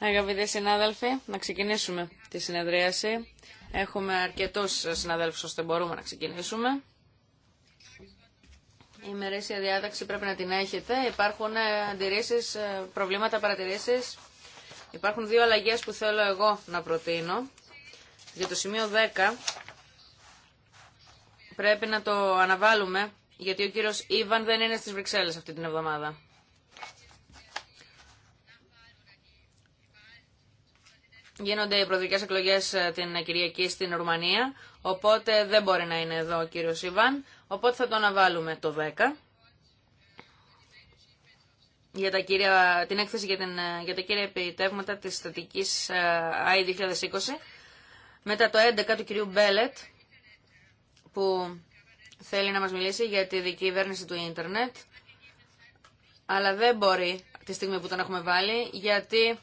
Αγαπητοί συνάδελφοι, να ξεκινήσουμε τη συνεδρίαση. Έχουμε αρκετούς συναδέλφους ώστε μπορούμε να ξεκινήσουμε. Η ημερήσια διάταξη πρέπει να την έχετε. Υπάρχουν ε, αντιρρήσεις, ε, προβλήματα, παρατηρήσεις. Υπάρχουν δύο αλλαγές που θέλω εγώ να προτείνω. Για το σημείο 10 πρέπει να το αναβάλουμε γιατί ο κύριος Ιβαν δεν είναι στις Βρυξέλλες αυτή την εβδομάδα. Γίνονται οι προεδρικές εκλογές ε, την Κυριακή στην Ρουμανία, οπότε δεν μπορεί να είναι εδώ ο κύριος Ιβαν, οπότε θα το αναβάλουμε το 10 για τα κύρια, την έκθεση για, την, ε, για τα κύρια επιτεύγματα της στατικής ε, ΑΕ 2020, μετά το 11 του κυρίου Μπέλετ, που θέλει να μας μιλήσει για τη δικυβέρνηση του ίντερνετ, αλλά δεν μπορεί τη στιγμή που τον έχουμε βάλει, γιατί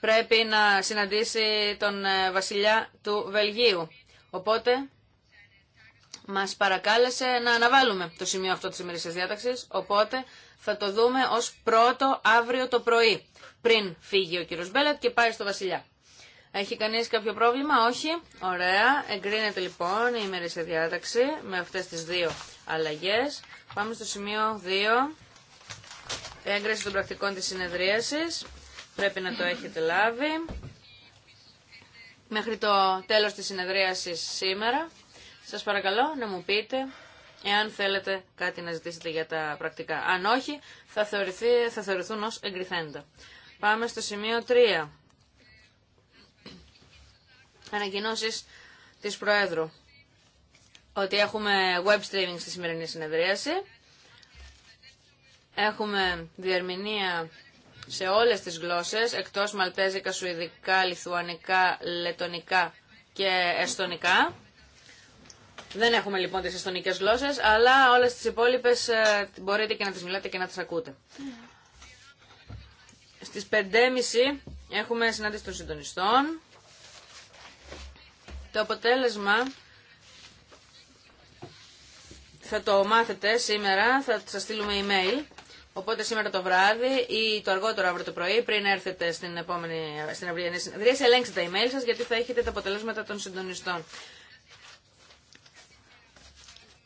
πρέπει να συναντήσει τον ε, βασιλιά του Βελγίου. Οπότε μας παρακάλεσε να αναβάλουμε το σημείο αυτό της ημερήσιας διάταξης, οπότε θα το δούμε ως πρώτο αύριο το πρωί, πριν φύγει ο κύριος Μπέλετ και πάει στο βασιλιά. Έχει κανείς κάποιο πρόβλημα, όχι. Ωραία, εγκρίνεται λοιπόν η ημερήσια διάταξη με αυτές τις δύο αλλαγές. Πάμε στο σημείο 2, έγκριση των πρακτικών της συνεδρίασης. Πρέπει να το έχετε λάβει. Μέχρι το τέλος της συνεδρίασης σήμερα. Σας παρακαλώ να μου πείτε εάν θέλετε κάτι να ζητήσετε για τα πρακτικά. Αν όχι, θα, θα θεωρηθούν ως εγκριθέντα. Πάμε στο σημείο 3 ανακοινώσει της Προέδρου ότι έχουμε web streaming στη σημερινή συνεδρίαση. Έχουμε διερμηνία σε όλες τις γλώσσες, εκτός Μαλτέζικα, Σουηδικά, Λιθουανικά, Λετονικά και Εστονικά. Δεν έχουμε λοιπόν τις εστονικές γλώσσες, αλλά όλες τις υπόλοιπες ε, μπορείτε και να τις μιλάτε και να τις ακούτε. Ναι. Στις 5.30 έχουμε συνάντηση των συντονιστών. Το αποτέλεσμα θα το μάθετε σήμερα, θα σας στείλουμε email. Οπότε σήμερα το βράδυ ή το αργότερο αύριο το πρωί, πριν έρθετε στην, επόμενη, στην αυριανή συνεδρία, ελέγξτε τα email σας γιατί θα έχετε τα αποτελέσματα των συντονιστών.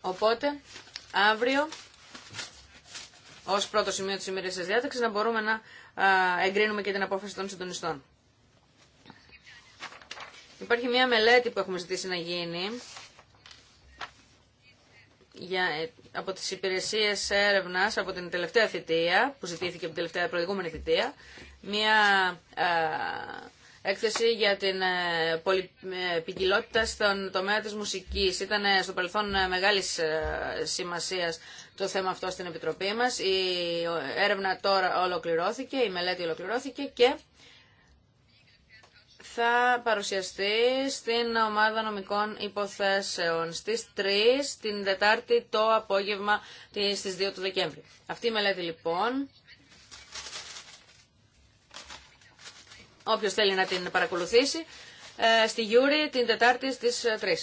Οπότε, αύριο, ως πρώτο σημείο της ημερήσιας διάταξης, να μπορούμε να εγκρίνουμε και την απόφαση των συντονιστών. Υπάρχει μια μελέτη που έχουμε ζητήσει να γίνει για, ε, από τις υπηρεσίες έρευνας από την τελευταία θητεία, που ζητήθηκε από την τελευταία προηγούμενη θητεία, μια έκθεση για την α, ε, πολυπικιλότητα ε, στον τομέα της μουσικής. Ήταν στο παρελθόν μεγάλης σημασία σημασίας το θέμα αυτό στην Επιτροπή μας. Η έρευνα τώρα ολοκληρώθηκε, η μελέτη ολοκληρώθηκε και θα παρουσιαστεί στην ομάδα νομικών υποθέσεων στις 3 την Δετάρτη το απόγευμα στις 2 του Δεκέμβρη. Αυτή η μελέτη λοιπόν, όποιος θέλει να την παρακολουθήσει, ε, στη Γιούρη την Τετάρτη στις 3. Ε,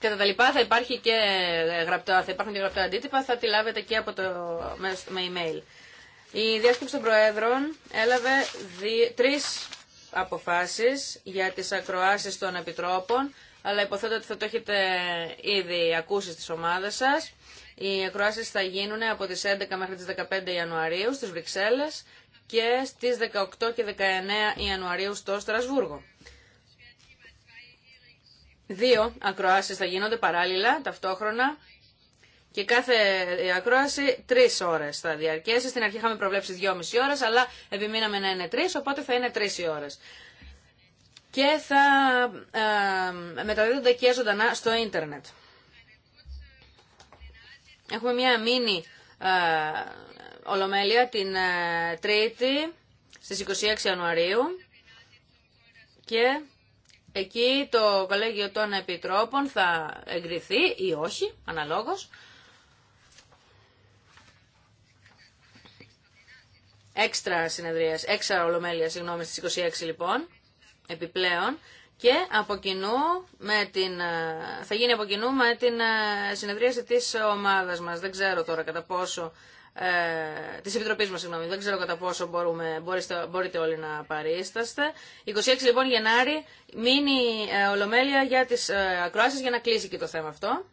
και τα λοιπά θα, υπάρχει και γραπτά, θα υπάρχουν και γραπτά αντίτυπα, θα τη λάβετε και από το, με email. Η διάσκεψη των Προέδρων έλαβε τρει τρεις αποφάσεις για τις ακροάσεις των επιτρόπων, αλλά υποθέτω ότι θα το έχετε ήδη ακούσει στις ομάδες σας. Οι ακροάσεις θα γίνουν από τις 11 μέχρι τις 15 Ιανουαρίου στις Βρυξέλλες και στις 18 και 19 Ιανουαρίου στο Στρασβούργο. Δύο ακροάσεις θα γίνονται παράλληλα, ταυτόχρονα, και κάθε ακρόαση τρει ώρε θα διαρκέσει. Στην αρχή είχαμε προβλέψει δυόμιση ώρε, αλλά επιμείναμε να είναι τρει, οπότε θα είναι τρει ώρες. ώρε. Και θα ε, μεταδίδονται και ζωντανά στο ίντερνετ. Έχουμε μια μήνυ ε, ολομέλεια την ε, Τρίτη στις 26 Ιανουαρίου και Εκεί το Κολέγιο των Επιτρόπων θα εγκριθεί ή όχι, αναλόγως, Έξτρα συνεδρίες, έξτρα ολομέλεια, συγγνώμη, στις 26 λοιπόν, επιπλέον. Και από την, ε, θα γίνει από κοινού με την ε, συνεδρίαση της ομάδας μας. Δεν ξέρω τώρα κατά πόσο ε, τη Επιτροπή μα, συγγνώμη. Δεν ξέρω κατά πόσο μπορούμε, μπορείστε, μπορείτε όλοι να παρίσταστε. 26 λοιπόν Γενάρη, μείνει ε, ολομέλεια για τι ε, για να κλείσει και το θέμα αυτό.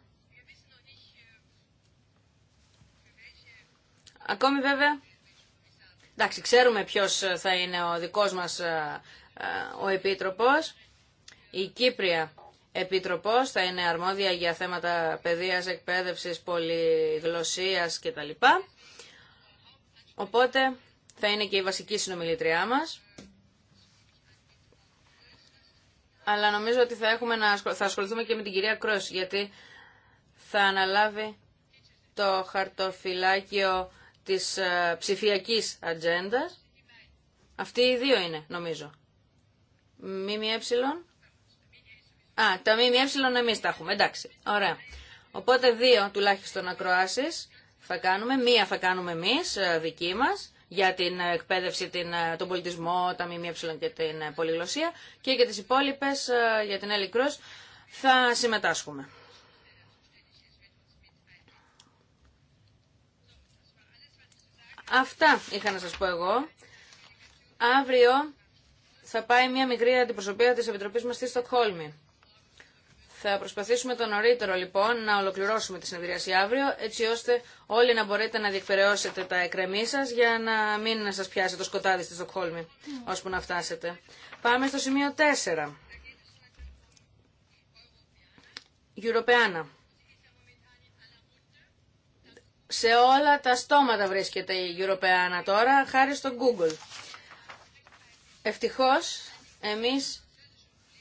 Ακόμη βέβαια εντάξει, ξέρουμε ποιος ε, θα είναι ο δικός μας ε, ε, ο Επίτροπος. Η Κύπρια Επίτροπος θα είναι αρμόδια για θέματα παιδείας, εκπαίδευσης, πολυγλωσσίας κτλ. Οπότε θα είναι και η βασική συνομιλητριά μας. Αλλά νομίζω ότι θα, έχουμε να, ασχοληθούμε και με την κυρία Κρός, γιατί θα αναλάβει το χαρτοφυλάκιο της ε, ψηφιακής ατζέντα. Αυτοί οι δύο είναι, νομίζω. ΜΜΕ. Α, τα ΜΜΕ Εμεί τα έχουμε, εντάξει. Ωραία. Οπότε δύο τουλάχιστον ακροασει θα κάνουμε. Μία θα κάνουμε εμεί ε, δική μα για την εκπαίδευση, την, ε, τον πολιτισμό, τα ΜΜΕ και την πολυγλωσία και για τι υπόλοιπε, για την Έλλη θα συμμετάσχουμε. Αυτά είχα να σας πω εγώ. Αύριο θα πάει μια μικρή αντιπροσωπεία της Επιτροπής μας στη Στοκχόλμη. Θα προσπαθήσουμε το νωρίτερο λοιπόν να ολοκληρώσουμε τη συνεδρίαση αύριο, έτσι ώστε όλοι να μπορείτε να διεκπαιρεώσετε τα εκκρεμή σα για να μην να σας πιάσει το σκοτάδι στη Στοκχόλμη, mm. ώσπου να φτάσετε. Πάμε στο σημείο 4 σε όλα τα στόματα βρίσκεται η Ευρωπαϊκή τώρα, χάρη στο Google. Ευτυχώς, εμείς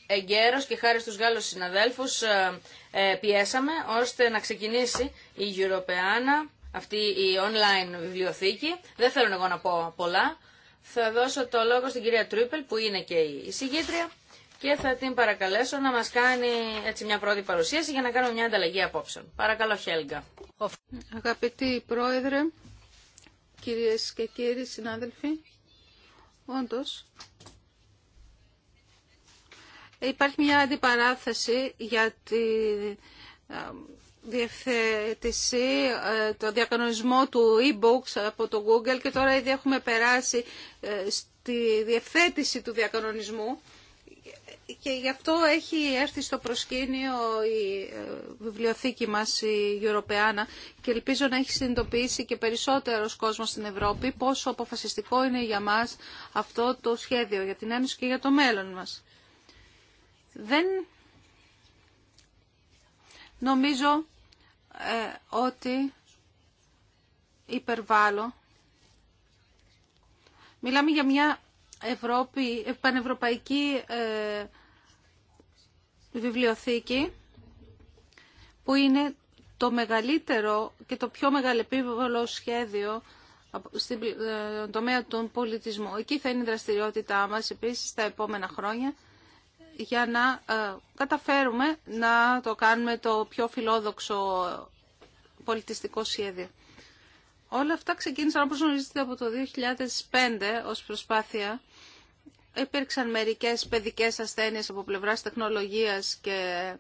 εγκαίρως και χάρη στους Γάλλους συναδέλφους ε, ε, πιέσαμε ώστε να ξεκινήσει η Europeana, αυτή η online βιβλιοθήκη. Δεν θέλω εγώ να πω πολλά. Θα δώσω το λόγο στην κυρία Τρίπελ που είναι και η συγγήτρια και θα την παρακαλέσω να μας κάνει έτσι μια πρώτη παρουσίαση για να κάνουμε μια ανταλλαγή απόψεων. Παρακαλώ Χέλγκα. Αγαπητοί Πρόεδρε, κυρίες και κύριοι συνάδελφοι, όντως υπάρχει μια αντιπαράθεση για τη ε, διευθέτηση, ε, το διακανονισμό του e-books από το Google και τώρα ήδη έχουμε περάσει ε, στη διευθέτηση του διακανονισμού και γι' αυτό έχει έρθει στο προσκήνιο η ε, βιβλιοθήκη μας η Ευρωπαϊκή και ελπίζω να έχει συνειδητοποιήσει και περισσότερος κόσμος στην Ευρώπη πόσο αποφασιστικό είναι για μας αυτό το σχέδιο για την Ένωση και για το μέλλον μας. Δεν νομίζω ε, ότι υπερβάλλω. Μιλάμε για μια Ευρώπη, πανευρωπαϊκή ε, βιβλιοθήκη που είναι το μεγαλύτερο και το πιο μεγαλεπίβολο σχέδιο στην ε, τομέα του πολιτισμού. Εκεί θα είναι η δραστηριότητά μας επίσης τα επόμενα χρόνια για να ε, καταφέρουμε να το κάνουμε το πιο φιλόδοξο πολιτιστικό σχέδιο. Όλα αυτά ξεκίνησαν όπως γνωρίζετε από το 2005 ως προσπάθεια υπήρξαν μερικές παιδικές ασθένειες από πλευράς τεχνολογίας και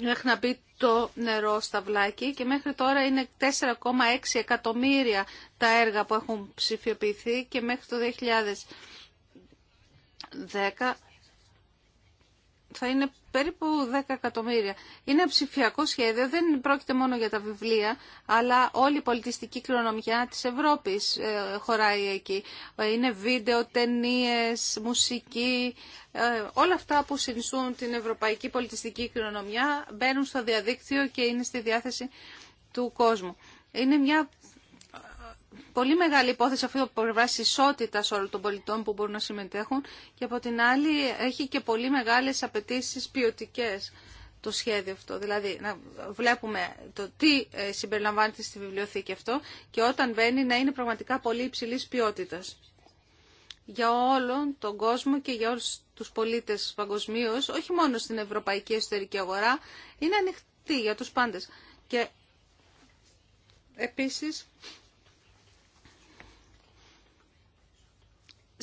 μέχρι να μπει το νερό στα βλάκι και μέχρι τώρα είναι 4,6 εκατομμύρια τα έργα που έχουν ψηφιοποιηθεί και μέχρι το 2010 θα είναι περίπου 10 εκατομμύρια. Είναι ψηφιακό σχέδιο, δεν πρόκειται μόνο για τα βιβλία, αλλά όλη η πολιτιστική κληρονομιά της Ευρώπης ε, χωράει εκεί. Είναι βίντεο, ταινίες, μουσική, ε, όλα αυτά που συνιστούν την ευρωπαϊκή πολιτιστική κληρονομιά μπαίνουν στο διαδίκτυο και είναι στη διάθεση του κόσμου. Είναι μια πολύ μεγάλη υπόθεση αυτή από πλευρά ισότητα όλων των πολιτών που μπορούν να συμμετέχουν και από την άλλη έχει και πολύ μεγάλε απαιτήσει ποιοτικέ το σχέδιο αυτό. Δηλαδή να βλέπουμε το τι ε, συμπεριλαμβάνεται στη βιβλιοθήκη αυτό και όταν μπαίνει να είναι πραγματικά πολύ υψηλή ποιότητα. Για όλον τον κόσμο και για όλου του πολίτε παγκοσμίω, όχι μόνο στην ευρωπαϊκή εσωτερική αγορά, είναι ανοιχτή για του πάντε.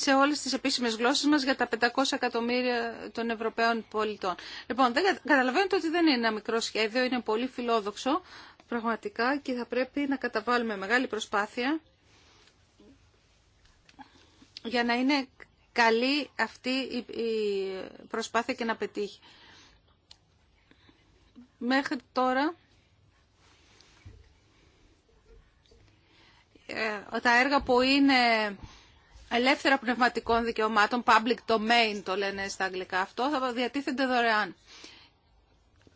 σε όλες τις επίσημες γλώσσες μας για τα 500 εκατομμύρια των Ευρωπαίων πολιτών. Λοιπόν, δεν, καταλαβαίνετε ότι δεν είναι ένα μικρό σχέδιο, είναι πολύ φιλόδοξο πραγματικά και θα πρέπει να καταβάλουμε μεγάλη προσπάθεια για να είναι καλή αυτή η προσπάθεια και να πετύχει. Μέχρι τώρα ε, τα έργα που είναι ελεύθερα πνευματικών δικαιωμάτων, public domain το λένε στα αγγλικά αυτό, θα διατίθενται δωρεάν.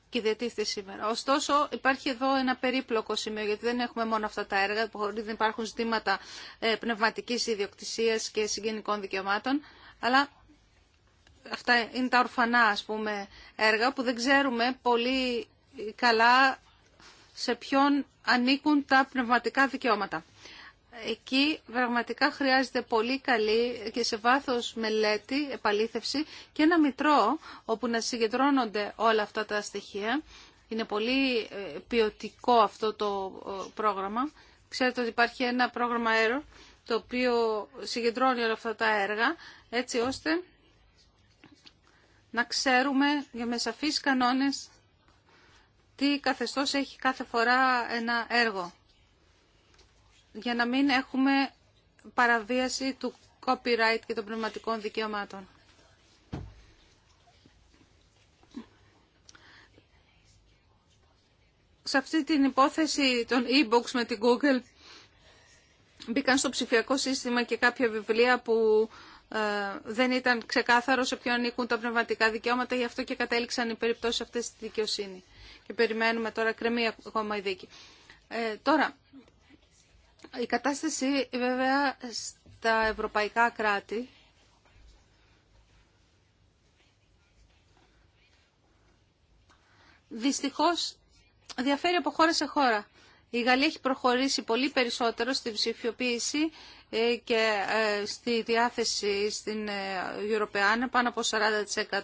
Και διατίθεται σήμερα. Ωστόσο, υπάρχει εδώ ένα περίπλοκο σημείο, γιατί δεν έχουμε μόνο αυτά τα έργα, που να υπάρχουν ζητήματα ε, πνευματικής ιδιοκτησίας και συγγενικών δικαιωμάτων, αλλά αυτά είναι τα ορφανά, έργα, που δεν ξέρουμε πολύ καλά σε ποιον ανήκουν τα πνευματικά δικαιώματα. Εκεί πραγματικά χρειάζεται πολύ καλή και σε βάθος μελέτη, επαλήθευση και ένα μητρό όπου να συγκεντρώνονται όλα αυτά τα στοιχεία. Είναι πολύ ε, ποιοτικό αυτό το ε, πρόγραμμα. Ξέρετε ότι υπάρχει ένα πρόγραμμα Aero το οποίο συγκεντρώνει όλα αυτά τα έργα έτσι ώστε να ξέρουμε για με σαφείς κανόνες τι καθεστώς έχει κάθε φορά ένα έργο για να μην έχουμε παραβίαση του copyright και των πνευματικών δικαιωμάτων. Σε αυτή την υπόθεση των e-books με την Google μπήκαν στο ψηφιακό σύστημα και κάποια βιβλία που ε, δεν ήταν ξεκάθαρο σε ποιον ανήκουν τα πνευματικά δικαιώματα, γι' αυτό και κατέληξαν οι περιπτώσεις αυτές στη δικαιοσύνη. Και περιμένουμε τώρα κρεμή ακόμα η δίκη. Ε, τώρα, η κατάσταση βέβαια στα ευρωπαϊκά κράτη δυστυχώς διαφέρει από χώρα σε χώρα. Η Γαλλία έχει προχωρήσει πολύ περισσότερο στη ψηφιοποίηση ε, και ε, στη διάθεση στην Ευρωπαϊκή πάνω από 40%.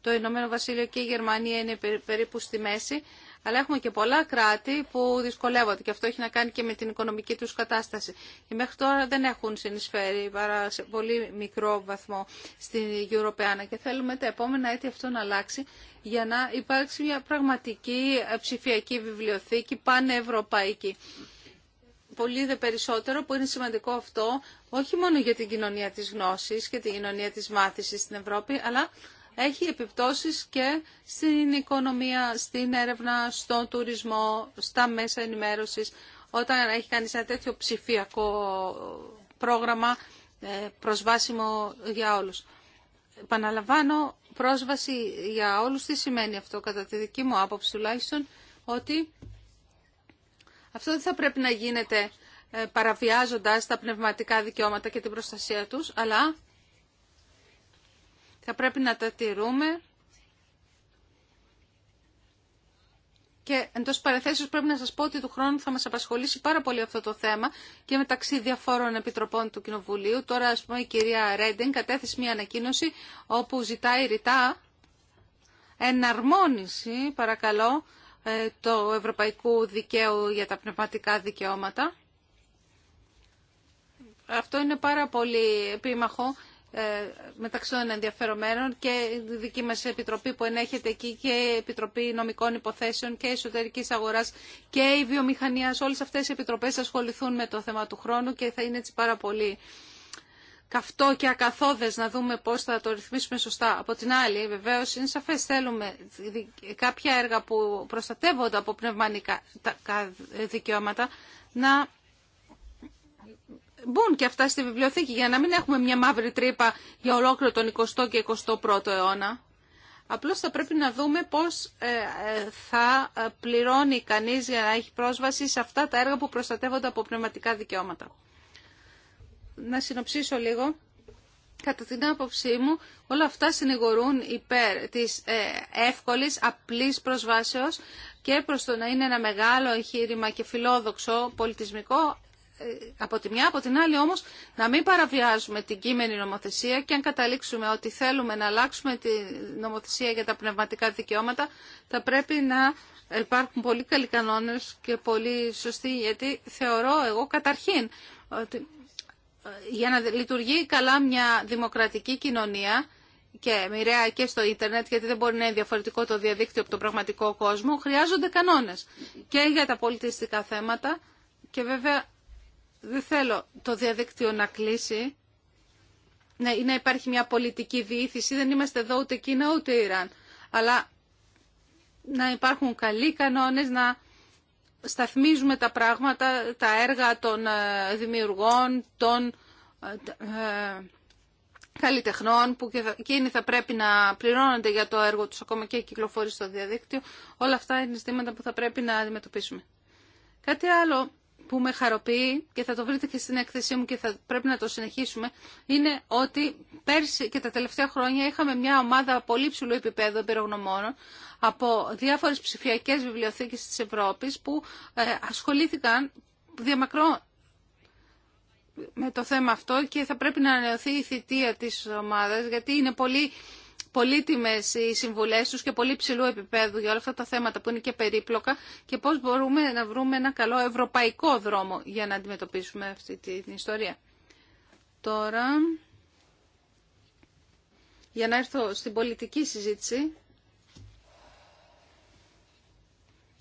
Το Ηνωμένο Βασίλειο και η Γερμανία είναι περίπου στη μέση αλλά έχουμε και πολλά κράτη που δυσκολεύονται και αυτό έχει να κάνει και με την οικονομική τους κατάσταση. Και μέχρι τώρα δεν έχουν συνεισφέρει παρά σε πολύ μικρό βαθμό στην Ευρωπαϊκή και θέλουμε τα επόμενα έτη αυτό να αλλάξει για να υπάρξει μια πραγματική ψηφιακή βιβλιοθήκη πανευρωπαϊκή. Πολύ δε περισσότερο που είναι σημαντικό αυτό όχι μόνο για την κοινωνία της γνώσης και την κοινωνία της μάθησης στην Ευρώπη αλλά έχει επιπτώσεις και στην οικονομία, στην έρευνα, στον τουρισμό, στα μέσα ενημέρωσης. Όταν έχει κάνει ένα τέτοιο ψηφιακό πρόγραμμα ε, προσβάσιμο για όλους. Παναλαμβάνω, πρόσβαση για όλους τι σημαίνει αυτό, κατά τη δική μου άποψη τουλάχιστον, ότι αυτό δεν θα πρέπει να γίνεται ε, παραβιάζοντας τα πνευματικά δικαιώματα και την προστασία τους, αλλά θα πρέπει να τα τηρούμε Και εντό παρεθέσεως πρέπει να σας πω ότι του χρόνου θα μας απασχολήσει πάρα πολύ αυτό το θέμα και μεταξύ διαφόρων επιτροπών του Κοινοβουλίου. Τώρα, α πούμε, η κυρία Ρέντεν κατέθεσε μια ανακοίνωση όπου ζητάει ρητά εναρμόνιση, παρακαλώ, ε, το ευρωπαϊκού δικαίου για τα πνευματικά δικαιώματα. Αυτό είναι πάρα πολύ επίμαχο ε, μεταξύ των ενδιαφερομένων και η δική μας Επιτροπή που ενέχεται εκεί και η Επιτροπή Νομικών Υποθέσεων και Εσωτερικής Αγοράς και η Βιομηχανία. Όλες αυτές οι επιτροπές ασχοληθούν με το θέμα του χρόνου και θα είναι έτσι πάρα πολύ καυτό και ακαθόδες να δούμε πώς θα το ρυθμίσουμε σωστά. Από την άλλη, βεβαίως, είναι σαφές, θέλουμε κάποια έργα που προστατεύονται από πνευματικά δικαιώματα να μπουν και αυτά στη βιβλιοθήκη για να μην έχουμε μια μαύρη τρύπα για ολόκληρο τον 20ο και 21ο αιώνα. Απλώς θα πρέπει να δούμε πώς ε, ε, θα ε, πληρώνει κανείς για να έχει πρόσβαση σε αυτά τα έργα που προστατεύονται από πνευματικά δικαιώματα. Να συνοψίσω λίγο. Κατά την άποψή μου, όλα αυτά συνηγορούν υπέρ της εύκολης, απλής προσβάσεως και προς το να είναι ένα μεγάλο εγχείρημα και φιλόδοξο πολιτισμικό ε, από τη μια, από την άλλη όμως να μην παραβιάζουμε την κείμενη νομοθεσία και αν καταλήξουμε ότι θέλουμε να αλλάξουμε τη νομοθεσία για τα πνευματικά δικαιώματα θα πρέπει να υπάρχουν πολύ καλοί κανόνες και πολύ σωστοί γιατί θεωρώ εγώ καταρχήν ότι ε, για να λειτουργεί καλά μια δημοκρατική κοινωνία και μοιραία και στο ίντερνετ, γιατί δεν μπορεί να είναι διαφορετικό το διαδίκτυο από τον πραγματικό κόσμο, χρειάζονται κανόνες και για τα πολιτιστικά θέματα και βέβαια δεν θέλω το διαδίκτυο να κλείσει, ναι, να υπάρχει μια πολιτική διήθηση, δεν είμαστε εδώ ούτε Κίνα ούτε Ιράν, αλλά να υπάρχουν καλοί κανόνες, να σταθμίζουμε τα πράγματα, τα έργα των ε, δημιουργών, των ε, ε, καλλιτεχνών που και εκείνοι θα πρέπει να πληρώνονται για το έργο τους ακόμα και κυκλοφορεί στο διαδίκτυο. Όλα αυτά είναι ζητήματα που θα πρέπει να αντιμετωπίσουμε. Κάτι άλλο που με χαροποιεί και θα το βρείτε και στην έκθεσή μου και θα πρέπει να το συνεχίσουμε, είναι ότι πέρσι και τα τελευταία χρόνια είχαμε μια ομάδα πολύ ψηλού επίπεδου εμπειρογνωμόνων από διάφορες ψηφιακές βιβλιοθήκες της Ευρώπης που ε, ασχολήθηκαν διαμακρό με το θέμα αυτό και θα πρέπει να ανανεωθεί η θητεία της ομάδας γιατί είναι πολύ Πολύτιμέ οι συμβουλέ τους και πολύ ψηλού επίπεδου για όλα αυτά τα θέματα που είναι και περίπλοκα και πώς μπορούμε να βρούμε ένα καλό ευρωπαϊκό δρόμο για να αντιμετωπίσουμε αυτή την ιστορία. Τώρα, για να έρθω στην πολιτική συζήτηση,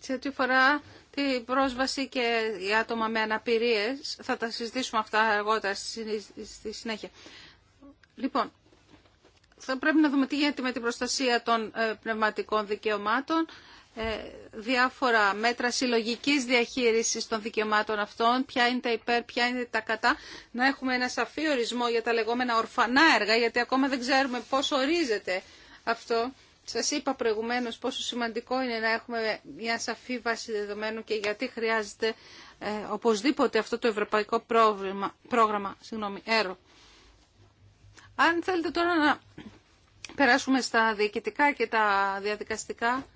σε ό,τι αφορά την πρόσβαση και οι άτομα με αναπηρίες, θα τα συζητήσουμε αυτά αργότερα στη συνέχεια. Λοιπόν, θα πρέπει να δούμε τι γίνεται με την προστασία των ε, πνευματικών δικαιωμάτων, ε, διάφορα μέτρα συλλογική διαχείριση των δικαιωμάτων αυτών, ποια είναι τα υπέρ, ποια είναι τα κατά, να έχουμε ένα σαφή ορισμό για τα λεγόμενα ορφανά έργα, γιατί ακόμα δεν ξέρουμε πώ ορίζεται αυτό. Σα είπα προηγουμένω πόσο σημαντικό είναι να έχουμε μια σαφή βάση δεδομένου και γιατί χρειάζεται ε, οπωσδήποτε αυτό το ευρωπαϊκό πρόγραμμα, πρόγραμμα αν θέλετε τώρα να περάσουμε στα διοικητικά και τα διαδικαστικά,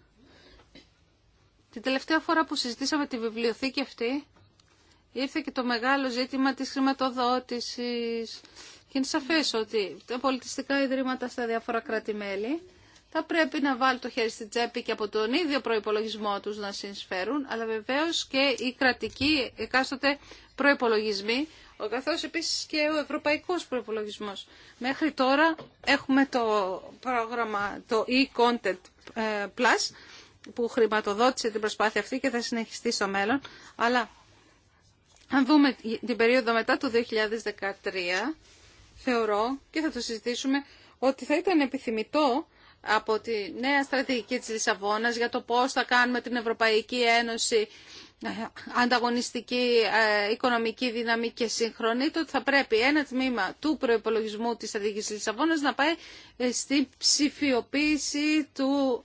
την τελευταία φορά που συζητήσαμε τη βιβλιοθήκη αυτή, ήρθε και το μεγάλο ζήτημα της χρηματοδότησης και είναι σαφές ότι τα πολιτιστικά ιδρύματα στα διάφορα κράτη-μέλη θα πρέπει να βάλουν το χέρι στην τσέπη και από τον ίδιο προϋπολογισμό τους να συνεισφέρουν, αλλά βεβαίως και οι κρατικοί εκάστοτε προϋπολογισμοί, ο καθώς επίσης και ο ευρωπαϊκός προπολογισμό. Μέχρι τώρα έχουμε το πρόγραμμα, το e-content ε, plus, που χρηματοδότησε την προσπάθεια αυτή και θα συνεχιστεί στο μέλλον, αλλά αν δούμε την περίοδο μετά το 2013, θεωρώ και θα το συζητήσουμε ότι θα ήταν επιθυμητό από τη νέα στρατηγική της Λισαβόνας για το πώς θα κάνουμε την Ευρωπαϊκή Ένωση ε, ανταγωνιστική ε, οικονομική δύναμη και σύγχρονη, τότε θα πρέπει ένα τμήμα του προπολογισμού της Στρατηγικής Λισαβόνας να πάει ε, στην ψηφιοποίηση του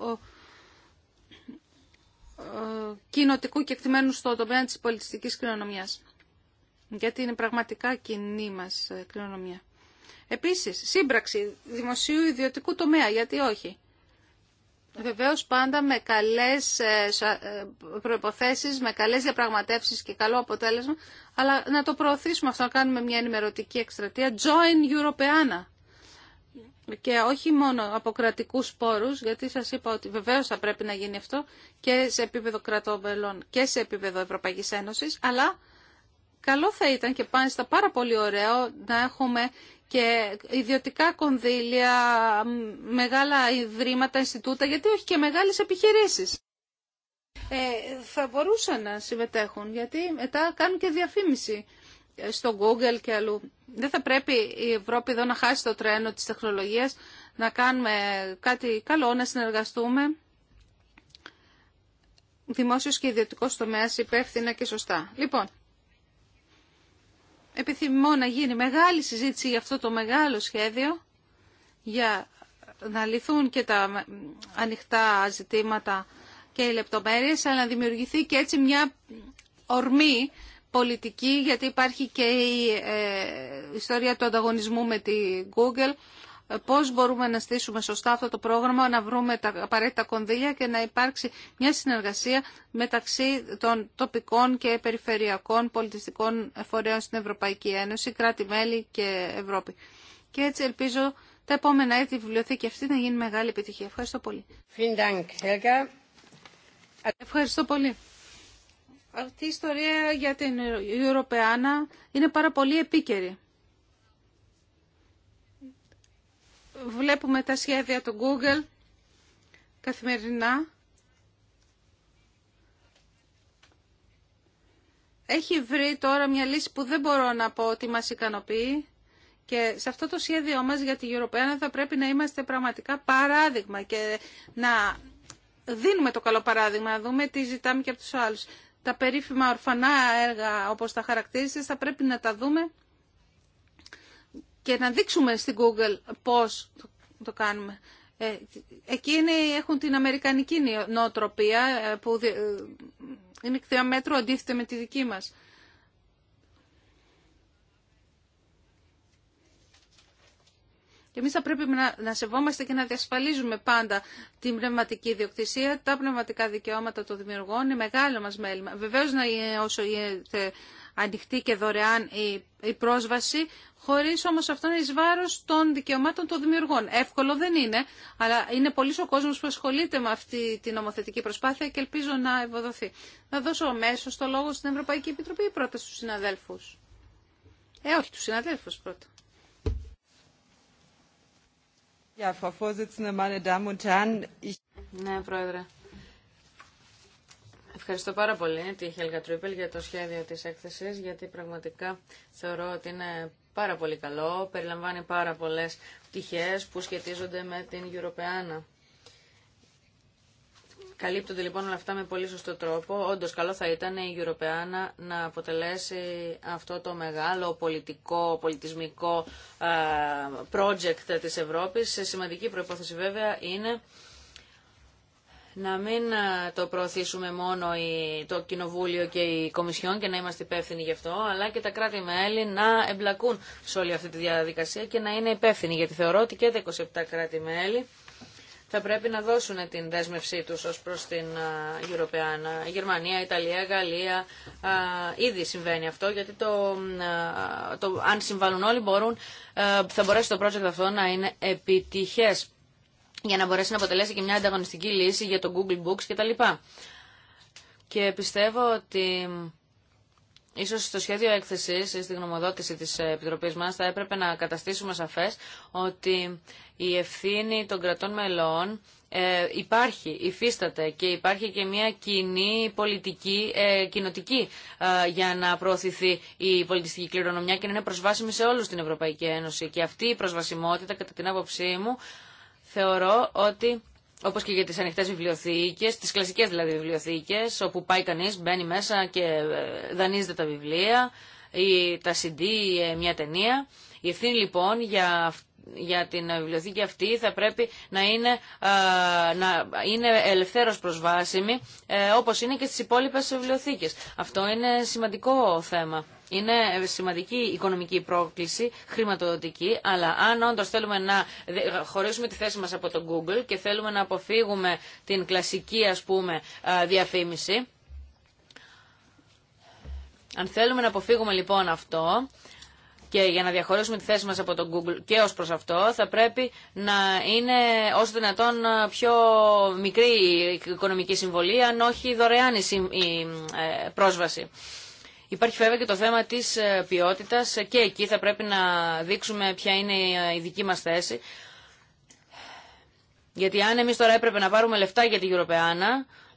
κοινοτικού κεκτημένου στο τομέα της πολιτιστικής κληρονομιάς. Γιατί είναι πραγματικά κοινή μας κληρονομιά. Επίσης, σύμπραξη δημοσίου ιδιωτικού τομέα, γιατί όχι. Βεβαίως πάντα με καλές ε, ε, προϋποθέσεις, με καλές διαπραγματεύσεις και καλό αποτέλεσμα, αλλά να το προωθήσουμε αυτό, να κάνουμε μια ενημερωτική εκστρατεία. Join Europeana. Και όχι μόνο από κρατικού πόρους, γιατί σας είπα ότι βεβαίως θα πρέπει να γίνει αυτό και σε επίπεδο κρατών μελών και σε επίπεδο Ευρωπαϊκής Ένωσης, αλλά καλό θα ήταν και πάνε στα πάρα πολύ ωραίο να έχουμε και ιδιωτικά κονδύλια, μεγάλα ιδρύματα, Ινστιτούτα, γιατί όχι και μεγάλες επιχειρήσεις. Ε, θα μπορούσαν να συμμετέχουν, γιατί μετά κάνουν και διαφήμιση ε, στο Google και αλλού. Δεν θα πρέπει η Ευρώπη εδώ να χάσει το τρένο της τεχνολογίας, να κάνουμε κάτι καλό, να συνεργαστούμε δημόσιος και ιδιωτικός τομέας υπεύθυνα και σωστά. Λοιπόν, επιθυμώ να γίνει μεγάλη συζήτηση για αυτό το μεγάλο σχέδιο, για να λυθούν και τα ανοιχτά ζητήματα και οι λεπτομέρειες, αλλά να δημιουργηθεί και έτσι μια ορμή πολιτική, γιατί υπάρχει και η ε, ιστορία του ανταγωνισμού με τη Google πώς μπορούμε να στήσουμε σωστά αυτό το πρόγραμμα, να βρούμε τα απαραίτητα κονδύλια και να υπάρξει μια συνεργασία μεταξύ των τοπικών και περιφερειακών πολιτιστικών φορέων στην Ευρωπαϊκή Ένωση, κράτη-μέλη και Ευρώπη. Και έτσι ελπίζω τα επόμενα έτη βιβλιοθήκη αυτή να γίνει μεγάλη επιτυχία. Ευχαριστώ πολύ. Ευχαριστώ πολύ. Αυτή η ιστορία για την Ευρωπαϊκή είναι πάρα πολύ επίκαιρη. βλέπουμε τα σχέδια του Google καθημερινά. Έχει βρει τώρα μια λύση που δεν μπορώ να πω ότι μας ικανοποιεί και σε αυτό το σχέδιό μας για τη Ευρωπαϊκή θα πρέπει να είμαστε πραγματικά παράδειγμα και να δίνουμε το καλό παράδειγμα, να δούμε τι ζητάμε και από τους άλλους. Τα περίφημα ορφανά έργα όπως τα χαρακτήρισες θα πρέπει να τα δούμε και να δείξουμε στην Google πώς το κάνουμε. Ε, εκείνοι έχουν την αμερικανική νοοτροπία ε, που ε, είναι κτήρα μέτρο αντίθετα με τη δική μας. Και εμεί θα πρέπει να, σεβόμαστε και να διασφαλίζουμε πάντα την πνευματική ιδιοκτησία, τα πνευματικά δικαιώματα των δημιουργών. Είναι μεγάλο μας μέλημα. Βεβαίως να είναι όσο γίνεται ανοιχτή και δωρεάν η πρόσβαση, χωρίς όμως αυτό να είναι των δικαιωμάτων των δημιουργών. Εύκολο δεν είναι, αλλά είναι πολύ ο κόσμος που ασχολείται με αυτή την νομοθετική προσπάθεια και ελπίζω να ευοδοθεί. Να δώσω αμέσω το λόγο στην Ευρωπαϊκή Επιτροπή ή πρώτα στους συναδέλφους. Ε, όχι, τους συναδέλφους πρώτα. Ναι, Πρόεδρε. Ευχαριστώ πάρα πολύ τη Χέλγα Τρίπελ για το σχέδιο της έκθεσης, γιατί πραγματικά θεωρώ ότι είναι πάρα πολύ καλό, περιλαμβάνει πάρα πολλές πτυχές που σχετίζονται με την Ευρωπαϊκή. Καλύπτονται λοιπόν όλα αυτά με πολύ σωστό τρόπο. Όντως, καλό θα ήταν η Ευρωπαϊκή να αποτελέσει αυτό το μεγάλο πολιτικό, πολιτισμικό ε, project της Ευρώπης. Σε σημαντική προπόθεση βέβαια είναι να μην ε, το προωθήσουμε μόνο το Κοινοβούλιο και η Κομισιόν και να είμαστε υπεύθυνοι γι' αυτό, αλλά και τα κράτη-μέλη να εμπλακούν σε όλη αυτή τη διαδικασία και να είναι υπεύθυνοι, γιατί θεωρώ ότι και τα 27 κράτη-μέλη θα πρέπει να δώσουν την δέσμευσή τους ως προς την Ευρωπαϊκή ε, Γερμανία, Ιταλία, Γαλλία. Ήδη συμβαίνει αυτό, γιατί το, ε, το, αν συμβάλλουν όλοι μπορούν, θα μπορέσει το project αυτό να είναι επιτυχές για να μπορέσει να αποτελέσει και μια ανταγωνιστική λύση για το Google Books κτλ. Και πιστεύω ότι ίσως στο σχέδιο έκθεσης ή στη γνωμοδότηση της Επιτροπής μας θα έπρεπε να καταστήσουμε σαφές ότι η ευθύνη των κρατών μελών ε, υπάρχει, υφίσταται και υπάρχει και μια κοινή πολιτική, ε, κοινοτική ε, για να προωθηθεί η πολιτιστική κληρονομιά και να είναι προσβάσιμη σε όλους την Ευρωπαϊκή Ένωση. Και αυτή η προσβασιμότητα, κατά την άποψή μου, θεωρώ ότι Όπω και για τι ανοιχτέ βιβλιοθήκε, τι κλασικέ δηλαδή βιβλιοθήκε, όπου πάει κανεί, μπαίνει μέσα και ε, δανείζεται τα βιβλία ή τα CD ή ε, μια ταινία. Η ευθύνη λοιπόν για, για την βιβλιοθήκη αυτή θα πρέπει να είναι, ε, να είναι προσβάσιμη, όπως είναι και στις υπόλοιπες βιβλιοθήκες. Αυτό είναι σημαντικό θέμα. Είναι σημαντική οικονομική πρόκληση, χρηματοδοτική, αλλά αν όντω θέλουμε να χωρίσουμε τη θέση μα από το Google και θέλουμε να αποφύγουμε την κλασική ας πούμε διαφήμιση, αν θέλουμε να αποφύγουμε λοιπόν αυτό, και για να διαχωρίσουμε τη θέση μας από το Google και ως προς αυτό θα πρέπει να είναι όσο δυνατόν πιο μικρή η οικονομική συμβολή αν όχι δωρεάν η ε, πρόσβαση. Υπάρχει βέβαια και το θέμα της ε, ποιότητας ε, και εκεί θα πρέπει να δείξουμε ποια είναι ε, η δική μας θέση. Γιατί αν εμείς τώρα έπρεπε να πάρουμε λεφτά για την Ευρωπαϊκή,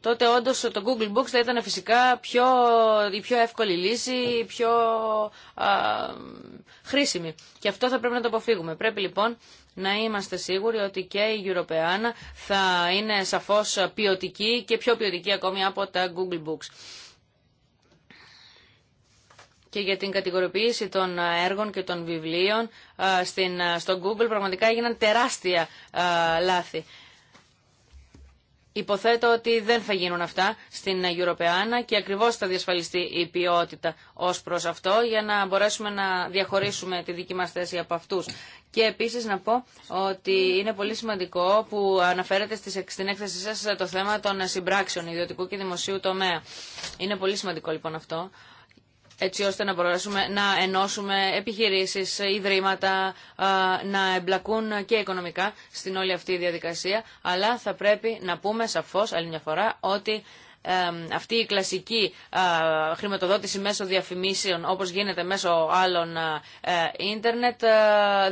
τότε όντω το Google Books θα ήταν φυσικά πιο, η πιο εύκολη λύση, η πιο α, χρήσιμη. Και αυτό θα πρέπει να το αποφύγουμε. Πρέπει λοιπόν να είμαστε σίγουροι ότι και η Ευρωπαϊκή θα είναι σαφώς ποιοτική και πιο ποιοτική ακόμη από τα Google Books και για την κατηγοριοποίηση των έργων και των βιβλίων ε, ε, στο Google πραγματικά έγιναν τεράστια ε, λάθη. Υποθέτω ότι δεν θα γίνουν αυτά στην Ευρωπαϊκή και ακριβώς θα διασφαλιστεί η ποιότητα ως προς αυτό για να μπορέσουμε να διαχωρίσουμε τη δική μας θέση από αυτούς. Και επίσης να πω ότι είναι πολύ σημαντικό που αναφέρετε στην έκθεσή σας το θέμα των συμπράξεων ιδιωτικού και δημοσίου τομέα. Είναι πολύ σημαντικό λοιπόν αυτό έτσι ώστε να μπορέσουμε να ενώσουμε επιχειρήσεις, ιδρύματα, να εμπλακούν και οικονομικά στην όλη αυτή η διαδικασία. Αλλά θα πρέπει να πούμε σαφώς άλλη μια φορά ότι αυτή η κλασική χρηματοδότηση μέσω διαφημίσεων όπως γίνεται μέσω άλλων ε, ίντερνετ ε,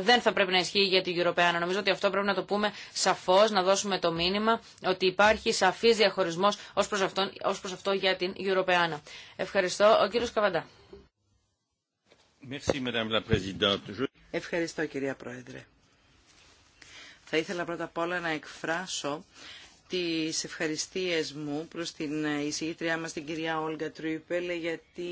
δεν θα πρέπει να ισχύει για την Ευρωπαϊκή. Νομίζω ότι αυτό πρέπει να το πούμε σαφώς, να δώσουμε το μήνυμα ότι υπάρχει σαφής διαχωρισμός ως προς, αυτό, ως προς αυτό για την Ευρωπαϊκή. Ευχαριστώ. Ο κύριος Καβαντά. Ευχαριστώ κυρία Πρόεδρε. Θα ήθελα πρώτα απ' όλα να εκφράσω τις ευχαριστίες μου προς την εισηγήτριά μας την κυρία Όλγα Τρούιπελ γιατί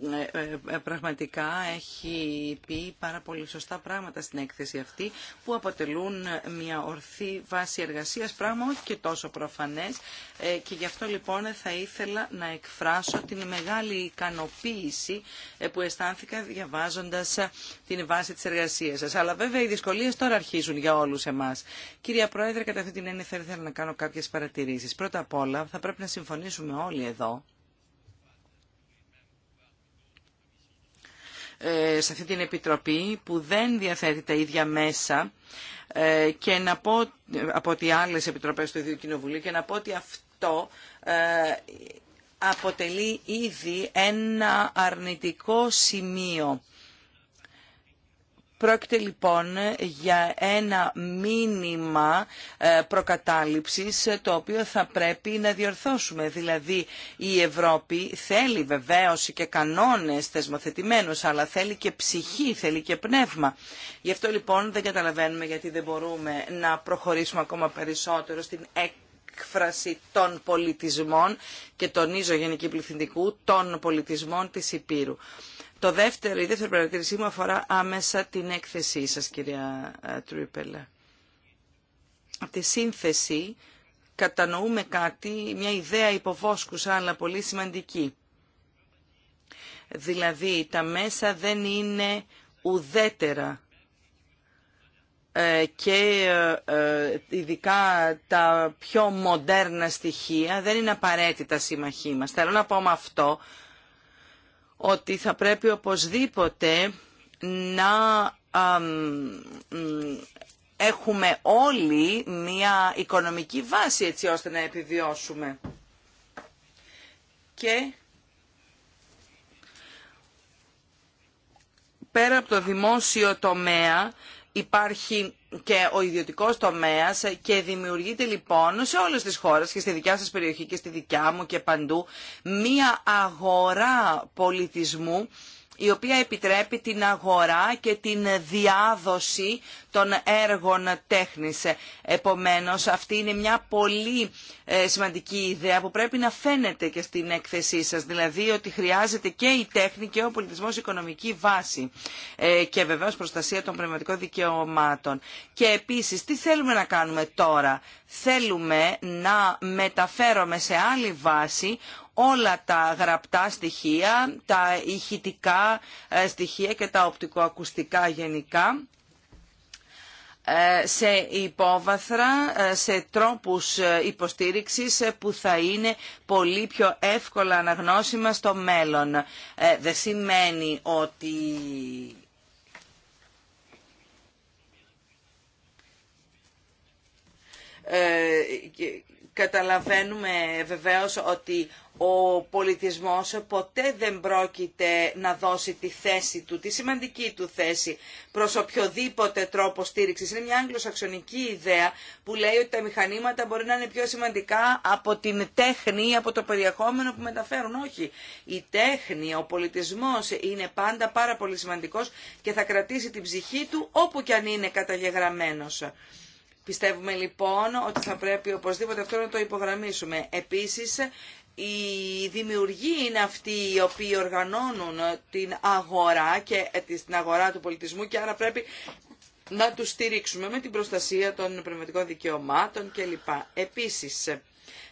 ναι, ε, ε, πραγματικά έχει πει πάρα πολύ σωστά πράγματα στην έκθεση αυτή που αποτελούν μια ορθή βάση εργασίας, πράγμα όχι και τόσο προφανές ε, και γι' αυτό λοιπόν θα ήθελα να εκφράσω την μεγάλη ικανοποίηση που αισθάνθηκα διαβάζοντας την βάση της εργασίας σας. Αλλά βέβαια οι δυσκολίες τώρα αρχίζουν για όλους εμάς. Κυρία Πρόεδρε, κατά αυτή την έννοια θα να κάνω κάποιες παρατηρήσεις. Πρώτα απ' όλα θα πρέπει να συμφωνήσουμε όλοι εδώ Ε, σε αυτή την Επιτροπή που δεν διαθέτει τα ίδια μέσα ε, και να πω από τι άλλες Επιτροπές του Ιδίου Κοινοβουλίου και να πω ότι αυτό ε, αποτελεί ήδη ένα αρνητικό σημείο Πρόκειται λοιπόν για ένα μήνυμα ε, προκατάληψης ε, το οποίο θα πρέπει να διορθώσουμε. Δηλαδή η Ευρώπη θέλει βεβαίως και κανόνες θεσμοθετημένους αλλά θέλει και ψυχή, θέλει και πνεύμα. Γι' αυτό λοιπόν δεν καταλαβαίνουμε γιατί δεν μπορούμε να προχωρήσουμε ακόμα περισσότερο στην έκφραση των πολιτισμών και τονίζω γενική πληθυντικού των πολιτισμών της Υπήρου. Το δεύτερο, η δεύτερη παρατηρήσή μου αφορά άμεσα την έκθεσή σας, κυρία ε, Τρύπελα. Από τη σύνθεση κατανοούμε κάτι, μια ιδέα υποβόσκουσα, αλλά πολύ σημαντική. Δηλαδή, τα μέσα δεν είναι ουδέτερα ε, και ε, ειδικά τα πιο μοντέρνα στοιχεία δεν είναι απαραίτητα σύμμαχοί μας. Θέλω να πω με αυτό ότι θα πρέπει οπωσδήποτε να έχουμε όλοι μια οικονομική βάση έτσι ώστε να επιβιώσουμε. Και πέρα από το δημόσιο τομέα υπάρχει και ο ιδιωτικός τομέας και δημιουργείται λοιπόν σε όλες τις χώρες και στη δικιά σας περιοχή και στη δικιά μου και παντού μία αγορά πολιτισμού η οποία επιτρέπει την αγορά και την διάδοση των έργων τέχνης. Επομένως, αυτή είναι μια πολύ ε, σημαντική ιδέα που πρέπει να φαίνεται και στην έκθεσή σας, δηλαδή ότι χρειάζεται και η τέχνη και ο πολιτισμός οικονομική βάση ε, και βεβαίως προστασία των πνευματικών δικαιωμάτων. Και επίσης, τι θέλουμε να κάνουμε τώρα. Θέλουμε να μεταφέρουμε σε άλλη βάση όλα τα γραπτά στοιχεία, τα ηχητικά ε, στοιχεία και τα οπτικοακουστικά γενικά ε, σε υπόβαθρα, ε, σε τρόπους ε, υποστήριξης που θα είναι πολύ πιο εύκολα αναγνώσιμα στο μέλλον. Δεν σημαίνει ότι καταλαβαίνουμε βεβαίως ότι ο πολιτισμός ποτέ δεν πρόκειται να δώσει τη θέση του, τη σημαντική του θέση προς οποιοδήποτε τρόπο στήριξης. Είναι μια αγγλοσαξονική ιδέα που λέει ότι τα μηχανήματα μπορεί να είναι πιο σημαντικά από την τέχνη ή από το περιεχόμενο που μεταφέρουν. Όχι. Η τέχνη, ο πολιτισμός είναι πάντα πάρα πολύ σημαντικός και θα κρατήσει την ψυχή του όπου κι αν είναι καταγεγραμμένος. Πιστεύουμε λοιπόν ότι θα πρέπει οπωσδήποτε αυτό να το υπογραμμίσουμε. Επίσης οι δημιουργοί είναι αυτοί οι οποίοι οργανώνουν την αγορά και ε, την αγορά του πολιτισμού και άρα πρέπει να τους στηρίξουμε με την προστασία των πνευματικών δικαιωμάτων κλπ. Επίσης,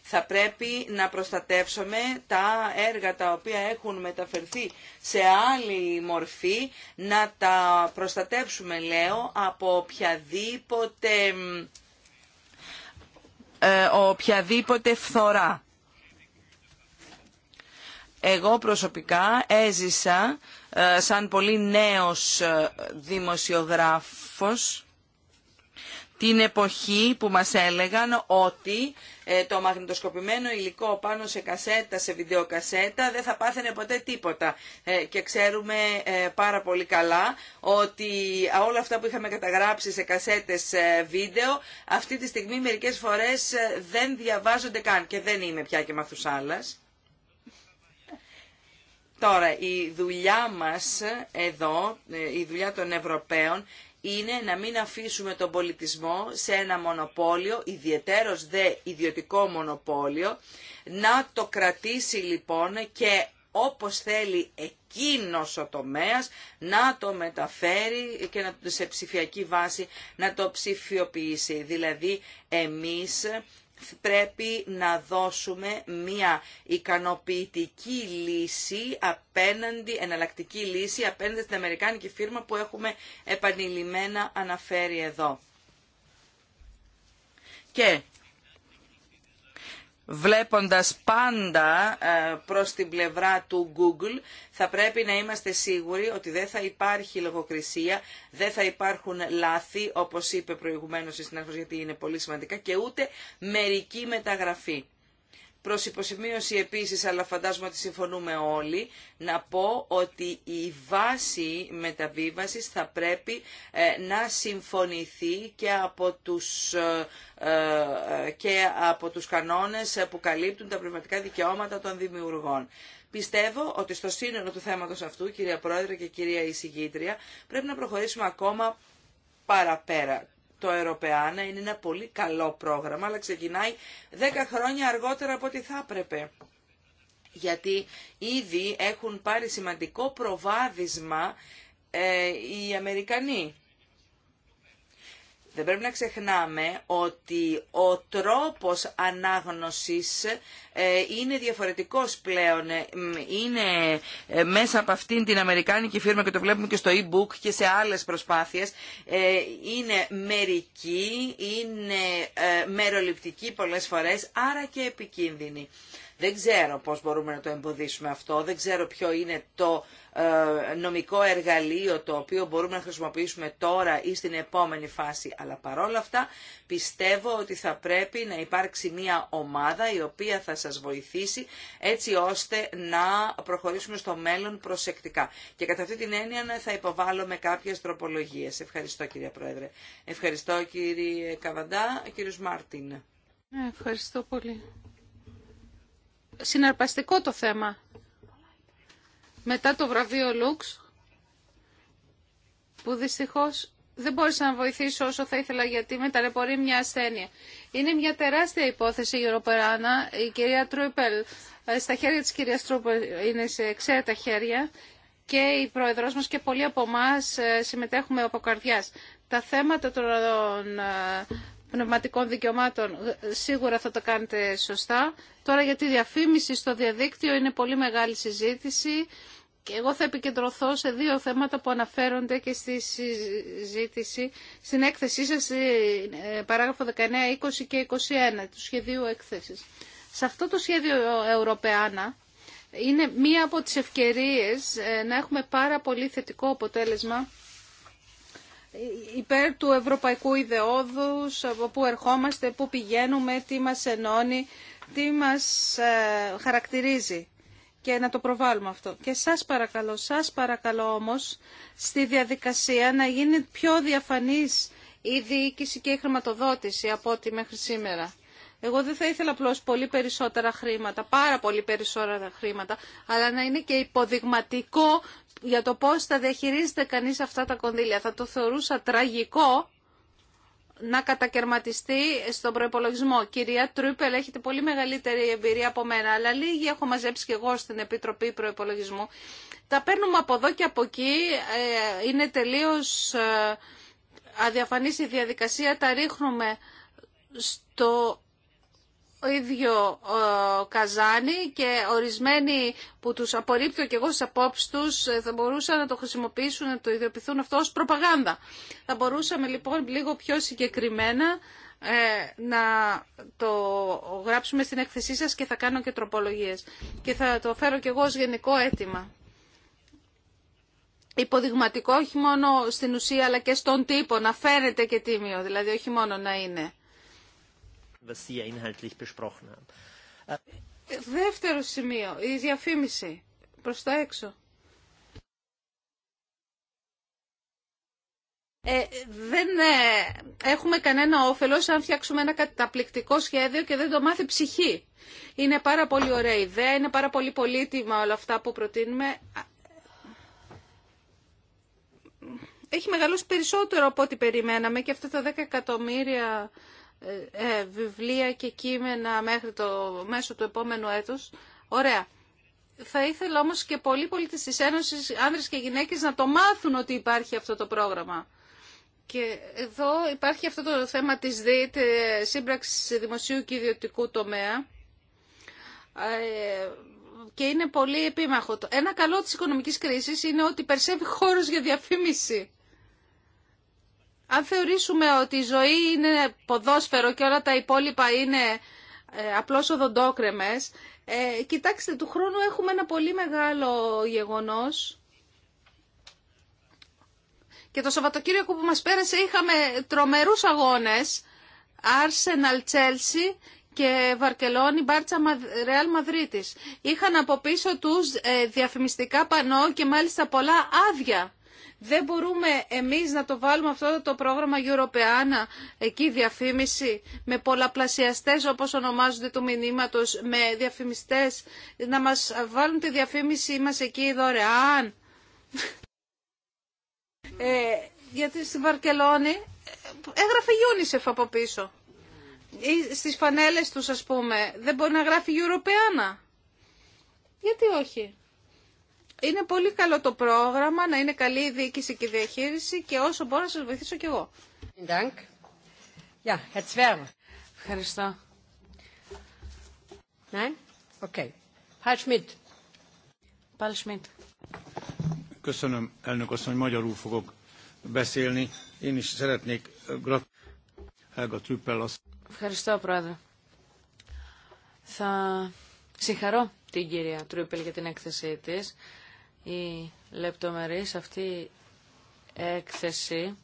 θα πρέπει να προστατεύσουμε τα έργα τα οποία έχουν μεταφερθεί σε άλλη μορφή, να τα προστατεύσουμε, λέω, από οποιαδήποτε, ε, οποιαδήποτε φθορά. Εγώ προσωπικά έζησα ε, σαν πολύ νέος ε, δημοσιογράφος την εποχή που μας έλεγαν ότι ε, το μαγνητοσκοπημένο υλικό πάνω σε κασέτα, σε βιντεοκασέτα δεν θα πάθαινε ποτέ τίποτα. Και ξέρουμε πάρα πολύ καλά ότι όλα αυτά που είχαμε καταγράψει σε κασέτες βίντεο αυτή τη στιγμή μερικές φορές δεν διαβάζονται καν και δεν είμαι πια και μαθουσάλας. Τώρα, η δουλειά μας εδώ, ε, η δουλειά των Ευρωπαίων, είναι να μην αφήσουμε τον πολιτισμό σε ένα μονοπόλιο, ιδιαιτέρως δε ιδιωτικό μονοπόλιο, να το κρατήσει λοιπόν και όπως θέλει εκείνος ο τομέας να το μεταφέρει και να, σε ψηφιακή βάση να το ψηφιοποιήσει. Δηλαδή εμείς πρέπει να δώσουμε μια ικανοποιητική λύση απέναντι, εναλλακτική λύση απέναντι στην Αμερικάνικη φύρμα που έχουμε επανειλημμένα αναφέρει εδώ. Και βλέποντας πάντα ε, προς την πλευρά του Google, θα πρέπει να είμαστε σίγουροι ότι δεν θα υπάρχει λογοκρισία, δεν θα υπάρχουν λάθη, όπως είπε προηγουμένως η συνάδελφος, γιατί είναι πολύ σημαντικά, και ούτε μερική μεταγραφή. Προ υποσημείωση επίσης, αλλά φαντάζομαι ότι συμφωνούμε όλοι, να πω ότι η βάση μεταβίβασης θα πρέπει ε, να συμφωνηθεί και από του ε, ε, και από τους κανόνες που καλύπτουν τα πνευματικά δικαιώματα των δημιουργών. Πιστεύω ότι στο σύνολο του θέματος αυτού, κυρία Πρόεδρε και κυρία Εισηγήτρια, πρέπει να προχωρήσουμε ακόμα παραπέρα το Αεροπεάνα είναι ένα πολύ καλό πρόγραμμα, αλλά ξεκινάει 10 χρόνια αργότερα από ό,τι θα έπρεπε. Γιατί ήδη έχουν πάρει σημαντικό προβάδισμα ε, οι Αμερικανοί. Δεν πρέπει να ξεχνάμε ότι ο τρόπος ανάγνωσης ε, είναι διαφορετικός πλέον. Ε, είναι ε, μέσα από αυτήν την Αμερικάνικη φίρμα και το βλέπουμε και στο e-book και σε άλλες προσπάθειες. Είναι μερική, είναι μεροληπτική πολλές φορές, άρα και επικίνδυνη. Δεν ξέρω πώς μπορούμε να το εμποδίσουμε αυτό, δεν ξέρω ποιο είναι το νομικό εργαλείο το οποίο μπορούμε να χρησιμοποιήσουμε τώρα ή στην επόμενη φάση. Αλλά παρόλα αυτά πιστεύω ότι θα πρέπει να υπάρξει μια ομάδα η οποία θα σας βοηθήσει έτσι ώστε να προχωρήσουμε στο μέλλον προσεκτικά. Και κατά αυτή την έννοια ναι, θα υποβάλω με κάποιες τροπολογίες. Ευχαριστώ κύριε Πρόεδρε. Ευχαριστώ κύριε Καβαντά. Κύριος Μάρτιν. Ναι, ευχαριστώ πολύ. Συναρπαστικό το θέμα. Μετά το βραβείο Λουξ, που δυστυχώς δεν μπόρεσα να βοηθήσω όσο θα ήθελα γιατί με ταλαιπωρεί μια ασθένεια. Είναι μια τεράστια υπόθεση η Ροπεράνα. Η κυρία Τρούπελ, ε, στα χέρια της κυρίας Τρούπελ είναι σε εξαίρετα χέρια και η πρόεδρος μας και πολλοί από εμά ε, συμμετέχουμε από καρδιάς. Τα θέματα των ε, πνευματικών δικαιωμάτων σίγουρα θα τα κάνετε σωστά. Τώρα για τη διαφήμιση στο διαδίκτυο είναι πολύ μεγάλη συζήτηση και εγώ θα επικεντρωθώ σε δύο θέματα που αναφέρονται και στη συζήτηση, στην έκθεσή σας, ε, παράγραφο 19, 20 και 21 του σχεδίου έκθεσης. Σε αυτό το σχέδιο ε, Ευρωπαίανα είναι μία από τις ευκαιρίες ε, να έχουμε πάρα πολύ θετικό αποτέλεσμα υπέρ του ευρωπαϊκού ιδεώδους από πού ερχόμαστε, πού πηγαίνουμε, τι μας ενώνει, τι μας χαρακτηρίζει και να το προβάλλουμε αυτό. Και σας παρακαλώ, σας παρακαλώ όμως στη διαδικασία να γίνει πιο διαφανής η διοίκηση και η χρηματοδότηση από ό,τι μέχρι σήμερα. Εγώ δεν θα ήθελα απλώ πολύ περισσότερα χρήματα, πάρα πολύ περισσότερα χρήματα, αλλά να είναι και υποδειγματικό για το πώς θα διαχειρίζεται κανείς αυτά τα κονδύλια. Θα το θεωρούσα τραγικό να κατακαιρματιστεί στον προπολογισμό. Κυρία Τρούπελ, έχετε πολύ μεγαλύτερη εμπειρία από μένα, αλλά λίγη έχω μαζέψει και εγώ στην Επιτροπή Προπολογισμού. Τα παίρνουμε από εδώ και από εκεί, ε, είναι τελείω ε, αδιαφανής η διαδικασία, τα ρίχνουμε στο ίδιο καζάνι και ορισμένοι που τους απορρίπτω και εγώ στις απόψεις τους ε, θα μπορούσαν να το χρησιμοποιήσουν, να το ιδιοποιηθούν αυτό ως προπαγάνδα. Θα μπορούσαμε λοιπόν λίγο πιο συγκεκριμένα ε, να το γράψουμε στην έκθεσή σας και θα κάνω και τροπολογίες. Και θα το φέρω και εγώ ως γενικό αίτημα. Υποδειγματικό όχι μόνο στην ουσία αλλά και στον τύπο, να φαίνεται και τίμιο, δηλαδή όχι μόνο να είναι besprochen haben. Ε, δεύτερο σημείο, η διαφήμιση προς τα έξω. Ε, δεν ε, έχουμε κανένα όφελος αν φτιάξουμε ένα καταπληκτικό σχέδιο και δεν το μάθει ψυχή. Είναι πάρα πολύ ωραία ιδέα, είναι πάρα πολύ πολύτιμα όλα αυτά που προτείνουμε. Έχει μεγαλώσει περισσότερο από ό,τι περιμέναμε και αυτά τα 10 εκατομμύρια ε, ε, βιβλία και κείμενα μέχρι το μέσο του επόμενου έτους. Ωραία. Θα ήθελα όμως και πολλοί πολίτες της Ένωσης, άνδρες και γυναίκες, να το μάθουν ότι υπάρχει αυτό το πρόγραμμα. Και εδώ υπάρχει αυτό το θέμα της ΔΕΙΤ, ε, σύμπραξης δημοσίου και ιδιωτικού τομέα. Και είναι πολύ επίμαχο. Ένα καλό της οικονομικής κρίσης είναι ότι περσεύει χώρος για διαφήμιση. Αν θεωρήσουμε ότι η ζωή είναι ποδόσφαιρο και όλα τα υπόλοιπα είναι ε, απλώς οδοντόκρεμες, ε, κοιτάξτε, του χρόνου έχουμε ένα πολύ μεγάλο γεγονός. Και το Σαββατοκύριακο που μας πέρασε είχαμε τρομερούς αγώνες. Arsenal, Chelsea και Βαρκελόνη, Μπάρτσα, Ρεάλ Μαδρίτης. Είχαν από πίσω τους ε, διαφημιστικά πανό και μάλιστα πολλά άδεια. Δεν μπορούμε εμείς να το βάλουμε αυτό το πρόγραμμα Europeana, εκεί διαφήμιση, με πολλαπλασιαστές όπως ονομάζονται του μηνύματος, με διαφημιστές, να μας βάλουν τη διαφήμιση μας εκεί δωρεάν. Ε, γιατί στη Βαρκελόνη ε, έγραφε UNICEF από πίσω. Ή στις φανέλες τους ας πούμε, δεν μπορεί να γράφει Europeana. Γιατί όχι. Είναι πολύ καλό το πρόγραμμα, να είναι καλή η διοίκηση και η διαχείριση και όσο μπορώ να σας βοηθήσω κι εγώ. Ευχαριστώ. Ναι, Ευχαριστώ, Πρόεδρε. Θα συγχαρώ την κυρία Τρούπελ για την έκθεσή της η λεπτομερής αυτή έκθεση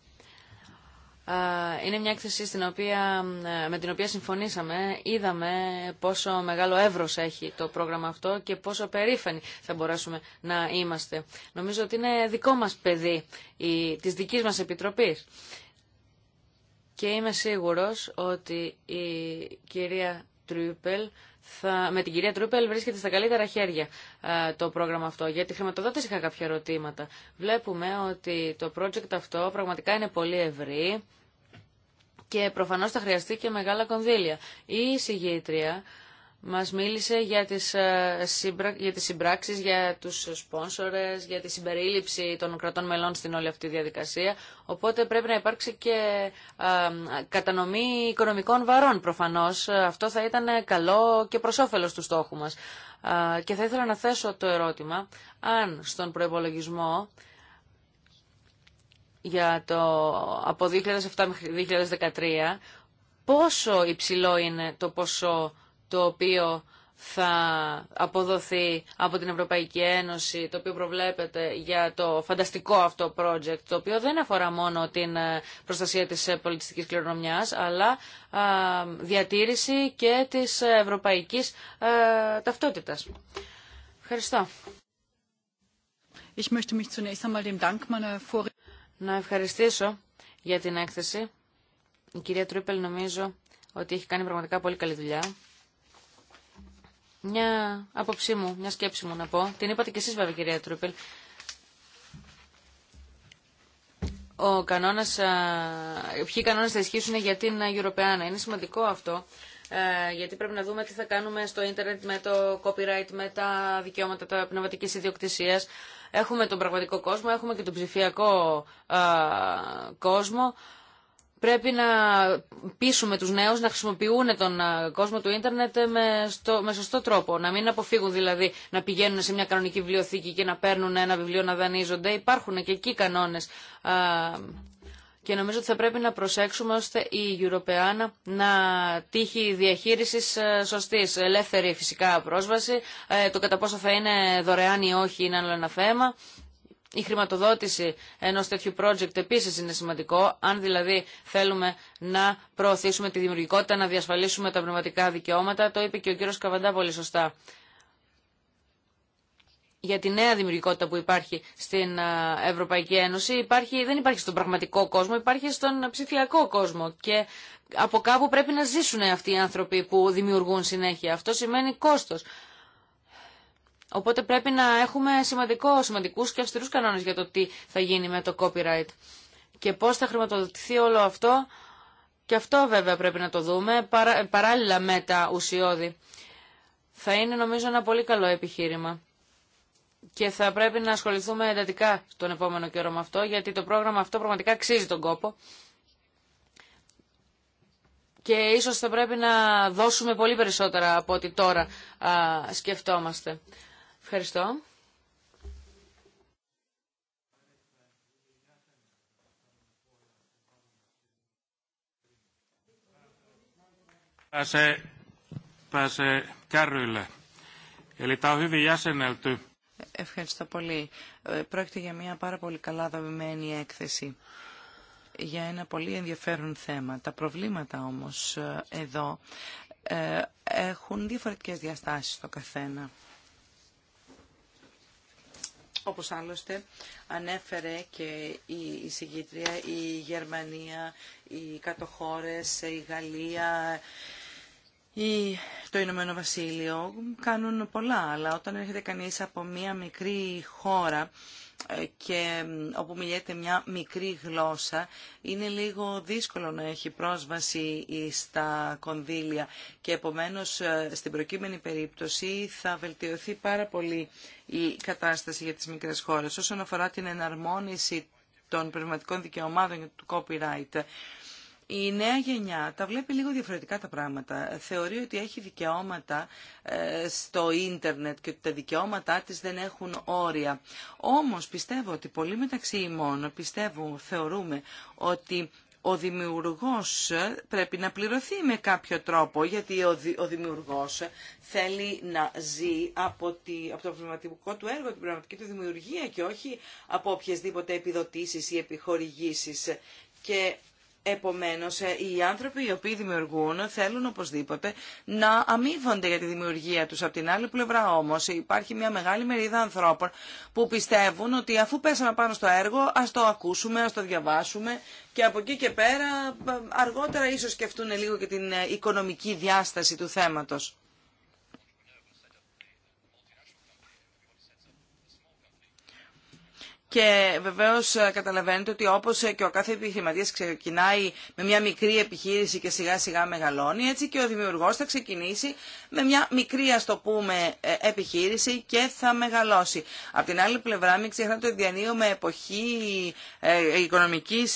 είναι μια έκθεση στην οποία, με την οποία συμφωνήσαμε. Είδαμε πόσο μεγάλο εύρος έχει το πρόγραμμα αυτό και πόσο περήφανοι θα μπορέσουμε να είμαστε. Νομίζω ότι είναι δικό μας παιδί, της δικής μας επιτροπής. Και είμαι σίγουρος ότι η κυρία τρύπελ θα, με την κυρία Τρούπελ βρίσκεται στα καλύτερα χέρια ε, το πρόγραμμα αυτό. Για τη χρηματοδότηση είχα κάποια ερωτήματα. Βλέπουμε ότι το project αυτό πραγματικά είναι πολύ ευρύ και προφανώς θα χρειαστεί και μεγάλα κονδύλια. Η συγγήτρια μας μίλησε για τις, ε, για συμπράξεις, για τους σπόνσορες, για τη συμπερίληψη των κρατών μελών στην όλη αυτή διαδικασία. Οπότε πρέπει να υπάρξει και ε, κατανομή οικονομικών βαρών προφανώς. Ε, αυτό θα ήταν καλό και προς όφελος του στόχου μας. Και θα ήθελα να θέσω το ερώτημα, αν στον προϋπολογισμό για το από 2007 μέχρι 2013 πόσο υψηλό είναι το ποσό το οποίο θα αποδοθεί από την Ευρωπαϊκή Ένωση, το οποίο προβλέπεται για το φανταστικό αυτό project, το οποίο δεν αφορά μόνο την ε, προστασία της ε, πολιτιστικής κληρονομιάς, αλλά διατήρηση και της ευρωπαϊκής ε, ταυτότητας. Ευχαριστώ. Ich möchte mich zunächst einmal dem Dank meiner Να ευχαριστήσω για την έκθεση. Η κυρία Τρούπελ νομίζω ότι έχει κάνει πραγματικά πολύ καλή δουλειά. Μια άποψή μου, μια σκέψη μου να πω. Την είπατε και εσείς βέβαια κυρία Τρούπελ. Ο κανόνας, ποιοι κανόνες θα ισχύσουν για την Ευρωπαϊκή. Είναι σημαντικό αυτό γιατί πρέπει να δούμε τι θα κάνουμε στο ίντερνετ με το copyright, με τα δικαιώματα τα πνευματικής ιδιοκτησίας. Έχουμε τον πραγματικό κόσμο, έχουμε και τον ψηφιακό κόσμο πρέπει να πείσουμε τους νέους να χρησιμοποιούν τον κόσμο του ίντερνετ με, σωστό τρόπο. Να μην αποφύγουν δηλαδή να πηγαίνουν σε μια κανονική βιβλιοθήκη και να παίρνουν ένα βιβλίο να δανείζονται. Υπάρχουν και εκεί κανόνες. και νομίζω ότι θα πρέπει να προσέξουμε ώστε η Ευρωπαϊκή να τύχει διαχείρισης σωστή Ελεύθερη φυσικά πρόσβαση, ε, το κατά πόσο θα είναι δωρεάν ή όχι είναι άλλο ένα θέμα η χρηματοδότηση ενός τέτοιου project επίσης είναι σημαντικό, αν δηλαδή θέλουμε να προωθήσουμε τη δημιουργικότητα, να διασφαλίσουμε τα πνευματικά δικαιώματα, το είπε και ο κύριος Καβαντά πολύ σωστά για τη νέα δημιουργικότητα που υπάρχει στην Ευρωπαϊκή Ένωση υπάρχει, δεν υπάρχει στον πραγματικό κόσμο, υπάρχει στον ψηφιακό κόσμο και από κάπου πρέπει να ζήσουν αυτοί οι άνθρωποι που δημιουργούν συνέχεια. Αυτό σημαίνει κόστος. Οπότε πρέπει να έχουμε σημαντικό, σημαντικούς και αυστηρούς κανόνες για το τι θα γίνει με το copyright και πώς θα χρηματοδοτηθεί όλο αυτό. Και αυτό βέβαια πρέπει να το δούμε παράλληλα με τα ουσιώδη. Θα είναι νομίζω ένα πολύ καλό επιχείρημα. Και θα πρέπει να ασχοληθούμε εντατικά τον επόμενο καιρό με αυτό, γιατί το πρόγραμμα αυτό πραγματικά αξίζει τον κόπο. Και ίσως θα πρέπει να δώσουμε πολύ περισσότερα από ό,τι τώρα σκεφτόμαστε. Ευχαριστώ. Pääsee, pääsee kärryille. Eli tämä on Ευχαριστώ πολύ. Ε, πρόκειται για μια πάρα πολύ καλά δομημένη έκθεση για ένα πολύ ενδιαφέρον θέμα. Τα προβλήματα όμως ε, εδώ ε, έχουν διαφορετικές διαστάσεις στο καθένα. Όπως άλλωστε ανέφερε και η συγκήτρια, η Γερμανία, οι κατοχώρες, η Γαλλία, ή το Ηνωμένο Βασίλειο κάνουν πολλά, αλλά όταν έρχεται κανείς από μία μικρή χώρα και όπου μιλιέται μια μικρή γλώσσα είναι λίγο δύσκολο να έχει πρόσβαση στα κονδύλια και επομένως ε, στην προκείμενη περίπτωση θα βελτιωθεί πάρα πολύ η κατάσταση για τις μικρές χώρες όσον αφορά την εναρμόνιση των πνευματικών δικαιωμάτων του copyright. Η νέα γενιά τα βλέπει λίγο διαφορετικά τα πράγματα. Θεωρεί ότι έχει δικαιώματα ε, στο ίντερνετ και ότι τα δικαιώματά της δεν έχουν όρια. Όμως πιστεύω ότι πολλοί μεταξύ ημών πιστεύουν, θεωρούμε ότι ο δημιουργός πρέπει να πληρωθεί με κάποιο τρόπο, γιατί ο, δημιουργός θέλει να ζει από, από το πνευματικό του έργο, την πραγματική του δημιουργία και όχι από οποιασδήποτε επιδοτήσεις ή επιχορηγήσεις. Και Επομένως, ε, οι άνθρωποι οι οποίοι δημιουργούν θέλουν οπωσδήποτε να αμείβονται για τη δημιουργία τους. Από την άλλη πλευρά όμως υπάρχει μια μεγάλη μερίδα ανθρώπων που πιστεύουν ότι αφού πέσαμε πάνω στο έργο ας το ακούσουμε, ας το διαβάσουμε και από εκεί και πέρα αργότερα ίσως σκεφτούν λίγο και την ε, οικονομική διάσταση του θέματος. Και βεβαίω ε, καταλαβαίνετε ότι όπω ε, και ο κάθε επιχειρηματία ξεκινάει με μια μικρή επιχείρηση και σιγά σιγά μεγαλώνει, έτσι και ο δημιουργό θα ξεκινήσει με μια μικρή α το πούμε ε, επιχείρηση και θα μεγαλώσει. Απ' την άλλη πλευρά μην ξεχνάτε ότι διανύουμε εποχή οικονομική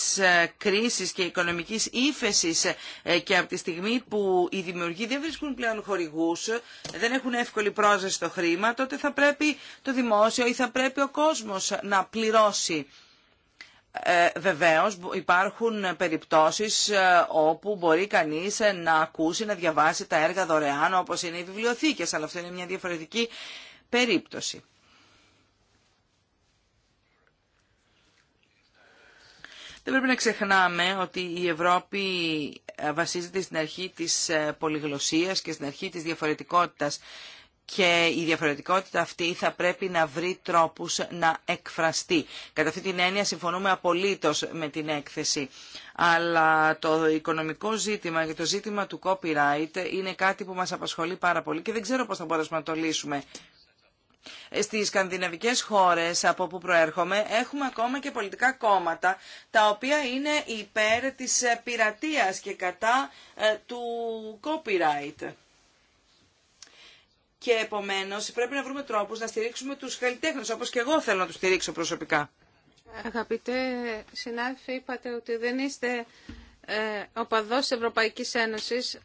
κρίση και οικονομική ύφεση και από τη στιγμή που οι δημιουργοί δεν βρίσκουν πλέον χορηγού, δεν έχουν εύκολη πρόσβαση στο χρήμα, τότε θα πρέπει το δημόσιο ή θα πρέπει ο κόσμο να πληρώσει πληρώσει. Ε, βεβαίως υπάρχουν περιπτώσεις ε, όπου μπορεί κανείς ε, να ακούσει, να διαβάσει τα έργα δωρεάν όπως είναι οι βιβλιοθήκες, αλλά αυτό είναι μια διαφορετική περίπτωση. Δεν πρέπει να ξεχνάμε ότι η Ευρώπη ε, βασίζεται στην αρχή της πολυγλωσσίας και στην αρχή της διαφορετικότητας και η διαφορετικότητα αυτή θα πρέπει να βρει τρόπους να εκφραστεί. Κατά αυτή την έννοια συμφωνούμε απολύτως με την έκθεση. Αλλά το οικονομικό ζήτημα και το ζήτημα του copyright είναι κάτι που μας απασχολεί πάρα πολύ και δεν ξέρω πώς θα μπορέσουμε να το λύσουμε. Στις σκανδιναβικές χώρες από που προέρχομαι έχουμε ακόμα και πολιτικά κόμματα τα οποία είναι υπέρ της πειρατείας και κατά ε, του copyright και επομένως πρέπει να βρούμε τρόπους να στηρίξουμε τους καλλιτέχνε, όπως και εγώ θέλω να τους στηρίξω προσωπικά. Αγαπητέ συνάδελφοι, είπατε ότι δεν είστε ε, οπαδός Ευρωπαϊκής Ένωσης.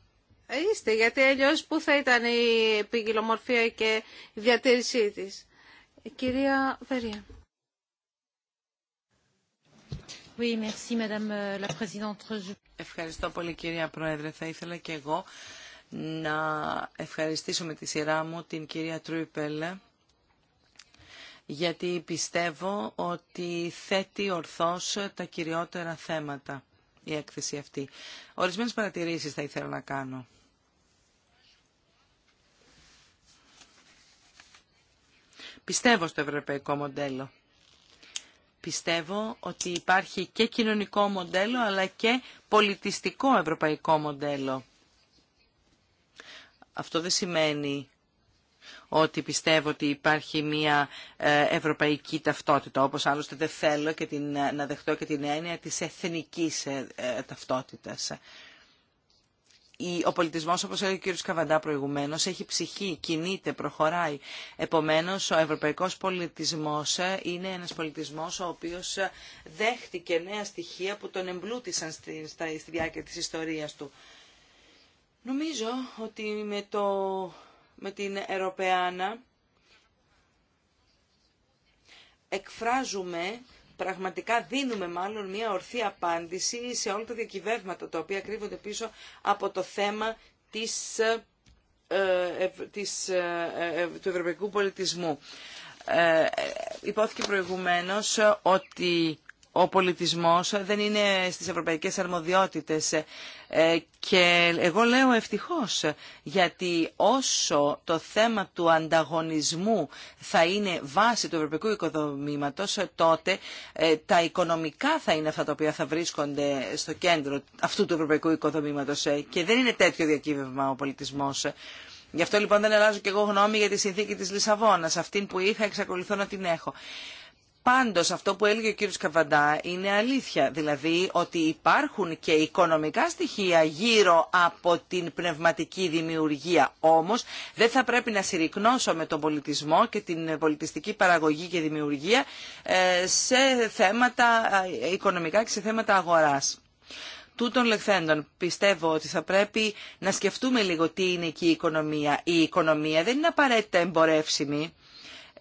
Είστε, γιατί αλλιώ πού θα ήταν η επικοινομορφία και η διατήρησή της. Κυρία Βερία. Euh, Ευχαριστώ πολύ κυρία Πρόεδρε. Θα ήθελα και εγώ να ευχαριστήσω με τη σειρά μου την κυρία Τρούιπελ γιατί πιστεύω ότι θέτει ορθώς τα κυριότερα θέματα η έκθεση αυτή. Ορισμένες παρατηρήσεις θα ήθελα να κάνω. Πιστεύω στο ευρωπαϊκό μοντέλο. Πιστεύω ότι υπάρχει και κοινωνικό μοντέλο αλλά και πολιτιστικό ευρωπαϊκό μοντέλο. Αυτό δεν σημαίνει ότι πιστεύω ότι υπάρχει μια ε, ευρωπαϊκή ταυτότητα, όπως άλλωστε δεν θέλω και την, ε, να δεχτώ και την έννοια της εθνικής ε, ταυτότητας. Ο πολιτισμός, όπως έλεγε ο κ. Καβαντά προηγουμένως, έχει ψυχή, κινείται, προχωράει. Επομένως, ο ευρωπαϊκός πολιτισμός είναι ένας πολιτισμός ο οποίος δέχτηκε νέα στοιχεία που τον εμπλούτησαν στη, διάρκεια της ιστορίας του. Νομίζω ότι με, το, με την Ευρωπαϊάνα εκφράζουμε πραγματικά δίνουμε μάλλον μια ορθή απάντηση σε όλα τα διακυβεύματα τα οποία κρύβονται πίσω από το θέμα της, ε, ε, ε, του ευρωπαϊκού πολιτισμού. Ε, υπόθηκε προηγουμένως ότι ο πολιτισμός δεν είναι στις ευρωπαϊκές αρμοδιότητες ε, και εγώ λέω ευτυχώς γιατί όσο το θέμα του ανταγωνισμού θα είναι βάση του ευρωπαϊκού οικοδομήματος τότε ε, τα οικονομικά θα είναι αυτά τα οποία θα βρίσκονται στο κέντρο αυτού του ευρωπαϊκού οικοδομήματος ε, και δεν είναι τέτοιο διακύβευμα ο πολιτισμός. Γι' αυτό λοιπόν δεν αλλάζω και εγώ γνώμη για τη συνθήκη της Λισαβόνας, αυτήν που είχα εξακολουθώ να την έχω. Πάντως αυτό που έλεγε ο κύριος Καβαντά είναι αλήθεια, δηλαδή ότι υπάρχουν και οικονομικά στοιχεία γύρω από την πνευματική δημιουργία. Όμως δεν θα πρέπει να συρρυκνώσω με τον πολιτισμό και την πολιτιστική παραγωγή και δημιουργία ε, σε θέματα ε, οικονομικά και σε θέματα αγοράς τούτων λεχθέντων πιστεύω ότι θα πρέπει να σκεφτούμε λίγο τι είναι και η οικονομία. Η οικονομία δεν είναι απαραίτητα εμπορεύσιμη.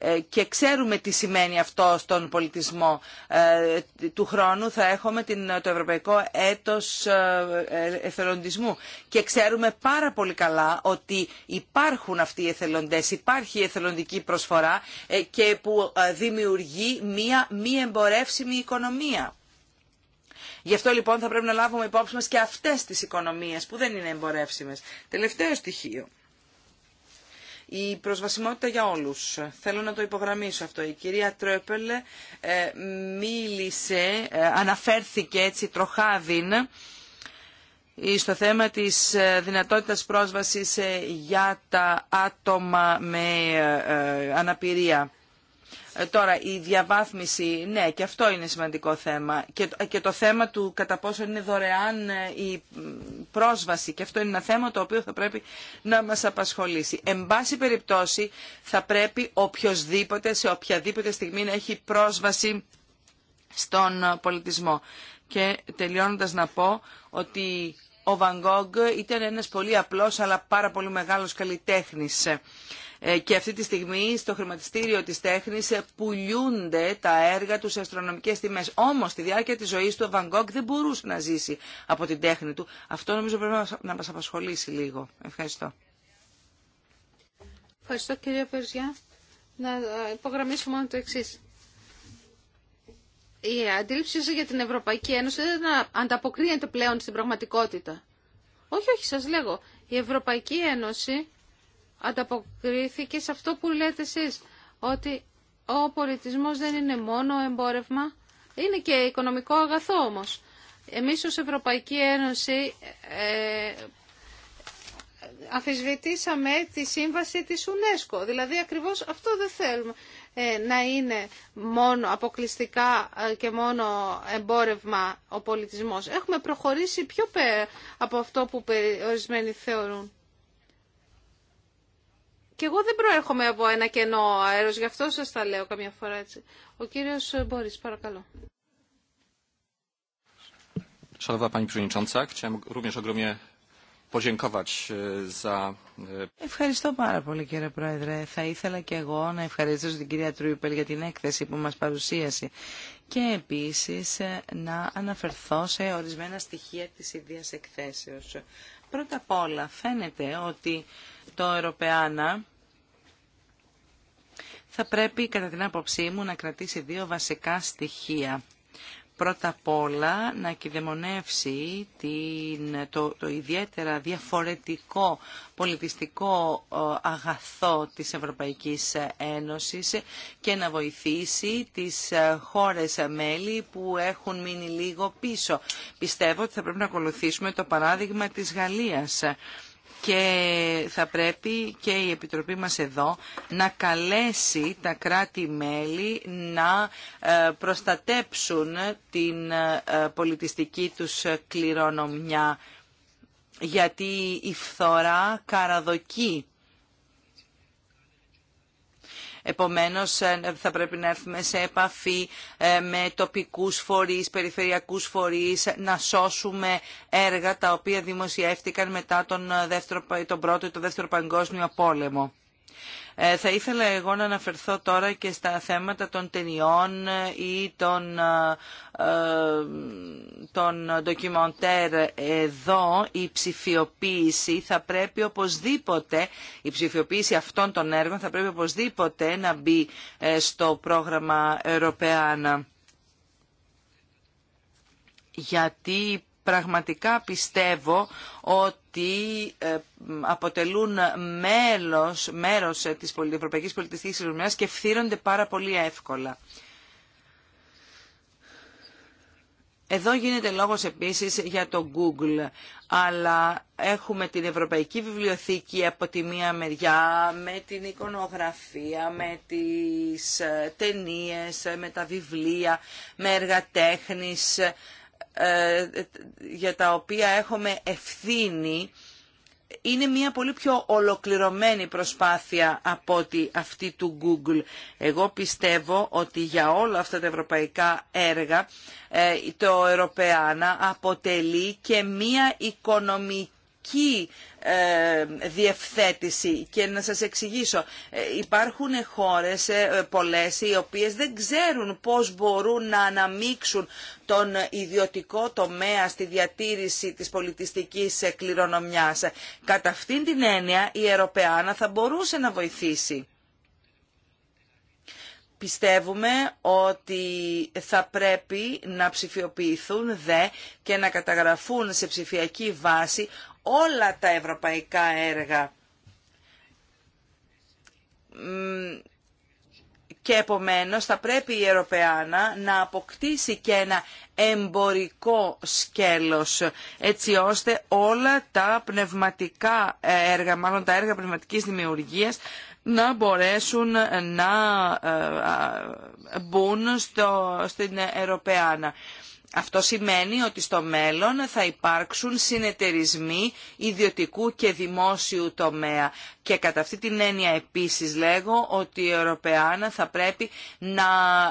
Ε, και ξέρουμε τι σημαίνει αυτό στον πολιτισμό. Ε, του χρόνου θα έχουμε το Ευρωπαϊκό Έτος ε, Εθελοντισμού και ξέρουμε πάρα πολύ καλά ότι υπάρχουν αυτοί οι εθελοντές, υπάρχει η εθελοντική προσφορά και που δημιουργεί μία μη εμπορεύσιμη οικονομία. Γι' αυτό λοιπόν θα πρέπει να λάβουμε υπόψη μας και αυτές τις οικονομίες που δεν είναι εμπορεύσιμες. Τελευταίο στοιχείο η προσβασιμότητα για όλους. Θέλω να το υπογραμμίσω αυτό. Η κυρία Τρέπελ ε, μίλησε, ε, αναφέρθηκε έτσι τροχάδιν ε, στο θέμα της δυνατότητας πρόσβασης για τα άτομα με αναπηρία. Ε, τώρα η διαβάθμιση, ναι και αυτό είναι σημαντικό θέμα και το θέμα του κατά πόσο είναι δωρεάν ε, η πρόσβαση και αυτό είναι ένα θέμα το οποίο θα πρέπει να μας απασχολήσει. Εν πάση περιπτώσει θα πρέπει οποιοδήποτε σε οποιαδήποτε στιγμή να έχει πρόσβαση στον πολιτισμό. Και τελειώνοντας να πω ότι ο Van Gogh ήταν ένας πολύ απλός αλλά πάρα πολύ μεγάλος καλλιτέχνης ε, και αυτή τη στιγμή στο χρηματιστήριο της τέχνης ε, πουλιούνται τα έργα του σε αστρονομικές τιμές. Όμως στη διάρκεια της ζωής του ο Van δεν μπορούσε να ζήσει από την τέχνη του. Αυτό νομίζω πρέπει να μας απασχολήσει λίγο. Ευχαριστώ. Ευχαριστώ κυρία Περζιά. Να ε, υπογραμμίσω μόνο το εξή. Η αντίληψή για την Ευρωπαϊκή Ένωση δεν ανταποκρίνεται πλέον στην πραγματικότητα. Όχι, όχι, σας λέγω. Η Ευρωπαϊκή Ένωση ανταποκρίθηκε σε αυτό που λέτε εσείς, ότι ο πολιτισμός δεν είναι μόνο εμπόρευμα, είναι και οικονομικό αγαθό όμως. Εμείς ως Ευρωπαϊκή Ένωση ε, τη σύμβαση της UNESCO. Δηλαδή ακριβώς αυτό δεν θέλουμε ε, να είναι μόνο αποκλειστικά ε, και μόνο εμπόρευμα ο πολιτισμός. Έχουμε προχωρήσει πιο πέρα από αυτό που ορισμένοι θεωρούν. Και εγώ δεν προέρχομαι από ένα κενό αέρος, γι' αυτό σας τα λέω καμιά φορά έτσι. Ο κύριος Μπόρις, παρακαλώ. E, e, Ευχαριστώ πάρα πολύ κύριε Πρόεδρε. Θα ήθελα και εγώ να ευχαριστήσω την κυρία Τρούιπελ για την έκθεση που μας παρουσίασε και επίσης ε, να αναφερθώ σε ορισμένα στοιχεία της ίδιας εκθέσεως. Πρώτα απ' όλα φαίνεται ότι το Ευρωπαίανα θα πρέπει κατά την άποψή μου να κρατήσει δύο βασικά στοιχεία. Πρώτα απ' όλα να κυδεμονεύσει την, το, το ιδιαίτερα διαφορετικό πολιτιστικό αγαθό της Ευρωπαϊκής Ένωσης και να βοηθήσει τις ε, χώρες μέλη που έχουν μείνει λίγο πίσω. Πιστεύω ότι θα πρέπει να ακολουθήσουμε το παράδειγμα της Γαλλίας και θα πρέπει και η Επιτροπή μας εδώ να καλέσει τα κράτη-μέλη να ε, προστατέψουν την ε, πολιτιστική τους κληρονομιά γιατί η φθορά καραδοκεί Επομένως ε, θα πρέπει να έρθουμε σε επαφή ε, με τοπικούς φορείς, περιφερειακούς φορείς, να σώσουμε έργα τα οποία δημοσιεύτηκαν μετά τον, ε, τον πρώτο ή τον δεύτερο παγκόσμιο πόλεμο. Ε, θα ήθελα εγώ να αναφερθώ τώρα και στα θέματα των ταινιών ε, ή των, ε, των ντοκιμοντέρ. Εδώ η ψηφιοποίηση θα πρέπει οπωσδήποτε, η ψηφιοποίηση αυτών των έργων θα πρέπει οπωσδήποτε να μπει στο πρόγραμμα Ευρωπαίανα. Γιατί πραγματικά πιστεύω ότι ε, αποτελούν μέλος, μέρος της Ευρωπαϊκής Πολιτιστικής Συνομιλίας και φθύρονται πάρα πολύ εύκολα. Εδώ γίνεται λόγος επίσης για το Google, αλλά έχουμε την Ευρωπαϊκή Βιβλιοθήκη από τη μία μεριά, με την εικονογραφία, με τις ε, ταινίες, ε, με τα βιβλία, με εργατέχνης, ε, για τα οποία έχουμε ευθύνη είναι μια πολύ πιο ολοκληρωμένη προσπάθεια από ότι αυτή του Google. Εγώ πιστεύω ότι για όλα αυτά τα ευρωπαϊκά έργα ε, το Ευρωπαϊκά αποτελεί και μια οικονομική ε, διευθέτηση και να σας εξηγήσω ε, υπάρχουν χώρες ε, πολλές οι οποίες δεν ξέρουν πώς μπορούν να αναμίξουν τον ιδιωτικό τομέα στη διατήρηση της πολιτιστικής ε, κληρονομιάς. Κατά αυτήν την έννοια η Ευρωπαϊκή θα μπορούσε να βοηθήσει πιστεύουμε ότι θα πρέπει να ψηφιοποιηθούν δε και να καταγραφούν σε ψηφιακή βάση όλα τα ευρωπαϊκά έργα. Και επομένως θα πρέπει η Ευρωπαϊνα να αποκτήσει και ένα εμπορικό σκέλος, έτσι ώστε όλα τα πνευματικά έργα, μάλλον τα έργα πνευματικής δημιουργίας, να μπορέσουν να ε, ε, μπουν στο, στην Ευρωπαϊκή. Αυτό σημαίνει ότι στο μέλλον θα υπάρξουν συνεταιρισμοί ιδιωτικού και δημόσιου τομέα. Και κατά αυτή την έννοια επίσης λέγω ότι η Ευρωπαϊκή θα πρέπει να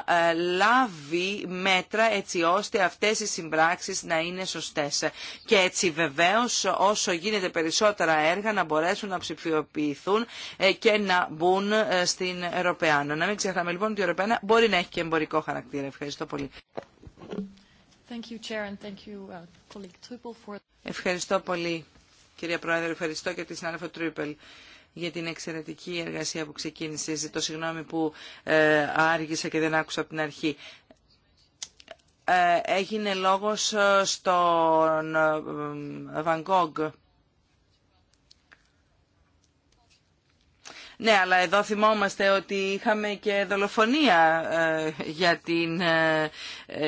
ε, λάβει μέτρα έτσι ώστε αυτές οι συμπράξεις να είναι σωστές. Και έτσι βεβαίως όσο γίνεται περισσότερα έργα να μπορέσουν να ψηφιοποιηθούν ε, και να μπουν ε, στην Ευρωπαϊκή. Να μην ξεχνάμε λοιπόν ότι η Ευρωπαϊκή μπορεί να έχει και εμπορικό χαρακτήρα. Ευχαριστώ πολύ. Uh, Ευχαριστώ πολύ, κυρία Πρόεδρε. Ευχαριστώ και τη συνάδελφο Τρίπελ για την εξαιρετική εργασία που ξεκίνησε. Ζητώ συγγνώμη που ε, άργησα και δεν άκουσα από την αρχή. Ε, έγινε λόγος ε, στον ε, ε, Van Gogh. Ναι, αλλά εδώ θυμόμαστε ότι είχαμε και δολοφονία για, την,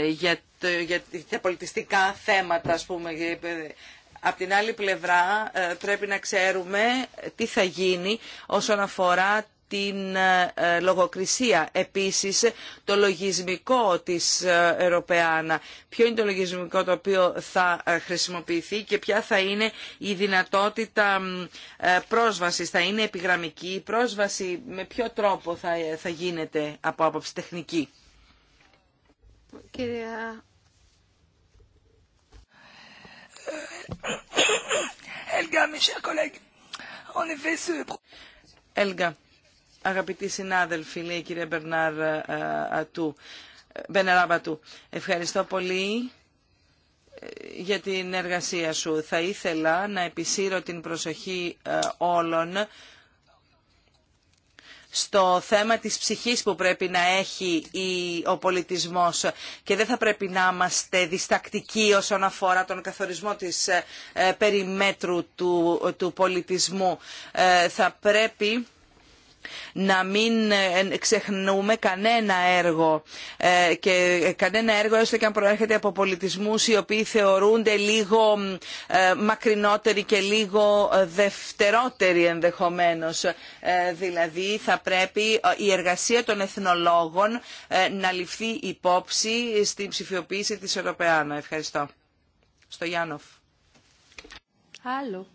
για για τα πολιτιστικά θέματα, ας πούμε, Απ' την άλλη πλευρά ε, πρέπει να ξέρουμε τι θα γίνει όσον αφορά την ε, ε, λογοκρισία. Επίσης, το λογισμικό της Ευρωπαϊνα. Ποιο είναι το λογισμικό το οποίο θα χρησιμοποιηθεί και ποια θα είναι η δυνατότητα πρόσβασης. Θα είναι επιγραμμική η πρόσβαση. Με ποιο τρόπο θα, θα γίνεται από άποψη τεχνική. Κυρία Έλγα, mes ce... Έλγα, αγαπητοί συνάδελφοι, λέει η κυρία Μπερνάρ ε, Ατού, ε, του, ευχαριστώ πολύ ε, για την εργασία σου. Θα ήθελα να επισύρω την προσοχή όλων στο θέμα της ψυχής που πρέπει να έχει ο πολιτισμός και δεν θα πρέπει να είμαστε διστακτικοί όσον αφορά τον καθορισμό της ε, ε, περιμέτρου του πολιτισμού. Ε, θα πρέπει να μην ε, ξεχνούμε κανένα έργο ε, και κανένα έργο έστω και αν προέρχεται από πολιτισμούς οι οποίοι θεωρούνται λίγο ε, μακρινότεροι και λίγο δευτερότεροι ενδεχομένως. Δηλαδή θα πρέπει η εργασία των εθνολόγων να ληφθεί υπόψη στην ψηφιοποίηση της Ευρωπαϊκής. Ευχαριστώ. Στο Γιάννοφ. Άλλο.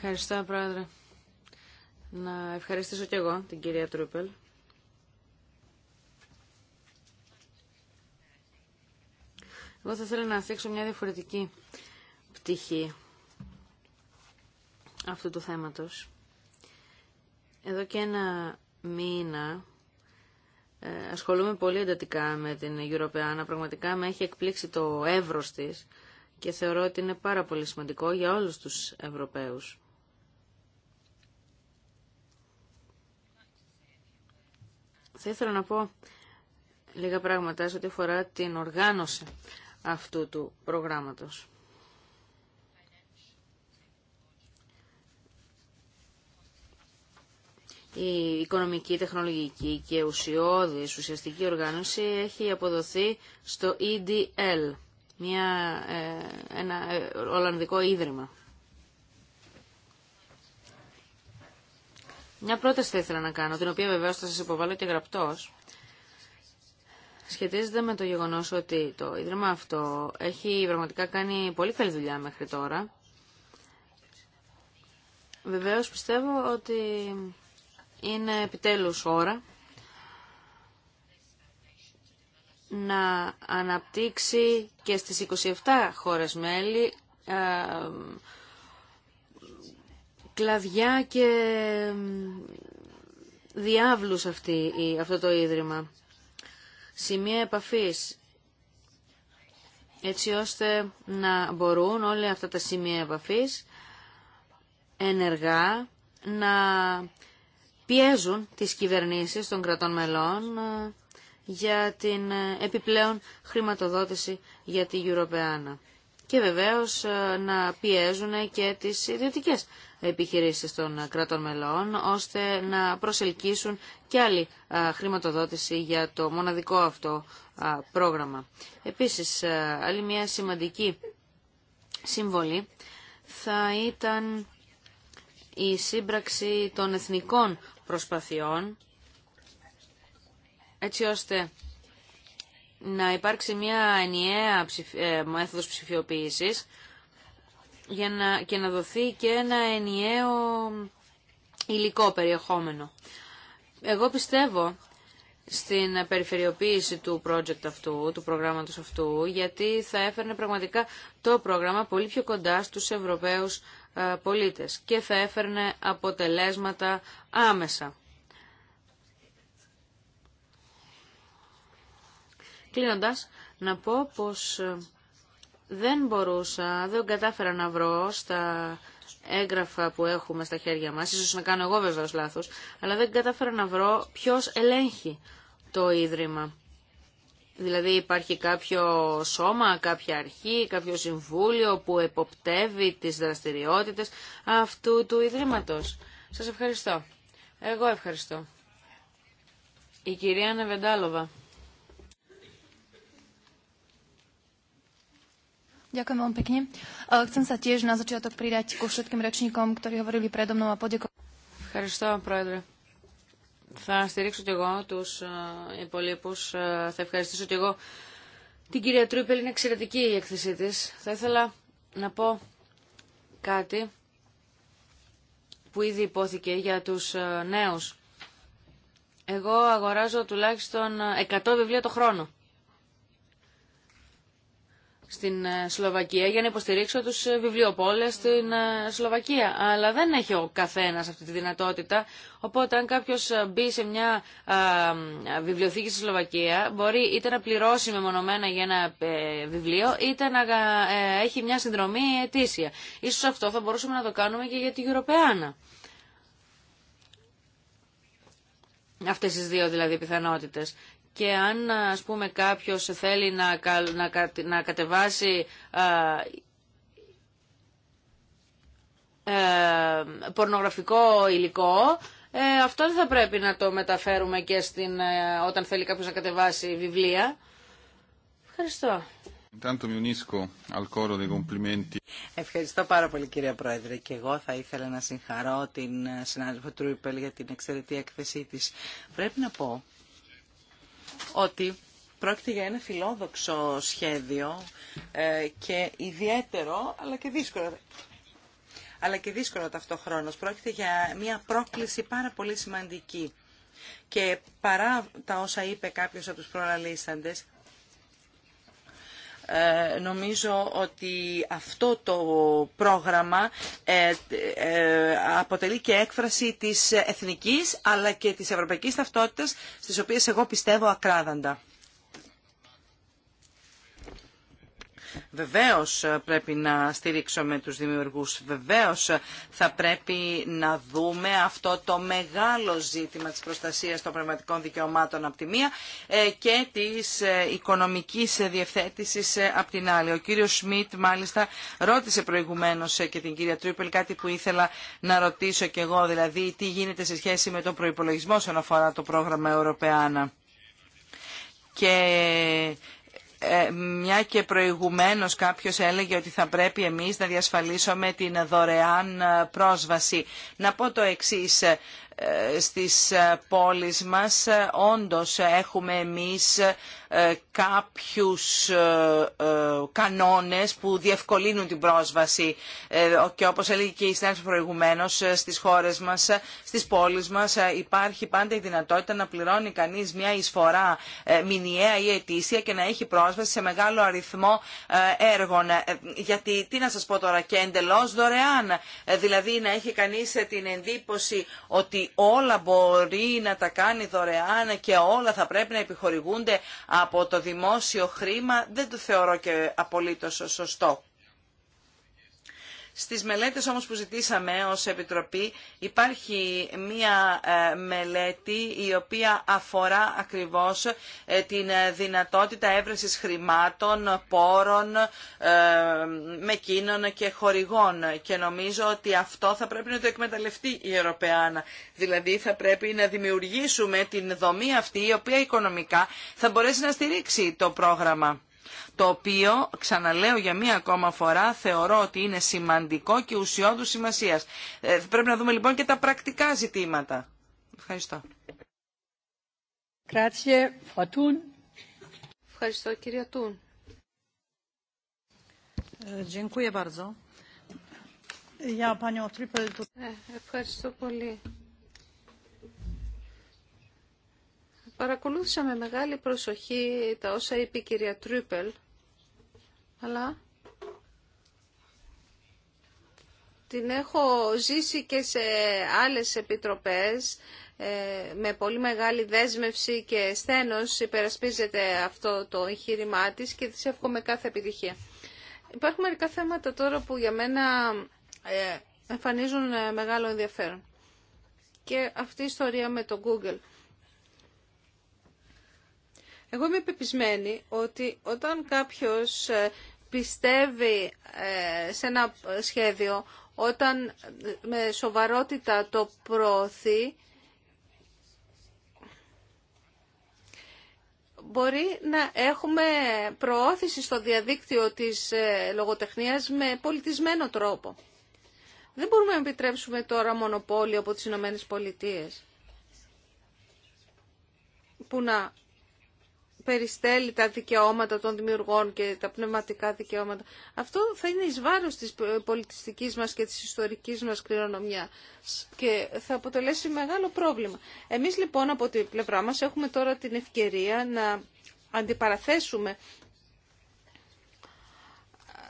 Ευχαριστώ, Πρόεδρε. Να ευχαριστήσω και εγώ την κυρία Τρούπελ. Εγώ θα ήθελα να θίξω μια διαφορετική πτυχή αυτού του θέματος. Εδώ και ένα μήνα ε, ασχολούμαι πολύ εντατικά με την Europeana. Πραγματικά με έχει εκπλήξει το εύρος της και θεωρώ ότι είναι πάρα πολύ σημαντικό για όλους τους Ευρωπαίους. Θα ήθελα να πω λίγα πράγματα σε ό,τι αφορά την οργάνωση αυτού του προγράμματος. η οικονομική, τεχνολογική και ουσιώδης ουσιαστική οργάνωση έχει αποδοθεί στο EDL, μια, ε, ένα ε, Ολλανδικό Ίδρυμα. Μια πρόταση θα ήθελα να κάνω, την οποία βεβαίως θα σας υποβάλω και γραπτός. Σχετίζεται με το γεγονός ότι το Ίδρυμα αυτό έχει πραγματικά κάνει πολύ καλή δουλειά μέχρι τώρα. Βεβαίως πιστεύω ότι είναι επιτέλους ώρα να αναπτύξει και στις 27 χώρες μέλη ε, κλαδιά και διάβλους αυτό το Ίδρυμα. Σημεία επαφής έτσι ώστε να μπορούν όλα αυτά τα σημεία επαφής ενεργά να πιέζουν τις κυβερνήσεις των κρατών μελών ε, για την ε, επιπλέον χρηματοδότηση για τη Ευρωπαϊκή και βεβαίως ε, να πιέζουν και τις ιδιωτικές επιχειρήσεις των κρατών μελών ώστε να προσελκύσουν και άλλη χρηματοδότηση για το μοναδικό αυτό πρόγραμμα. Επίσης, άλλη μια σημαντική συμβολή θα ήταν η σύμπραξη των εθνικών προσπαθειών έτσι ώστε να υπάρξει μια ενιαία ε, μέθοδος ψηφιοποίησης για να, και να δοθεί και ένα ενιαίο υλικό περιεχόμενο. Εγώ πιστεύω στην περιφερειοποίηση του project αυτού, του προγράμματος αυτού, γιατί θα έφερνε πραγματικά το πρόγραμμα πολύ πιο κοντά στους Ευρωπαίους ε, πολίτες και θα έφερνε αποτελέσματα άμεσα. Κλείνοντας, να πω πως ε, δεν μπορούσα, δεν κατάφερα να βρω στα έγγραφα που έχουμε στα χέρια μας, ίσως να κάνω εγώ βεβαίως λάθος, αλλά δεν κατάφερα να βρω ποιος ελέγχει το Ίδρυμα. Δηλαδή υπάρχει κάποιο σώμα, κάποια αρχή, κάποιο συμβούλιο που εποπτεύει τις δραστηριότητες αυτού του Ιδρύματος. Σας ευχαριστώ. Εγώ ευχαριστώ. Η κυρία Νεβεντάλοβα. Ευχαριστώ, Πρόεδρε. Θα στηρίξω κι εγώ τους ε, υπολείπους. Ε, θα ευχαριστήσω κι εγώ την κυρία Τρούπελ. Είναι εξαιρετική η έκθεσή της. Θα ήθελα να πω κάτι που ήδη υπόθηκε για τους ε, νέους. Εγώ αγοράζω τουλάχιστον 100 βιβλία το χρόνο στην ε, Σλοβακία για να υποστηρίξω τους ε, βιβλιοπόλες στην ε, Σλοβακία. Αλλά δεν έχει ο καθένας αυτή τη δυνατότητα, οπότε αν κάποιος μπει σε μια βιβλιοθήκη στη Σλοβακία μπορεί είτε να πληρώσει μεμονωμένα για ένα βιβλίο είτε να έχει μια συνδρομή ετήσια. Ίσως αυτό θα μπορούσαμε να το κάνουμε και για τη Ευρωπαϊκή. Αυτές τις δύο δηλαδή πιθανότητες και αν ας πούμε κάποιος θέλει να, κατεβάσει ε, πορνογραφικό υλικό, ε, αυτό δεν θα πρέπει να το μεταφέρουμε και στην, ε, όταν θέλει κάποιος να κατεβάσει βιβλία. Ευχαριστώ. Ευχαριστώ πάρα πολύ κυρία Πρόεδρε και εγώ θα ήθελα να συγχαρώ την συνάδελφο Τρούιπελ για την εξαιρετική έκθεσή της. Πρέπει να πω ότι πρόκειται για ένα φιλόδοξο σχέδιο ε, και ιδιαίτερο αλλά και δύσκολο αλλά και δύσκολο ταυτόχρονος. Πρόκειται για μια πρόκληση πάρα πολύ σημαντική. Και παρά τα όσα είπε κάποιος από τους προλαλήσαντες, ε, νομίζω ότι αυτό το πρόγραμμα ε, ε, αποτελεί και έκφραση της εθνικής αλλά και της ευρωπαϊκής ταυτότητας στις οποίες εγώ πιστεύω ακράδαντα. Βεβαίως ε, πρέπει να στηρίξουμε τους δημιουργούς. Βεβαίως ε, θα πρέπει να δούμε αυτό το μεγάλο ζήτημα της προστασίας των πνευματικών δικαιωμάτων από τη μία ε, και της οικονομικής διευθέτησης από την άλλη. Ο κύριος Σμιτ μάλιστα ρώτησε προηγουμένως και την κυρία Τρίπελ κάτι που ήθελα να ρωτήσω και εγώ, δηλαδή τι γίνεται σε σχέση με τον προπολογισμό όσον αφορά το πρόγραμμα Ευρωπαϊκά ε, μια και προηγουμένως κάποιος έλεγε ότι θα πρέπει εμείς να διασφαλίσουμε την δωρεάν ε, πρόσβαση. Να πω το εξής, στις ε, πόλεις μας. Ε, όντως ε, έχουμε εμείς κάποιους κανόνες που διευκολύνουν την πρόσβαση και όπως έλεγε και η Στάνης προηγουμένως στις χώρες μας, στις πόλεις μας υπάρχει πάντα η δυνατότητα να πληρώνει κανείς μια εισφορά μηνιαία ή ετήσια και να έχει πρόσβαση σε μεγάλο αριθμό έργων. Γιατί τι να σας πω τώρα και εντελώς δωρεάν, δηλαδή να έχει κανείς την εντύπωση ότι όλα μπορεί να τα κάνει δωρεάν και όλα θα πρέπει να επιχορηγούνται από το δημόσιο χρήμα, δεν το θεωρώ και απολύτως σωστό. Στις μελέτες όμως που ζητήσαμε ως Επιτροπή υπάρχει μία ε, μελέτη η οποία αφορά ακριβώς ε, την ε, δυνατότητα έβρεσης χρημάτων, πόρων, με κίνων και χορηγών και νομίζω ότι αυτό θα πρέπει να το εκμεταλλευτεί η Ευρωπαϊκή. Δηλαδή θα πρέπει να δημιουργήσουμε την δομή αυτή η οποία οικονομικά θα μπορέσει να στηρίξει το πρόγραμμα το οποίο, ξαναλέω για μία ακόμα φορά, θεωρώ ότι είναι σημαντικό και ουσιώδου σημασίας. Ε, πρέπει να δούμε λοιπόν και τα πρακτικά ζητήματα. Ευχαριστώ. Ευχαριστώ Τούν. Ε, ε, ευχαριστώ πολύ. Παρακολούθησα με μεγάλη προσοχή τα όσα είπε η κυρία Τρούπελ. αλλά την έχω ζήσει και σε άλλες επιτροπές ε, με πολύ μεγάλη δέσμευση και στένος υπερασπίζεται αυτό το εγχείρημά της και της εύχομαι κάθε επιτυχία. Υπάρχουν μερικά θέματα τώρα που για μένα ε, εμφανίζουν μεγάλο ενδιαφέρον. Και αυτή η ιστορία με το Google. Εγώ είμαι επιπισμένη ότι όταν κάποιος ε, πιστεύει ε, σε ένα σχέδιο, όταν ε, με σοβαρότητα το προωθεί, μπορεί να έχουμε προώθηση στο διαδίκτυο της λογοτεχνίας με πολιτισμένο τρόπο. Δεν μπορούμε να επιτρέψουμε τώρα μονοπόλιο από τις Ηνωμένε Πολιτείες που να περιστέλει τα δικαιώματα των δημιουργών και τα πνευματικά δικαιώματα. Αυτό θα είναι εις βάρος της πολιτιστικής μας και της ιστορικής μας κληρονομιάς και θα αποτελέσει μεγάλο πρόβλημα. Εμείς λοιπόν από την πλευρά μας έχουμε τώρα την ευκαιρία να αντιπαραθέσουμε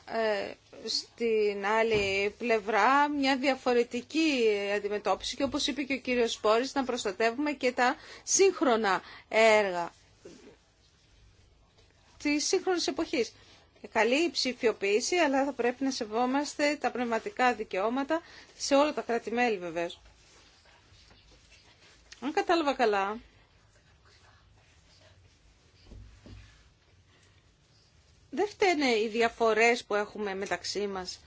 ε, στην άλλη πλευρά μια διαφορετική αντιμετώπιση και όπως είπε και ο κύριος Σπόρης να προστατεύουμε και τα σύγχρονα έργα Τη σύγχρονη εποχή. Καλή η ψηφιοποίηση, αλλά θα πρέπει να σεβόμαστε τα πνευματικά δικαιώματα σε όλα τα κράτη-μέλη βεβαίω. Αν κατάλαβα καλά, δεν φταίνε οι διαφορές που έχουμε μεταξύ μας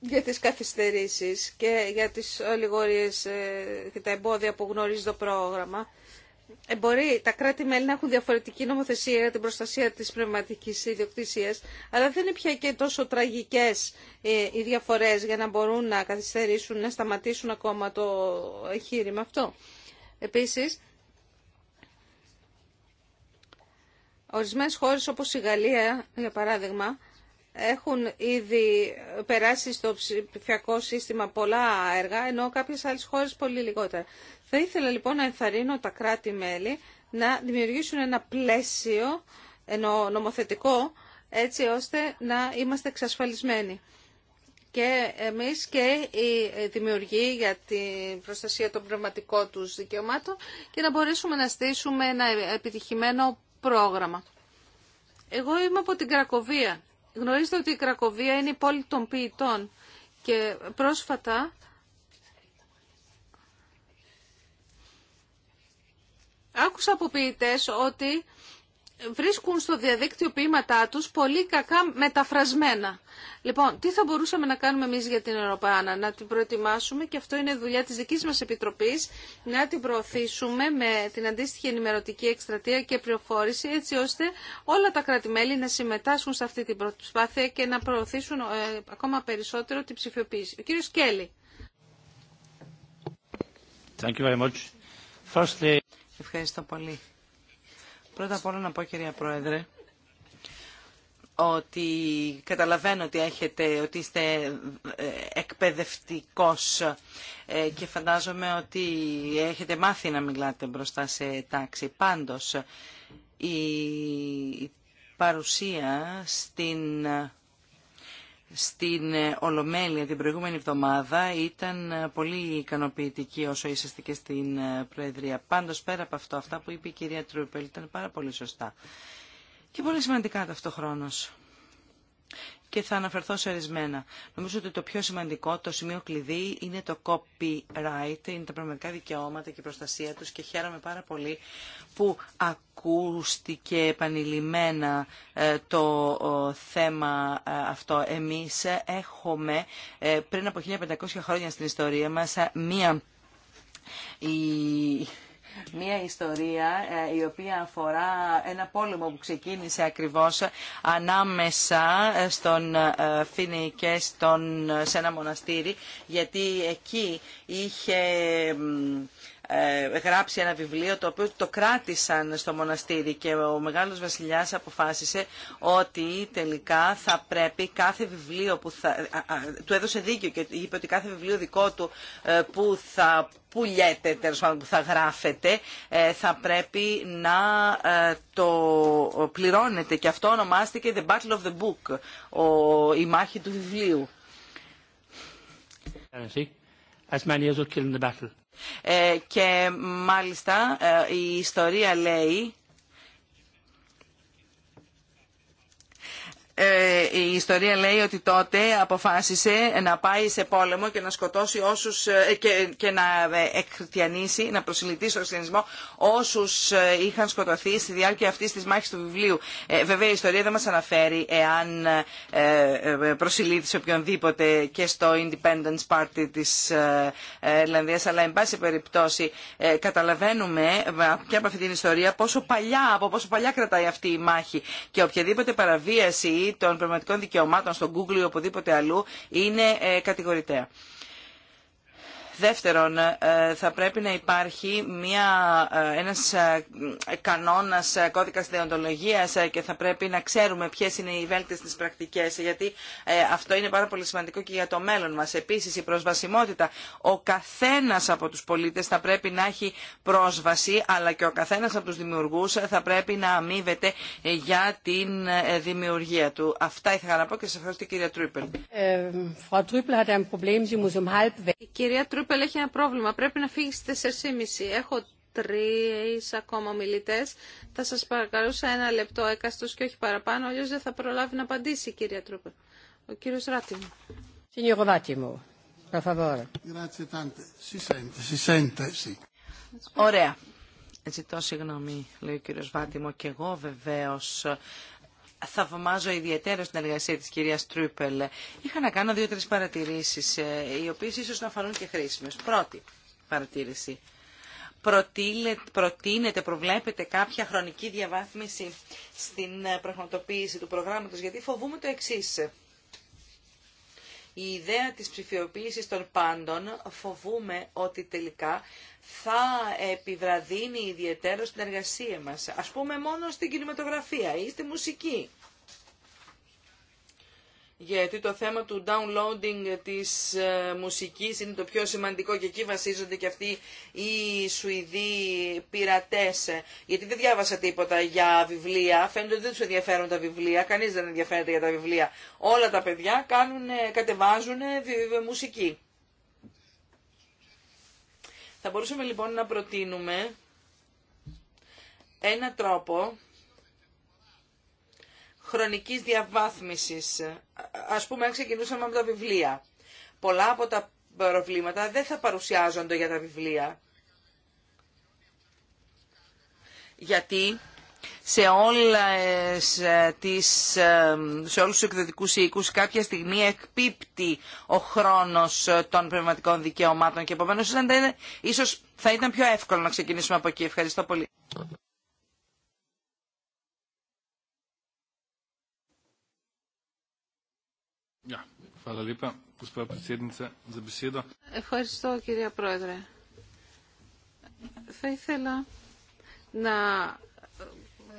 για τις καθυστερήσεις και για τις ολιγορίες ε, και τα εμπόδια που γνωρίζει το πρόγραμμα. Ε, μπορεί τα κράτη-μέλη να έχουν διαφορετική νομοθεσία για την προστασία της πνευματικής ιδιοκτησίας, αλλά δεν είναι πια και τόσο τραγικές ε, οι διαφορές για να μπορούν να καθυστερήσουν, να σταματήσουν ακόμα το εγχείρημα αυτό. Επίσης, ορισμένες χώρες όπως η Γαλλία, για παράδειγμα, έχουν ήδη περάσει στο ψηφιακό σύστημα πολλά έργα, ενώ κάποιες άλλες χώρες πολύ λιγότερα. Θα ήθελα λοιπόν να ενθαρρύνω τα κράτη-μέλη να δημιουργήσουν ένα πλαίσιο ενώ νομοθετικό έτσι ώστε να είμαστε εξασφαλισμένοι. Και εμείς και οι δημιουργοί για την προστασία των πνευματικών τους δικαιωμάτων και να μπορέσουμε να στήσουμε ένα επιτυχημένο πρόγραμμα. Εγώ είμαι από την Κρακοβία. Γνωρίζετε ότι η Κρακοβία είναι η πόλη των ποιητών και πρόσφατα Άκουσα από ποιητές ότι βρίσκουν στο διαδίκτυο ποίηματά τους πολύ κακά μεταφρασμένα. Λοιπόν, τι θα μπορούσαμε να κάνουμε εμείς για την Ευρωπαϊκή να την προετοιμάσουμε και αυτό είναι δουλειά της δικής μας Επιτροπής, να την προωθήσουμε με την αντίστοιχη ενημερωτική εκστρατεία και πληροφόρηση, έτσι ώστε όλα τα κρατη να συμμετάσχουν σε αυτή την προσπάθεια και να προωθήσουν ε, ακόμα περισσότερο την ψηφιοποίηση. Ο κύριος Κέλλη. Ευχαριστώ πολύ. Πρώτα απ' όλα να πω, κυρία Πρόεδρε, ότι καταλαβαίνω ότι, έχετε, ότι είστε ε, εκπαιδευτικός ε, και φαντάζομαι ότι έχετε μάθει να μιλάτε μπροστά σε τάξη. Πάντως, η παρουσία στην στην ε, Ολομέλεια την προηγούμενη εβδομάδα ήταν ε, πολύ ικανοποιητική όσο είσαστε και στην ε, Προεδρία. Πάντως πέρα από αυτό, αυτά που είπε η κυρία Τρούπελ ήταν πάρα πολύ σωστά και πολύ σημαντικά ταυτόχρονος και θα αναφερθώ σε ορισμένα. Νομίζω ότι το πιο σημαντικό, το σημείο κλειδί, είναι το copyright, είναι τα πραγματικά δικαιώματα και η προστασία τους και χαίρομαι πάρα πολύ που ακούστηκε επανειλημμένα ε, το θέμα ε, αυτό. Εμείς έχουμε ε, πριν από 1500 χρόνια στην ιστορία μας μία Μία ιστορία ε, η οποία αφορά ένα πόλεμο που ξεκίνησε ακριβώς ανάμεσα ε, στον ε, Φίνη και στον, σε ένα μοναστήρι, γιατί εκεί είχε ε, γράψει ένα βιβλίο το οποίο το κράτησαν στο μοναστήρι και ο Μεγάλος Βασιλιάς αποφάσισε ότι τελικά θα πρέπει κάθε βιβλίο που θα... του έδωσε δίκιο και είπε ότι κάθε βιβλίο δικό του ε, που θα πουλιέται, τέλος πάντων που θα γράφεται, ε, θα πρέπει να το πληρώνεται και αυτό ονομάστηκε The Battle of the Book, ο, η μάχη του βιβλίου. Ε, και μάλιστα ε, η ιστορία λέει Ε, η ιστορία λέει ότι τότε αποφάσισε να πάει σε πόλεμο και να σκοτώσει όσους ε, και, να ε, εκχριστιανίσει, να προσιλητήσει στον χριστιανισμό όσους είχαν σκοτωθεί στη διάρκεια αυτής της μάχης του βιβλίου. βέβαια η ιστορία δεν μας αναφέρει εάν ε, οποιονδήποτε και στο Independence Party της Ιρλανδίας, αλλά εν πάση περιπτώσει καταλαβαίνουμε και από αυτή την ιστορία πόσο παλιά, από πόσο παλιά κρατάει αυτή η μάχη και οποιαδήποτε παραβίαση των πραγματικών δικαιωμάτων στο Google ή οπουδήποτε αλλού είναι ε, κατηγορητέα. Δεύτερον, ε, θα πρέπει να υπάρχει μια, ε, ένας ε, κανόνας κώδικας δεοντολογίας και θα πρέπει να ξέρουμε ποιες είναι οι βέλτιστες πρακτικές, γιατί αυτό είναι πάρα πολύ σημαντικό και για το μέλλον μας. Επίσης, η προσβασιμότητα. Ο καθένας από τους πολίτες θα πρέπει να έχει πρόσβαση, αλλά και ο καθένας από τους δημιουργούς θα πρέπει να αμείβεται για την δημιουργία του. Αυτά ήθελα να πω και σε ευχαριστώ κυρία Τρίπελ. Um η κυρία Τρούπελ Τρούπελ έχει ένα πρόβλημα. Πρέπει να φύγει στι 4.30. Έχω τρει ακόμα ομιλητέ. Θα σα παρακαλούσα ένα λεπτό έκαστο και όχι παραπάνω, Αλλιώ δεν θα προλάβει να απαντήσει η κυρία Τρούπε. Ο κύριος Ράτιμο. Ωραία. Ζητώ συγγνώμη, λέει ο κύριος Βάτιμο, και εγώ βεβαίω θαυμάζω ιδιαίτερα στην εργασία της κυρίας Τρούπελ. Είχα να κάνω δύο-τρεις παρατηρήσεις, ε, οι οποίες ίσως να φανούν και χρήσιμες. Πρώτη παρατήρηση. Προτείνεται, προβλέπεται κάποια χρονική διαβάθμιση στην ε, πραγματοποίηση του προγράμματος, γιατί φοβούμε το εξής η ιδέα της ψηφιοποίησης των πάντων φοβούμε ότι τελικά θα επιβραδύνει ιδιαίτερο στην εργασία μας. Ας πούμε μόνο στην κινηματογραφία ή στη μουσική γιατί το θέμα του downloading της ε, μουσικής είναι το πιο σημαντικό και εκεί βασίζονται και αυτοί οι Σουηδοί πειρατές. Γιατί δεν διάβασα τίποτα για βιβλία, φαίνεται ότι δεν τους ενδιαφέρουν τα βιβλία, κανείς δεν ενδιαφέρεται για τα βιβλία. Όλα τα παιδιά κάνουν, ε, κατεβάζουν ε, μουσική. Θα μπορούσαμε λοιπόν να προτείνουμε ένα τρόπο χρονικής διαβάθμισης. Ας πούμε, αν ξεκινούσαμε από τα βιβλία. Πολλά από τα προβλήματα δεν θα παρουσιάζονται για τα βιβλία. Γιατί σε, όλες ε, τις, ε, σε όλους τους εκδοτικούς οίκους κάποια στιγμή εκπίπτει ο χρόνος ε, των πνευματικών δικαιωμάτων και επομένως ίσως θα ήταν πιο εύκολο να ξεκινήσουμε από εκεί. Ευχαριστώ πολύ. Ευχαριστώ κυρία Πρόεδρε. Θα ήθελα να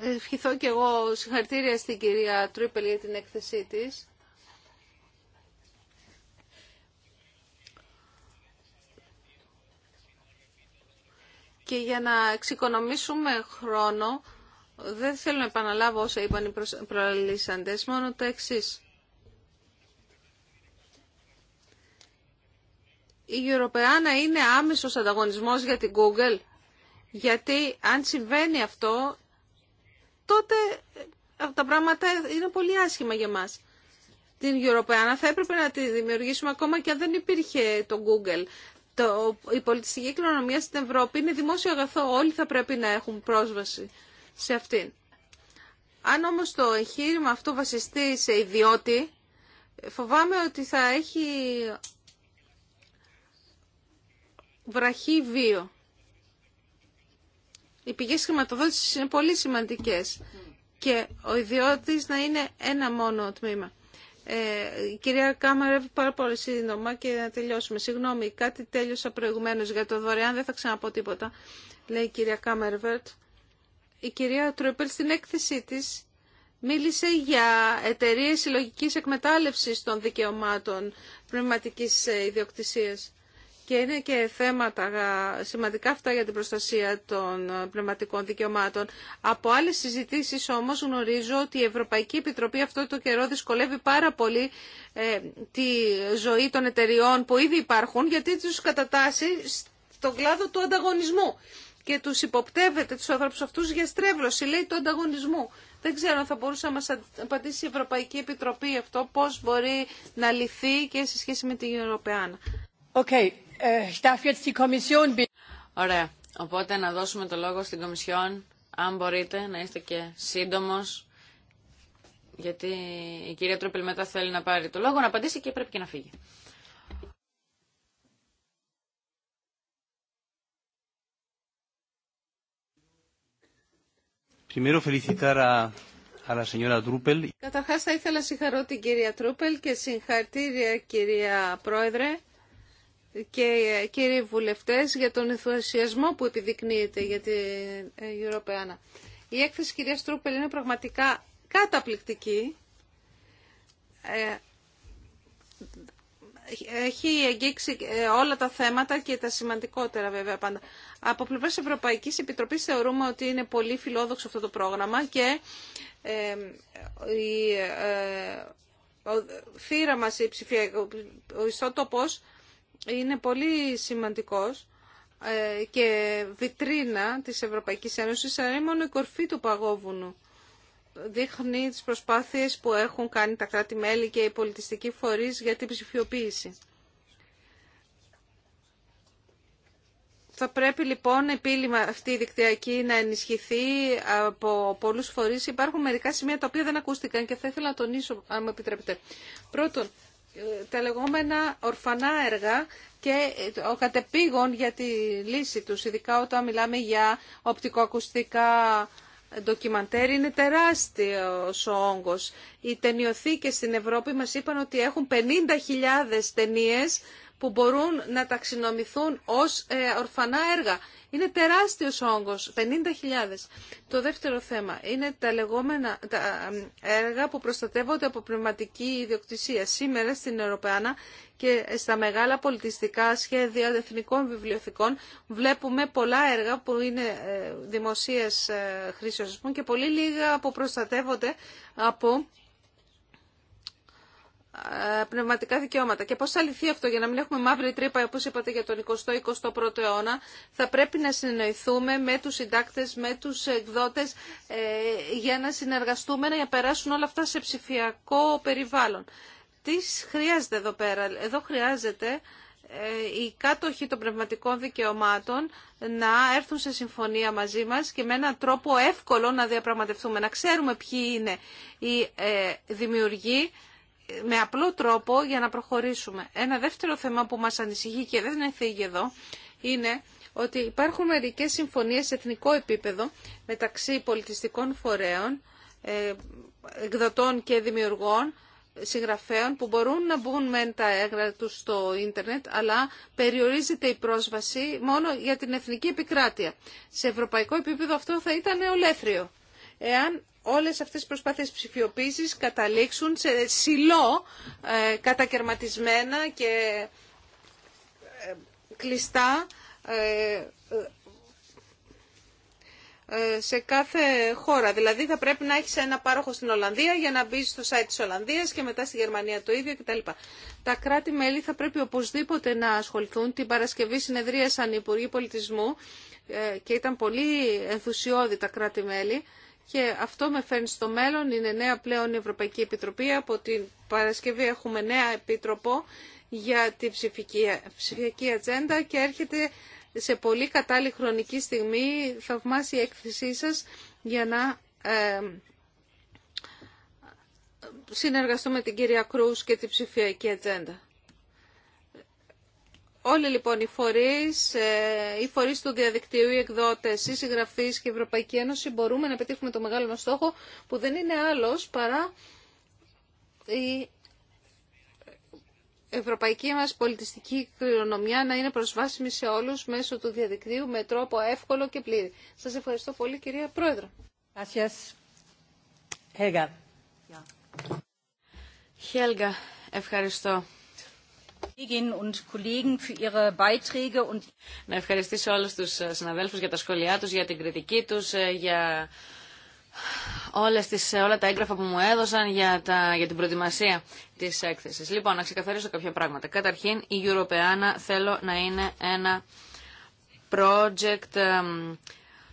ευχηθώ και εγώ συγχαρητήρια στην κυρία Τρούπελ για την έκθεσή της. Και για να εξοικονομήσουμε χρόνο, δεν θέλω να επαναλάβω όσα είπαν οι προλαλήσαντες, μόνο το εξής. η Ευρωπαϊκή είναι άμεσος ανταγωνισμός για την Google. Γιατί αν συμβαίνει αυτό, τότε ε, τα πράγματα είναι πολύ άσχημα για μας. Την Ευρωπαϊκή θα έπρεπε να τη δημιουργήσουμε ακόμα και αν δεν υπήρχε το Google. Το, η πολιτιστική κληρονομία στην Ευρώπη είναι δημόσιο αγαθό. Όλοι θα πρέπει να έχουν πρόσβαση σε αυτήν. Αν όμως το εγχείρημα αυτό βασιστεί σε ιδιώτη, φοβάμαι ότι θα έχει βραχή βίο. Οι πηγές χρηματοδότησης είναι πολύ σημαντικές και ο ιδιώτης να είναι ένα μόνο τμήμα. Ε, η κυρία Κάμερα, πάρα πολύ σύντομα και να τελειώσουμε. Συγγνώμη, κάτι τέλειωσα προηγουμένως για το δωρεάν, δεν θα ξαναπώ τίποτα, λέει η κυρία Κάμερβερτ. Η κυρία Τρούπελ στην έκθεσή της μίλησε για εταιρείες συλλογική εκμετάλλευσης των δικαιωμάτων πνευματικής ε, ιδιοκτησίας και είναι και θέματα σημαντικά αυτά για την προστασία των πνευματικών δικαιωμάτων. Από άλλε συζητήσει όμω γνωρίζω ότι η Ευρωπαϊκή Επιτροπή αυτό το καιρό δυσκολεύει πάρα πολύ ε, τη ζωή των εταιριών που ήδη υπάρχουν γιατί του κατατάσσει στον κλάδο του ανταγωνισμού και τους υποπτεύεται τους άνθρωπους αυτούς για στρέβλωση, λέει, του ανταγωνισμού. Δεν ξέρω αν θα μπορούσε να μας απαντήσει η Ευρωπαϊκή Επιτροπή αυτό, πώς μπορεί να λυθεί και σε σχέση με την Ευρωπαϊκή. Okay. Äh, Ωραία. Οπότε να δώσουμε το λόγο στην Κομισιόν, αν μπορείτε να είστε και σύντομος, γιατί η κυρία Τρόπελ μετά θέλει να πάρει το λόγο, να απαντήσει και πρέπει και να φύγει. Καταρχάς θα ήθελα συγχαρώ την κυρία Τρούπελ και συγχαρητήρια κυρία Πρόεδρε και ε, κύριοι βουλευτές για τον ενθουσιασμό που επιδεικνύεται για την Ευρωπαϊκή. Η έκθεση κυρία Στρούπελ είναι πραγματικά καταπληκτική. Ε, έχει εγγίξει ε, όλα τα θέματα και τα σημαντικότερα βέβαια πάντα. Από πλευρά Ευρωπαϊκή Επιτροπή θεωρούμε ότι είναι πολύ φιλόδοξο αυτό το πρόγραμμα και η θύρα ο ιστότοπος είναι πολύ σημαντικός ε, και βιτρίνα της Ευρωπαϊκής Ένωσης, αλλά είναι μόνο η κορφή του παγόβουνου. Δείχνει τις προσπάθειες που έχουν κάνει τα κράτη-μέλη και οι πολιτιστικοί φορείς για την ψηφιοποίηση. Θα πρέπει λοιπόν επίλημα αυτή η δικτυακή να ενισχυθεί από πολλούς φορείς. Υπάρχουν μερικά σημεία τα οποία δεν ακούστηκαν και θα ήθελα να τονίσω, αν μου επιτρέπετε. Πρώτον, τα λεγόμενα ορφανά έργα και ο κατεπήγων για τη λύση τους, ειδικά όταν μιλάμε για οπτικοακουστικά ντοκιμαντέρ είναι τεράστιος ο όγκος. Οι ταινιοθήκες στην Ευρώπη μας είπαν ότι έχουν 50.000 ταινίες που μπορούν να ταξινομηθούν ως ε, ορφανά έργα. Είναι τεράστιος όγκος, 50.000. Το δεύτερο θέμα είναι τα λεγόμενα έργα που προστατεύονται από πνευματική ιδιοκτησία. Σήμερα στην Ευρωπαϊκή και στα μεγάλα πολιτιστικά σχέδια εθνικών βιβλιοθηκών βλέπουμε πολλά έργα που είναι ε, δημοσίες ε, χρήσεως και πολύ λίγα που προστατεύονται από ε, πνευματικά δικαιώματα. Και πώς θα λυθεί αυτό για να μην έχουμε μαύρη τρύπα, όπως είπατε, για τον 20ο-21ο αιώνα, θα πρέπει να συνεννοηθούμε με τους συντάκτες, με τους εκδότες, ε, για να συνεργαστούμε, να περάσουν όλα αυτά σε ψηφιακό περιβάλλον. Τι χρειάζεται εδώ πέρα. Εδώ χρειάζεται ε, οι κάτοχοι των πνευματικών δικαιωμάτων να έρθουν σε συμφωνία μαζί μας και με έναν τρόπο εύκολο να διαπραγματευτούμε, να ξέρουμε ποιοι είναι οι δημιουργοί, με απλό τρόπο για να προχωρήσουμε. Ένα δεύτερο θέμα που μας ανησυχεί και δεν έφυγε εδώ είναι ότι υπάρχουν μερικές συμφωνίες σε εθνικό επίπεδο μεταξύ πολιτιστικών φορέων, ε, εκδοτών και δημιουργών, συγγραφέων που μπορούν να μπουν μεν τα έγγραφα του στο ίντερνετ, αλλά περιορίζεται η πρόσβαση μόνο για την εθνική επικράτεια. Σε ευρωπαϊκό επίπεδο αυτό θα ήταν ολέθριο. Εάν όλες αυτές οι προσπάθειες ψηφιοποίησης καταλήξουν σε σιλό ε, κατακαιρματισμένα και ε, κλειστά ε, σε κάθε χώρα. Δηλαδή θα πρέπει να έχεις ένα πάροχο στην Ολλανδία για να μπει στο site της Ολλανδίας και μετά στη Γερμανία το ίδιο κτλ. Τα κράτη-μέλη θα πρέπει οπωσδήποτε να ασχοληθούν. Την Παρασκευή συνεδρίασαν οι Υπουργοί Πολιτισμού και ήταν πολύ ενθουσιώδη τα κράτη-μέλη και αυτό με φέρνει στο μέλλον, είναι νέα πλέον η Ευρωπαϊκή Επιτροπή. Από την Παρασκευή έχουμε νέα επίτροπο για την ψηφιακή ατζέντα και έρχεται σε πολύ κατάλληλη χρονική στιγμή θαυμάσει η έκθεσή σας για να ε, συνεργαστούμε την κυρία Κρούς και την ψηφιακή ατζέντα. Όλοι λοιπόν οι φορείς, ε, οι φορείς του διαδικτύου, οι εκδότες, οι συγγραφείς και η Ευρωπαϊκή Ένωση μπορούμε να πετύχουμε το μεγάλο μας στόχο που δεν είναι άλλος παρά η ευρωπαϊκή μας πολιτιστική κληρονομιά να είναι προσβάσιμη σε όλους μέσω του διαδικτύου με τρόπο εύκολο και πλήρη. Σας ευχαριστώ πολύ κυρία Πρόεδρο. ευχαριστώ. Να ευχαριστήσω όλους τους ε, συναδέλφους για τα σχόλιά τους, για την κριτική τους, ε, για ε, όλα τα έγγραφα που μου έδωσαν για, την προετοιμασία της έκθεσης. Λοιπόν, να ξεκαθαρίσω κάποια πράγματα. Καταρχήν, η Europeana θέλω να είναι ένα project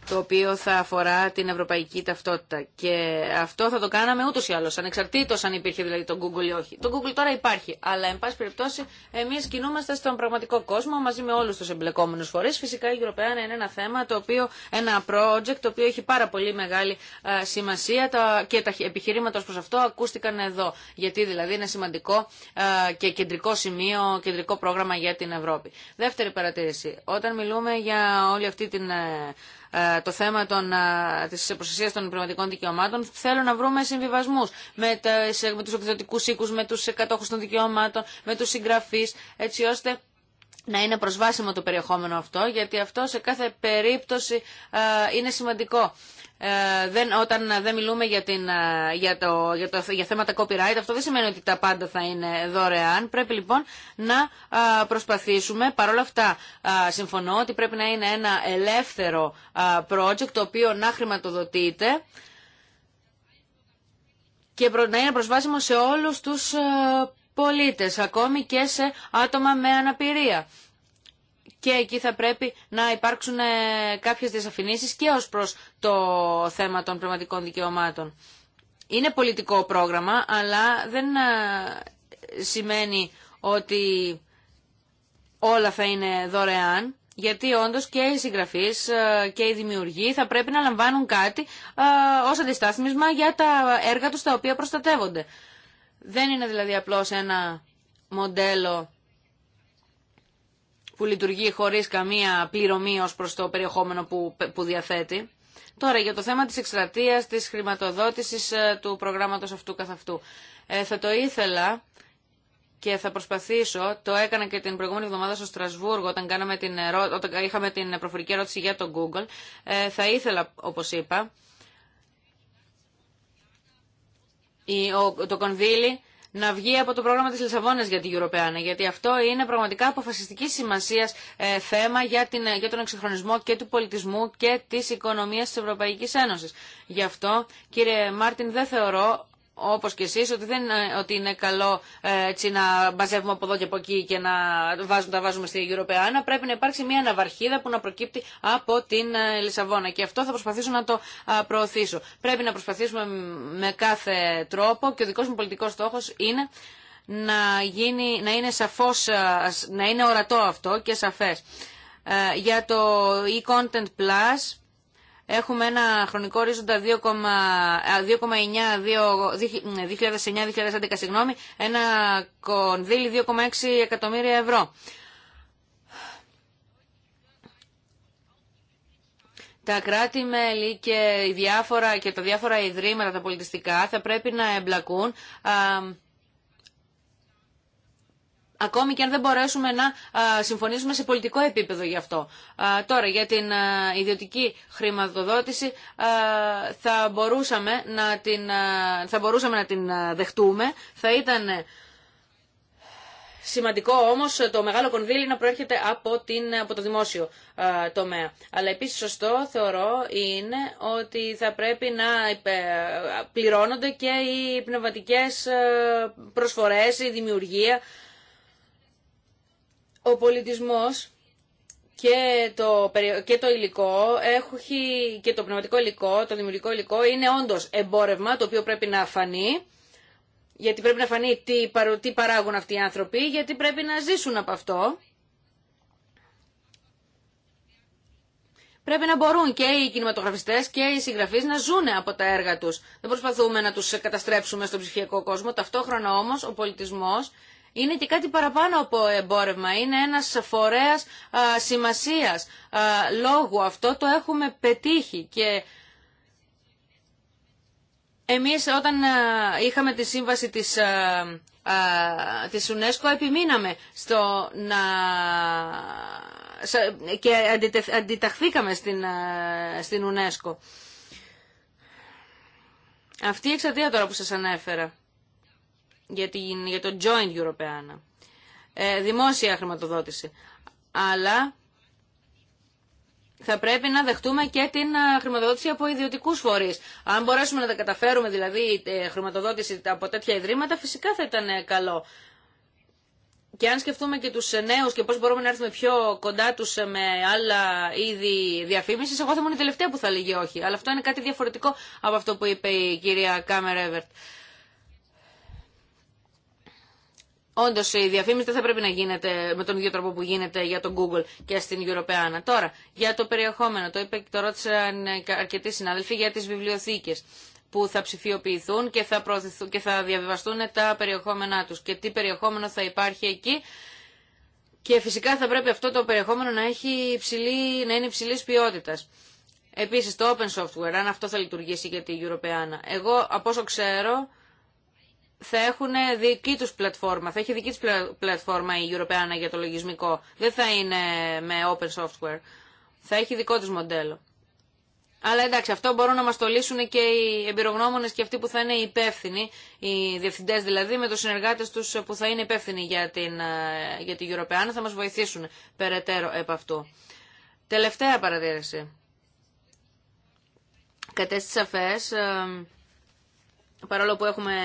το οποίο θα αφορά την ευρωπαϊκή ταυτότητα. Και αυτό θα το κάναμε ούτως ή άλλως, ανεξαρτήτως αν υπήρχε δηλαδή το Google ή όχι. Το Google τώρα υπάρχει, αλλά εν πάση περιπτώσει εμείς κινούμαστε στον πραγματικό κόσμο μαζί με όλους τους εμπλεκόμενους φορείς. Φυσικά η Ευρωπαϊκή είναι ένα θέμα, το οποίο, ένα project το οποίο έχει πάρα πολύ μεγάλη σημασία και τα επιχειρήματα προς αυτό ακούστηκαν εδώ. Γιατί δηλαδή είναι σημαντικό και κεντρικό σημείο, κεντρικό πρόγραμμα για την Ευρώπη. Δεύτερη παρατήρηση, όταν μιλούμε για όλη αυτή την ε, ε, το θέμα των, ε, της προστασίας των πνευματικών δικαιωμάτων, θέλω να βρούμε συμβιβασμούς με, με τους οίκους, με τους κατόχους των δικαιωμάτων, με τους συγγραφείς, έτσι ώστε να είναι προσβάσιμο το περιεχόμενο αυτό, γιατί αυτό σε κάθε περίπτωση ε, είναι σημαντικό. Ε, δεν, όταν δεν μιλούμε για, την, ε, για, το, για, το, για θέματα copyright, αυτό δεν σημαίνει ότι τα πάντα θα είναι δωρεάν. Πρέπει λοιπόν να ε, προσπαθήσουμε. παρόλα όλα αυτά, συμφωνώ ότι πρέπει να είναι ένα ελεύθερο project το οποίο να χρηματοδοτείται και να είναι προσβάσιμο σε όλους τους πολίτες, ακόμη και σε άτομα με αναπηρία και εκεί θα πρέπει να υπάρξουν ε, κάποιες διασαφηνήσεις και ως προς το θέμα των πνευματικών δικαιωμάτων. Είναι πολιτικό πρόγραμμα, αλλά δεν ε, σημαίνει ότι όλα θα είναι δωρεάν, γιατί όντως και οι συγγραφείς ε, και οι δημιουργοί θα πρέπει να λαμβάνουν κάτι ως αντιστάθμισμα για τα έργα τους τα οποία προστατεύονται. Δεν είναι δηλαδή απλώς ένα μοντέλο που λειτουργεί χωρίς καμία πληρωμή ως προς το περιεχόμενο που, που διαθέτει. Τώρα για το θέμα της εκστρατεία, της χρηματοδότησης ε, του προγράμματος αυτού καθ' αυτού. Ε, θα το ήθελα και θα προσπαθήσω, το έκανα και την προηγούμενη εβδομάδα στο Στρασβούργο όταν, την, όταν είχαμε την προφορική ερώτηση για το Google, ε, θα ήθελα όπως είπα το κονδύλι να βγει από το πρόγραμμα της Λισαβόνας για την Ευρωπαϊκή, γιατί αυτό είναι πραγματικά αποφασιστική σημασία ε, θέμα για, την, ε, για τον εξυγχρονισμό και του πολιτισμού και της οικονομίας της Ευρωπαϊκής Ένωσης. Γι' αυτό, κύριε Μάρτιν, δεν θεωρώ όπως και εσείς, ότι δεν είναι, ότι είναι καλό ε, έτσι, να μπαζεύουμε από εδώ και από εκεί και να βάζουμε, τα βάζουμε στη Ευρωπαϊκή Πρέπει να υπάρξει μια αναβαρχίδα που να προκύπτει από την ε, Λισαβόνα. Και αυτό θα προσπαθήσω να το προωθήσω. Πρέπει να προσπαθήσουμε με κάθε τρόπο και ο δικός μου πολιτικός στόχος είναι να, γίνει, να είναι σαφώς, να είναι ορατό αυτό και σαφές. Ε, για το e-content plus Έχουμε ένα χρονικό ορίζοντα 2009-2011, ε, συγγνώμη, ένα κονδύλι 2,6 εκατομμύρια ευρώ. τα κράτη-μέλη και, διάφορα, και τα διάφορα ιδρύματα τα πολιτιστικά θα πρέπει να εμπλακούν ακόμη και αν δεν μπορέσουμε να συμφωνήσουμε σε πολιτικό επίπεδο γι' αυτό. Τώρα, για την ιδιωτική χρηματοδότηση θα μπορούσαμε να την, θα μπορούσαμε να την δεχτούμε. Θα ήταν σημαντικό όμως το μεγάλο κονδύλι να προέρχεται από, την, από το δημόσιο τομέα. Αλλά επίσης σωστό θεωρώ είναι ότι θα πρέπει να πληρώνονται και οι πνευματικές προσφορές, η δημιουργία ο πολιτισμός και το, και το υλικό έχει, και το πνευματικό υλικό, το δημιουργικό υλικό είναι όντως εμπόρευμα το οποίο πρέπει να φανεί γιατί πρέπει να φανεί τι, τι παράγουν αυτοί οι άνθρωποι, γιατί πρέπει να ζήσουν από αυτό. Πρέπει να μπορούν και οι κινηματογραφιστές και οι συγγραφείς να ζουν από τα έργα τους. Δεν προσπαθούμε να τους καταστρέψουμε στον ψηφιακό κόσμο. Ταυτόχρονα όμως ο πολιτισμός είναι και κάτι παραπάνω από εμπόρευμα. Είναι ένας φορέας α, σημασίας λόγου. Αυτό το έχουμε πετύχει και εμείς όταν είχαμε τη σύμβαση της, της UNESCO επιμείναμε στο να και αντιταχθήκαμε στην, στην UNESCO. Αυτή η εξαρτία τώρα που σας ανέφερα για, την, για το Joint Europeana. Ε, δημόσια χρηματοδότηση. Αλλά θα πρέπει να δεχτούμε και την ε, χρηματοδότηση από ιδιωτικούς φορείς Αν μπορέσουμε να τα καταφέρουμε δηλαδή ε, χρηματοδότηση από τέτοια ιδρύματα, φυσικά θα ήταν ε, καλό. Και αν σκεφτούμε και τους νέους και πως μπορούμε να έρθουμε πιο κοντά τους με άλλα είδη διαφήμιση, εγώ θα ήμουν η τελευταία που θα λέγει όχι. Αλλά αυτό είναι κάτι διαφορετικό από αυτό που είπε η κυρία Κάμερ Εύερτ. Όντω η διαφήμιση δεν θα πρέπει να γίνεται με τον ίδιο τρόπο που γίνεται για τον Google και στην Europeana. Τώρα, για το περιεχόμενο, το, είπε, το ρώτησαν αρκετοί συνάδελφοι για τι βιβλιοθήκε που θα ψηφιοποιηθούν και θα, και θα διαβιβαστούν τα περιεχόμενά τους και τι περιεχόμενο θα υπάρχει εκεί. Και φυσικά θα πρέπει αυτό το περιεχόμενο να, έχει υψηλή, να είναι υψηλή ποιότητα. Επίση το open software, αν αυτό θα λειτουργήσει για την Europeana. Εγώ, από όσο ξέρω, θα έχουν δική τους πλατφόρμα, θα έχει δική τους πλατφόρμα η Europeana για το λογισμικό. Δεν θα είναι με open software. Θα έχει δικό τους μοντέλο. Αλλά εντάξει, αυτό μπορούν να μας το λύσουν και οι εμπειρογνώμονες και αυτοί που θα είναι υπεύθυνοι, οι διευθυντές δηλαδή, με τους συνεργάτες τους που θα είναι υπεύθυνοι για την, ε, για την θα μας βοηθήσουν περαιτέρω επ' αυτού. Τελευταία παρατήρηση. Κατέστη σαφές, ε, παρόλο που έχουμε,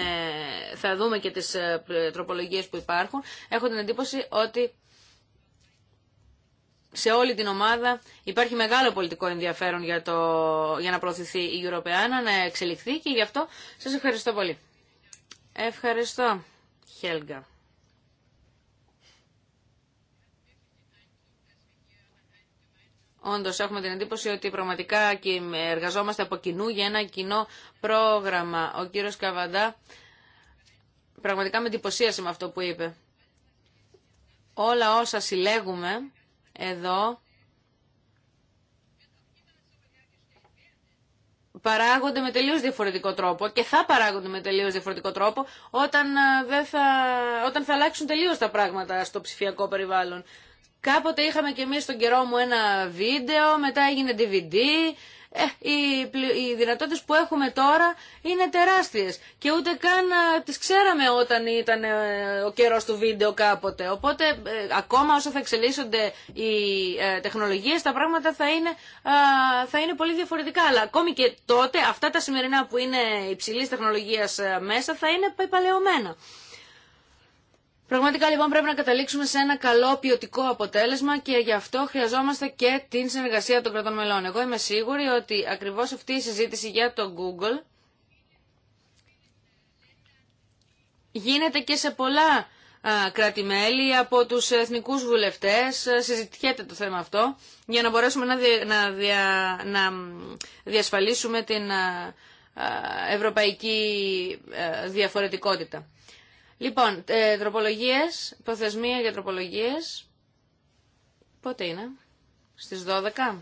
θα δούμε και τις ε, τροπολογίες που υπάρχουν, έχω την εντύπωση ότι σε όλη την ομάδα υπάρχει μεγάλο πολιτικό ενδιαφέρον για, το, για να προωθηθεί η Ευρωπαϊκή να εξελιχθεί και γι' αυτό σας ευχαριστώ πολύ. Ευχαριστώ, Χέλγα. Όντω, έχουμε την εντύπωση ότι πραγματικά εργαζόμαστε από κοινού για ένα κοινό πρόγραμμα. Ο κύριο Καβαντά πραγματικά με εντυπωσίασε με αυτό που είπε. Όλα όσα συλλέγουμε εδώ παράγονται με τελείως διαφορετικό τρόπο και θα παράγονται με τελείως διαφορετικό τρόπο όταν, ε, δεν θα, όταν θα αλλάξουν τελείως τα πράγματα στο ψηφιακό περιβάλλον. Κάποτε είχαμε και εμείς στον καιρό μου ένα βίντεο, μετά έγινε DVD. Ε, οι, οι δυνατότητες που έχουμε τώρα είναι τεράστιες και ούτε καν α, τις ξέραμε όταν ήταν ε, ο καιρός του βίντεο κάποτε. Οπότε ε, ακόμα όσο θα εξελίσσονται οι ε, τεχνολογίες τα πράγματα θα είναι, θα είναι πολύ διαφορετικά. Αλλά ακόμη και τότε αυτά τα σημερινά που είναι υψηλής τεχνολογίας μέσα θα είναι παλαιωμένα. Πραγματικά λοιπόν πρέπει να καταλήξουμε σε ένα καλό ποιοτικό αποτέλεσμα και γι' αυτό χρειαζόμαστε και την συνεργασία των κρατών μελών. Εγώ είμαι σίγουρη ότι ακριβώς αυτή η συζήτηση για το Google γίνεται και σε πολλά κράτη-μέλη, από τους εθνικούς βουλευτές, συζητιέται το θέμα αυτό, για να μπορέσουμε να, να, να διασφαλίσουμε την ευρωπαϊκή διαφορετικότητα. Λοιπόν, ε, τροπολογίες, προθεσμία για τροπολογίες. Πότε είναι? Στις 12.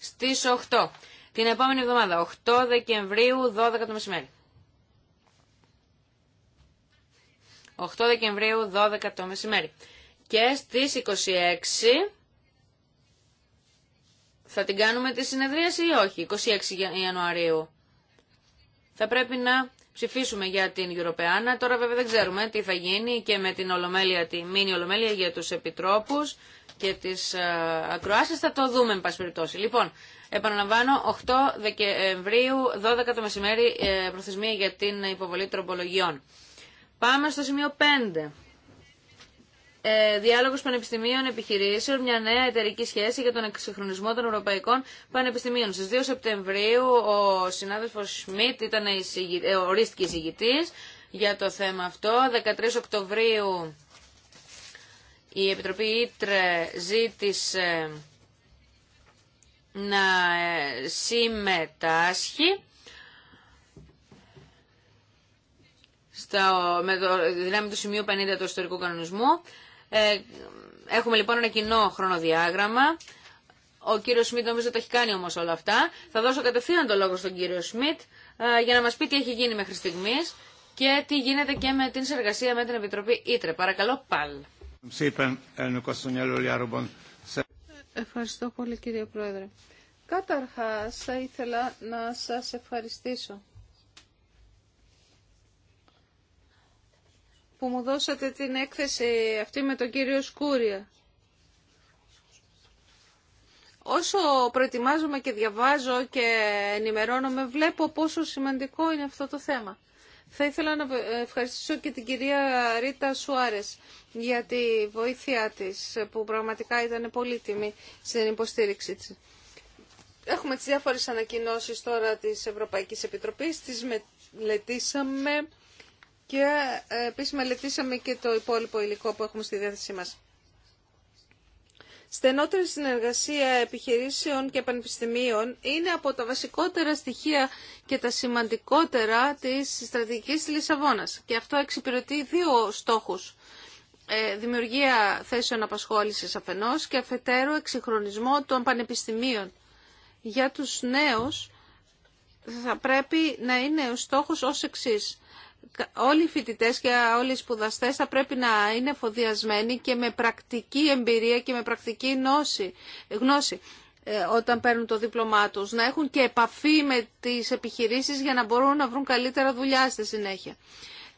Στις 8. Την επόμενη εβδομάδα, 8 Δεκεμβρίου, 12 το μεσημέρι. 8 Δεκεμβρίου, 12 το μεσημέρι. Και στις 26 θα την κάνουμε τη συνεδρίαση ή όχι, 26 Ιανουαρίου. Θα πρέπει να ψηφίσουμε για την Ευρωπαϊκή. Τώρα βέβαια δεν ξέρουμε τι θα γίνει και με την Ολομέλεια, τη μήνυ Ολομέλεια για τους επιτρόπους και τις ε, ακροάσεις. Θα το δούμε, εν πάση περιπτώσει. Λοιπόν, επαναλαμβάνω, 8 Δεκεμβρίου, 12 το μεσημέρι, ε, προθεσμία για την υποβολή τροπολογιών. Πάμε στο σημείο 5. Ε, διάλογος πανεπιστημίων επιχειρήσεων, μια νέα εταιρική σχέση για τον εξυγχρονισμό των ευρωπαϊκών πανεπιστημίων. Στις 2 Σεπτεμβρίου ο συνάδελφος Σμιτ ήταν ε, ορίστηκε εισηγητής για το θέμα αυτό. 13 Οκτωβρίου η Επιτροπή Ήτρε ζήτησε να ε, συμμετάσχει στο με το δυνάμει του σημείου 50 του ιστορικού κανονισμού. Ε, έχουμε λοιπόν ένα κοινό χρονοδιάγραμμα. Ο κύριο Σμιτ νομίζω το έχει κάνει όμως όλα αυτά. Θα δώσω κατευθείαν το λόγο στον κύριο Σμιτ ε, για να μας πει τι έχει γίνει μέχρι στιγμή και τι γίνεται και με την συνεργασία με την Επιτροπή Ήτρε. Παρακαλώ Παλ. Ευχαριστώ πολύ κύριε Πρόεδρε. Καταρχάς θα ήθελα να σας ευχαριστήσω που μου δώσατε την έκθεση αυτή με τον κύριο Σκούρια. Όσο προετοιμάζομαι και διαβάζω και ενημερώνομαι, βλέπω πόσο σημαντικό είναι αυτό το θέμα. Θα ήθελα να ευχαριστήσω και την κυρία Ρίτα Σουάρες για τη βοήθειά της, που πραγματικά ήταν πολύτιμη στην υποστήριξη της. Έχουμε τις διάφορες ανακοινώσεις τώρα της Ευρωπαϊκής Επιτροπής, τις μελετήσαμε και ε, επίση μελετήσαμε και το υπόλοιπο υλικό που έχουμε στη διάθεσή μας. Στενότερη συνεργασία επιχειρήσεων και πανεπιστημίων είναι από τα βασικότερα στοιχεία και τα σημαντικότερα της στρατηγικής της Λισαβόνας. Και αυτό εξυπηρετεί δύο στόχους. Ε, δημιουργία θέσεων απασχόλησης αφενός και αφετέρου εξυγχρονισμό των πανεπιστημίων. Για τους νέους θα πρέπει να είναι ο στόχος ως εξής όλοι οι φοιτητέ και όλοι οι σπουδαστέ θα πρέπει να είναι εφοδιασμένοι και με πρακτική εμπειρία και με πρακτική γνώση, γνώση ε, όταν παίρνουν το δίπλωμά τους, να έχουν και επαφή με τις επιχειρήσεις για να μπορούν να βρουν καλύτερα δουλειά στη συνέχεια.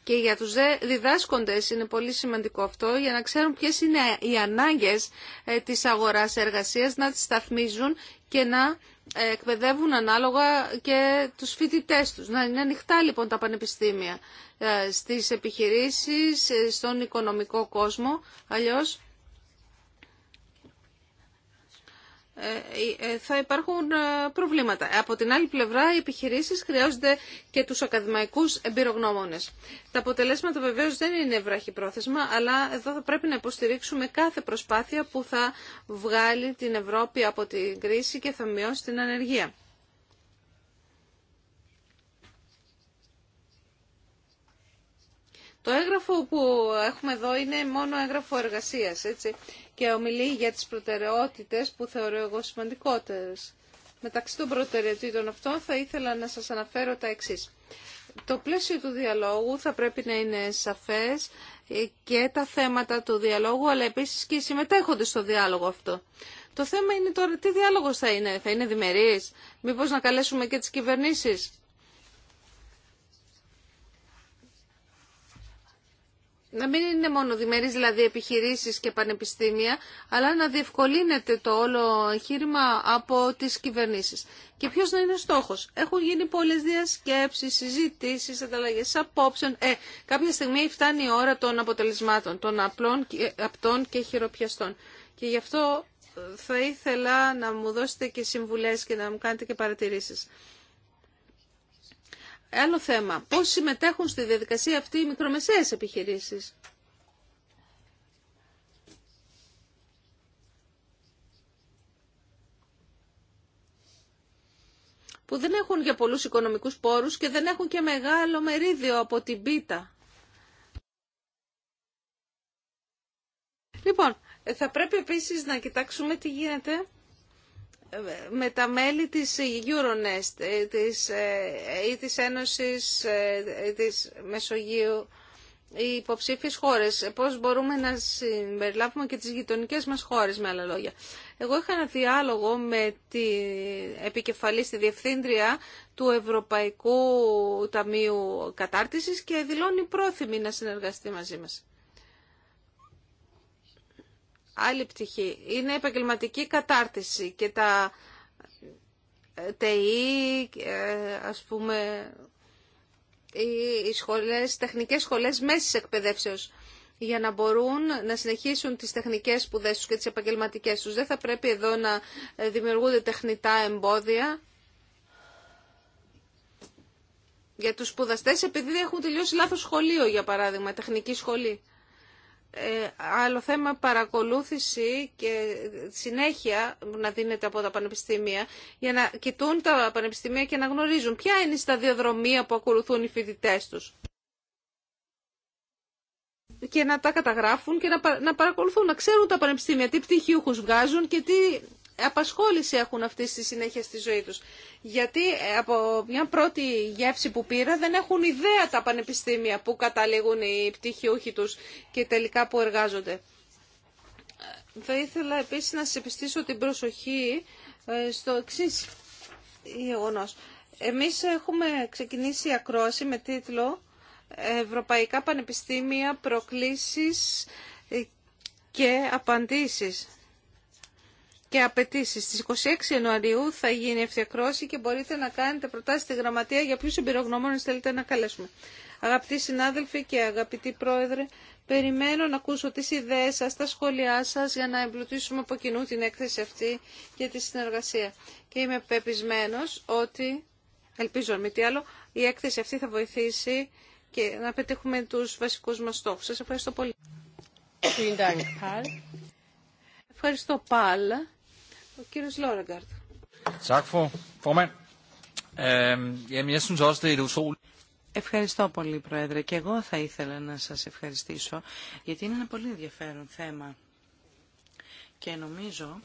Και για τους διδάσκοντες είναι πολύ σημαντικό αυτό για να ξέρουν ποιες είναι οι ανάγκες ε, της αγοράς εργασίας, να τις σταθμίζουν και να εκπαιδεύουν ανάλογα και τους φοιτητές τους. Να είναι ανοιχτά λοιπόν τα πανεπιστήμια ε, στις επιχειρήσεις, ε, στον οικονομικό κόσμο, αλλιώς Ε, ε, θα υπάρχουν ε, προβλήματα. Από την άλλη πλευρά, οι επιχειρήσεις χρειάζονται και τους ακαδημαϊκούς εμπειρογνώμονες. Τα αποτελέσματα βεβαίως δεν είναι πρόθεσμα αλλά εδώ θα πρέπει να υποστηρίξουμε κάθε προσπάθεια που θα βγάλει την Ευρώπη από την κρίση και θα μειώσει την ανεργία. Το έγγραφο που έχουμε εδώ είναι μόνο έγγραφο εργασίας, έτσι, και ομιλεί για τις προτεραιότητες που θεωρώ εγώ σημαντικότερες. Μεταξύ των προτεραιοτήτων αυτών θα ήθελα να σας αναφέρω τα εξής. Το πλαίσιο του διαλόγου θα πρέπει να είναι σαφές και τα θέματα του διαλόγου, αλλά επίσης και οι συμμετέχοντες στο διάλογο αυτό. Το θέμα είναι τώρα τι διάλογος θα είναι, θα είναι διμερής, μήπως να καλέσουμε και τις κυβερνήσεις. να μην είναι μόνο διμερείς δηλαδή επιχειρήσεις και πανεπιστήμια, αλλά να διευκολύνεται το όλο εγχείρημα από τις κυβερνήσεις. Και ποιος να είναι ο στόχος. Έχουν γίνει πολλές διασκέψεις, συζητήσεις, ανταλλαγές απόψεων. Ε, κάποια στιγμή φτάνει η ώρα των αποτελεσμάτων, των απλών, απτών και χειροπιαστών. Και γι' αυτό θα ήθελα να μου δώσετε και συμβουλές και να μου κάνετε και παρατηρήσεις. Άλλο θέμα, πώς συμμετέχουν στη διαδικασία αυτή οι μικρομεσαίες επιχειρήσεις. που δεν έχουν για πολλούς οικονομικούς πόρους και δεν έχουν και μεγάλο μερίδιο από την πίτα. Λοιπόν, ε, θα πρέπει επίσης να κοιτάξουμε τι γίνεται με τα μέλη της Euronest ε, της, ε, ή της Ένωσης ε, της Μεσογείου ή υποψήφιες χώρες, πώς μπορούμε να συμπεριλάβουμε και τις γειτονικές μας χώρες με άλλα λόγια. Εγώ είχα ένα διάλογο με την επικεφαλή στη Διευθύντρια του Ευρωπαϊκού Ταμείου Κατάρτισης και δηλώνει πρόθυμη να συνεργαστεί μαζί μας. Άλλη πτυχή είναι επαγγελματική κατάρτιση και τα ΤΕΙ, ε, ας πούμε, οι σχολές, τεχνικές σχολές μέσης εκπαιδεύσεως για να μπορούν να συνεχίσουν τις τεχνικές σπουδές τους και τις επαγγελματικές τους. Δεν θα πρέπει εδώ να δημιουργούνται τεχνητά εμπόδια για τους σπουδαστές επειδή έχουν τελειώσει λάθος σχολείο, για παράδειγμα, τεχνική σχολή. Ε, άλλο θέμα παρακολούθηση και συνέχεια να δίνεται από τα πανεπιστήμια για να κοιτούν τα πανεπιστήμια και να γνωρίζουν ποια είναι η σταδιοδρομία που ακολουθούν οι φοιτητέ τους και να τα καταγράφουν και να, παρακολουθούν, να ξέρουν τα πανεπιστήμια τι πτυχίου βγάζουν και τι απασχόληση έχουν αυτή στη συνέχεια στη ζωή τους. Γιατί ε, από μια πρώτη γεύση που πήρα δεν έχουν ιδέα τα πανεπιστήμια που καταλήγουν οι πτυχιούχοι τους και τελικά που εργάζονται. Θα ήθελα επίσης να σας επιστήσω την προσοχή ε, στο εξή γεγονό. Εμείς έχουμε ξεκινήσει ακρόαση με τίτλο «Ευρωπαϊκά Πανεπιστήμια Προκλήσεις και Απαντήσεις» και απαιτήσει. στι 26 Ιανουαρίου θα γίνει ευθεκρόση και μπορείτε να κάνετε προτάσει στη γραμματεία για ποιου εμπειρογνωμόνε θέλετε να καλέσουμε. Αγαπητοί συνάδελφοι και αγαπητοί πρόεδρε, περιμένω να ακούσω τι ιδέε σα τα σχόλιά σα για να εμπλουτίσουμε από κοινού την έκθεση αυτή και τη συνεργασία. Και είμαι πεπισμένο ότι, ελπίζω μη τι άλλο, η έκθεση αυτή θα βοηθήσει και να πετύχουμε του βασικού μα στόχου. Σα ευχαριστώ πολύ. Ευχαριστώ πάλι. Ο κύριος Λόραγκαρτ. Er Ευχαριστώ πολύ, Πρόεδρε. Και εγώ θα ήθελα να σας ευχαριστήσω, γιατί είναι ένα πολύ ενδιαφέρον θέμα. Και νομίζω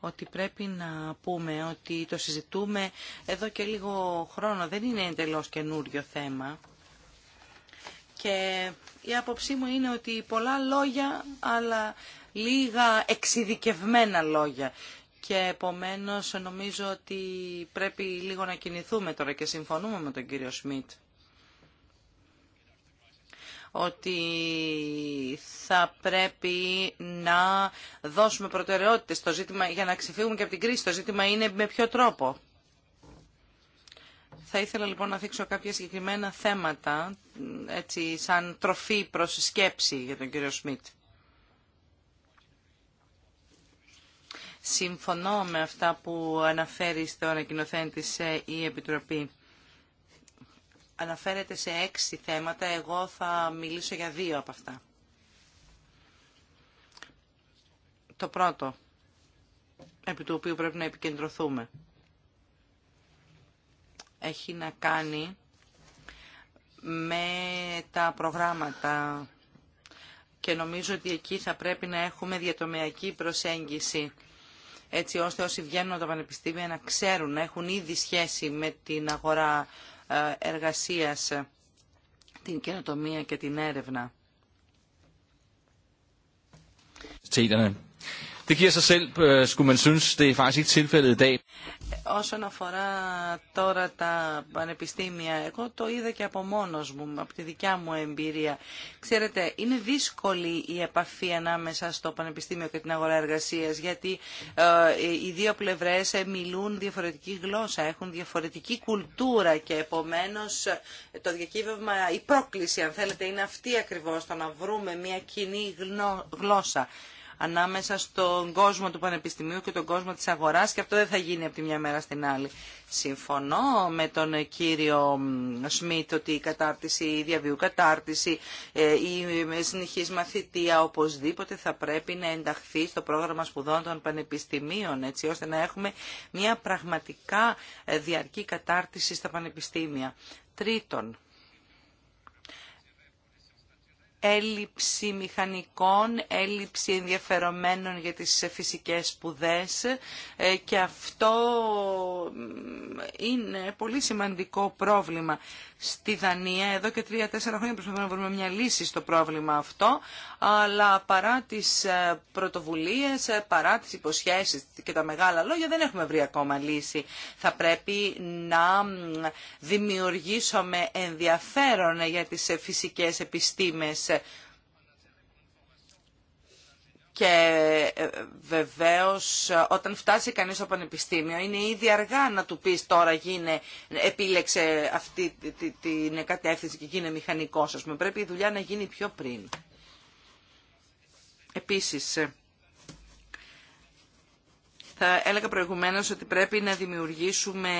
ότι πρέπει να πούμε ότι το συζητούμε εδώ και λίγο χρόνο. Δεν είναι εντελώς καινούριο θέμα. Και η άποψή μου είναι ότι πολλά λόγια, αλλά λίγα εξειδικευμένα λόγια και επομένως νομίζω ότι πρέπει λίγο να κινηθούμε τώρα και συμφωνούμε με τον κύριο Σμιτ ότι θα πρέπει να δώσουμε προτεραιότητες στο ζήτημα για να ξεφύγουμε και από την κρίση. Το ζήτημα είναι με ποιο τρόπο. Θα ήθελα λοιπόν να δείξω κάποια συγκεκριμένα θέματα, έτσι σαν τροφή προς σκέψη για τον κύριο Σμιτ. Συμφωνώ με αυτά που αναφέρει στο ανακοινωθέν ε, η Επιτροπή. Αναφέρεται σε έξι θέματα, εγώ θα μιλήσω για δύο από αυτά. Το πρώτο, επί του οποίου πρέπει να επικεντρωθούμε, έχει να κάνει με τα προγράμματα και νομίζω ότι εκεί θα πρέπει να έχουμε διατομιακή προσέγγιση έτσι ώστε όσοι βγαίνουν από τα πανεπιστήμια να ξέρουν, να έχουν ήδη σχέση με την αγορά ε, εργασίας, την καινοτομία και την έρευνα. Det giver sig selv, øh, skulle man synes, det er faktisk ikke tilfældet i dag. Όσον αφορά τώρα τα πανεπιστήμια, εγώ το είδα και από μόνος μου, από τη δικιά μου εμπειρία. Ξέρετε, είναι δύσκολη η επαφή ανάμεσα στο πανεπιστήμιο και την αγορά εργασίας, γιατί ε, οι δύο πλευρές μιλούν διαφορετική γλώσσα, έχουν διαφορετική κουλτούρα και επομένως ε, το διακύβευμα, η πρόκληση αν θέλετε, είναι αυτή ακριβώς, το να βρούμε μια κοινή γλώσσα ανάμεσα στον κόσμο του Πανεπιστημίου και τον κόσμο της αγοράς και αυτό δεν θα γίνει από τη μια μέρα στην άλλη. Συμφωνώ με τον κύριο Σμιτ ότι η κατάρτιση, η διαβίου κατάρτιση, ε, η συνεχής μαθητεία οπωσδήποτε θα πρέπει να ενταχθεί στο πρόγραμμα σπουδών των πανεπιστημίων έτσι ώστε να έχουμε μια πραγματικά ε, διαρκή κατάρτιση στα πανεπιστήμια. Τρίτον, έλλειψη μηχανικών, έλλειψη ενδιαφερομένων για τις φυσικές σπουδές ε, και αυτό είναι πολύ σημαντικό πρόβλημα στη Δανία. Εδώ και τρία-τέσσερα χρόνια προσπαθούμε να βρούμε μια λύση στο πρόβλημα αυτό, αλλά παρά τι ε, πρωτοβουλίε, ε, παρά τι υποσχέσει και τα μεγάλα λόγια δεν έχουμε βρει ακόμα λύση. Θα πρέπει να δημιουργήσουμε ενδιαφέρον για τις ε, φυσικές επιστήμες και ε, βεβαίως όταν φτάσει κανείς στο πανεπιστήμιο είναι ήδη αργά να του πεις τώρα γίνε, επίλεξε αυτή την κατεύθυνση και γίνε μηχανικός. Ας πούμε. Πρέπει η δουλειά να γίνει πιο πριν. Επίσης, ε, θα έλεγα προηγουμένως ότι πρέπει να δημιουργήσουμε,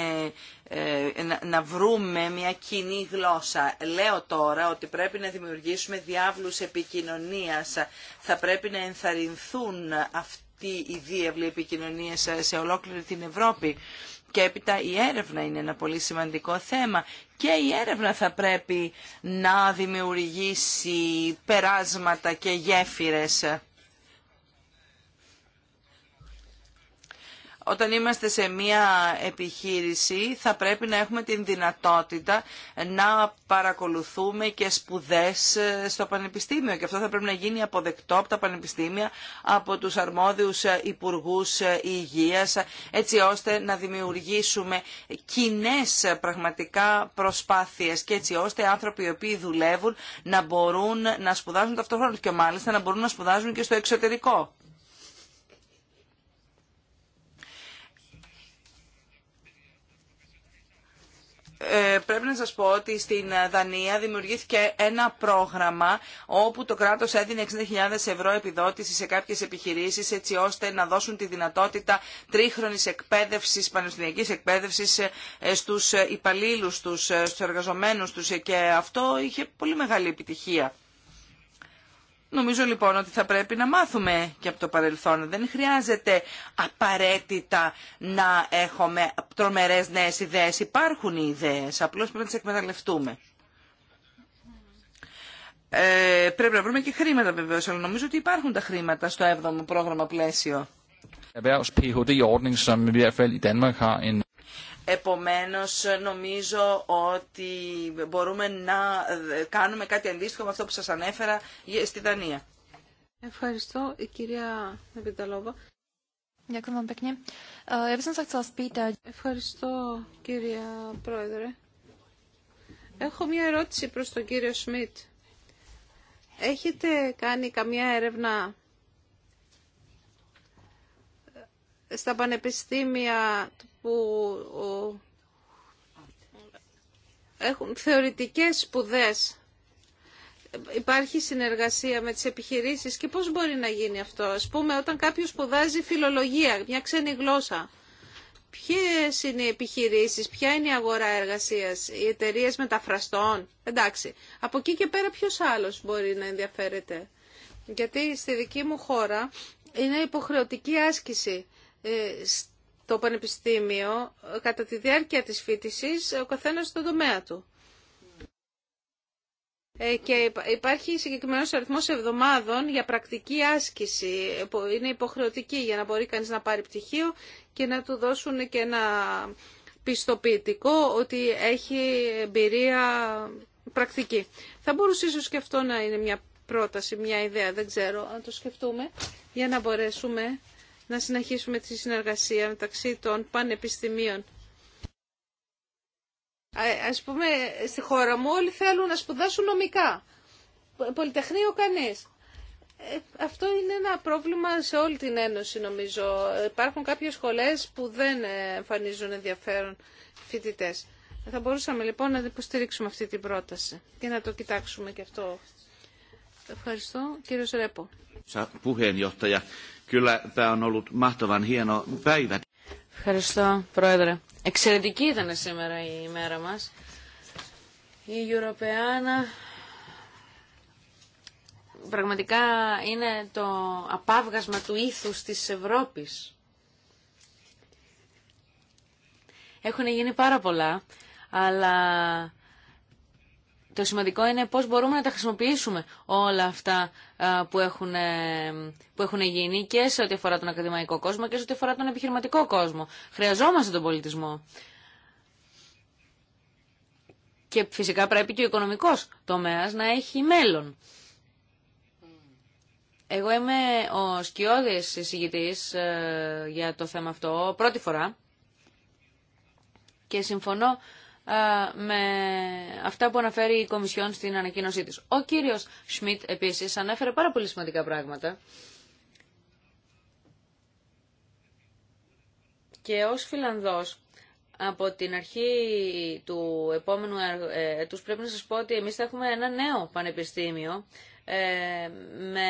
ε, να βρούμε μια κοινή γλώσσα. Λέω τώρα ότι πρέπει να δημιουργήσουμε διάβλους επικοινωνίας. Θα πρέπει να ενθαρρυνθούν αυτοί οι διάβλοι επικοινωνίες σε ολόκληρη την Ευρώπη. Και έπειτα η έρευνα είναι ένα πολύ σημαντικό θέμα και η έρευνα θα πρέπει να δημιουργήσει περάσματα και γέφυρες. όταν είμαστε σε μία επιχείρηση θα πρέπει να έχουμε την δυνατότητα να παρακολουθούμε και σπουδές ε, στο πανεπιστήμιο και αυτό θα πρέπει να γίνει αποδεκτό από τα πανεπιστήμια, από τους αρμόδιους ε, υπουργούς ε, υγείας έτσι ώστε να δημιουργήσουμε κοινέ πραγματικά προσπάθειες και έτσι ώστε άνθρωποι οι οποίοι δουλεύουν να μπορούν να σπουδάζουν ταυτόχρονα και μάλιστα να μπορούν να σπουδάζουν και στο εξωτερικό. Ε, πρέπει να σας πω ότι στην Δανία δημιουργήθηκε ένα πρόγραμμα όπου το κράτος έδινε 60.000 ευρώ επιδότηση σε κάποιες επιχειρήσεις έτσι ώστε να δώσουν τη δυνατότητα τρίχρονης εκπαίδευσης, πανεπιστημιακής εκπαίδευσης ε, ε, στους υπαλλήλους τους, στους εργαζομένους τους και αυτό είχε πολύ μεγάλη επιτυχία. Νομίζω λοιπόν ότι θα πρέπει να μάθουμε και από το παρελθόν. Δεν χρειάζεται απαραίτητα να έχουμε τρομερές νέες ιδέες. Υπάρχουν οι ιδέες, απλώς πρέπει να τις εκμεταλλευτούμε. Ε, πρέπει να βρούμε και χρήματα βεβαίως, αλλά νομίζω ότι υπάρχουν τα χρήματα στο 7ο πρόγραμμα πλαίσιο. Επομένως, νομίζω ότι μπορούμε να κάνουμε κάτι αντίστοιχο με αυτό που σας ανέφερα στη Δανία. Ευχαριστώ, η κυρία ε, Ευχαριστώ, κυρία Πρόεδρε. Έχω μια ερώτηση προς τον κύριο Σμιτ. Έχετε κάνει καμία έρευνα στα πανεπιστήμια που έχουν θεωρητικές σπουδές υπάρχει συνεργασία με τις επιχειρήσεις και πώς μπορεί να γίνει αυτό. Ας πούμε όταν κάποιος σπουδάζει φιλολογία, μια ξένη γλώσσα, ποιες είναι οι επιχειρήσεις, ποια είναι η αγορά εργασίας, οι εταιρείε μεταφραστών, εντάξει. Από εκεί και πέρα ποιος άλλος μπορεί να ενδιαφέρεται. Γιατί στη δική μου χώρα είναι υποχρεωτική άσκηση ε, το πανεπιστήμιο κατά τη διάρκεια της φίτησης ο καθένας στον τομέα του. Ε, και υπάρχει συγκεκριμένος αριθμός εβδομάδων για πρακτική άσκηση που είναι υποχρεωτική για να μπορεί κανείς να πάρει πτυχίο και να του δώσουν και ένα πιστοποιητικό ότι έχει εμπειρία πρακτική. Θα μπορούσε ίσως και αυτό να είναι μια πρόταση, μια ιδέα, δεν ξέρω αν το σκεφτούμε, για να μπορέσουμε να συνεχίσουμε τη συνεργασία μεταξύ των πανεπιστημίων. Ας πούμε, στη χώρα μου όλοι θέλουν να σπουδάσουν νομικά. Πολυτεχνείο κανείς. Ε, αυτό είναι ένα πρόβλημα σε όλη την Ένωση νομίζω. Υπάρχουν κάποιες σχολές που δεν εμφανίζουν ενδιαφέρον φοιτητές. Θα μπορούσαμε λοιπόν να υποστηρίξουμε αυτή την πρόταση και να το κοιτάξουμε και αυτό Ευχαριστώ. Κύριος Ρέπο. Ευχαριστώ, Πρόεδρε. Εξαιρετική ήταν σήμερα η ημέρα μας. Η Ευρωπαϊκή πραγματικά είναι το απάβγασμα του ήθους της Ευρώπης. Έχουν γίνει πάρα πολλά, αλλά το σημαντικό είναι πώς μπορούμε να τα χρησιμοποιήσουμε όλα αυτά που έχουν, ε, που έχουν γίνει και σε ό,τι αφορά τον ακαδημαϊκό κόσμο και σε ό,τι αφορά τον επιχειρηματικό κόσμο. Χρειαζόμαστε τον πολιτισμό. Και φυσικά πρέπει και ο οικονομικός τομέας να έχει μέλλον. Εγώ είμαι ο σκιώδης εισηγητής ε, για το θέμα αυτό πρώτη φορά και συμφωνώ ε, με αυτά που αναφέρει η Κομισιόν στην ανακοίνωσή της. Ο κύριος Σμιτ επίσης ανέφερε πάρα πολύ σημαντικά πράγματα. Και ως Φιλανδός, από την αρχή του επόμενου ε, ε, έτους πρέπει να σας πω ότι εμείς θα έχουμε ένα νέο πανεπιστήμιο ε, με,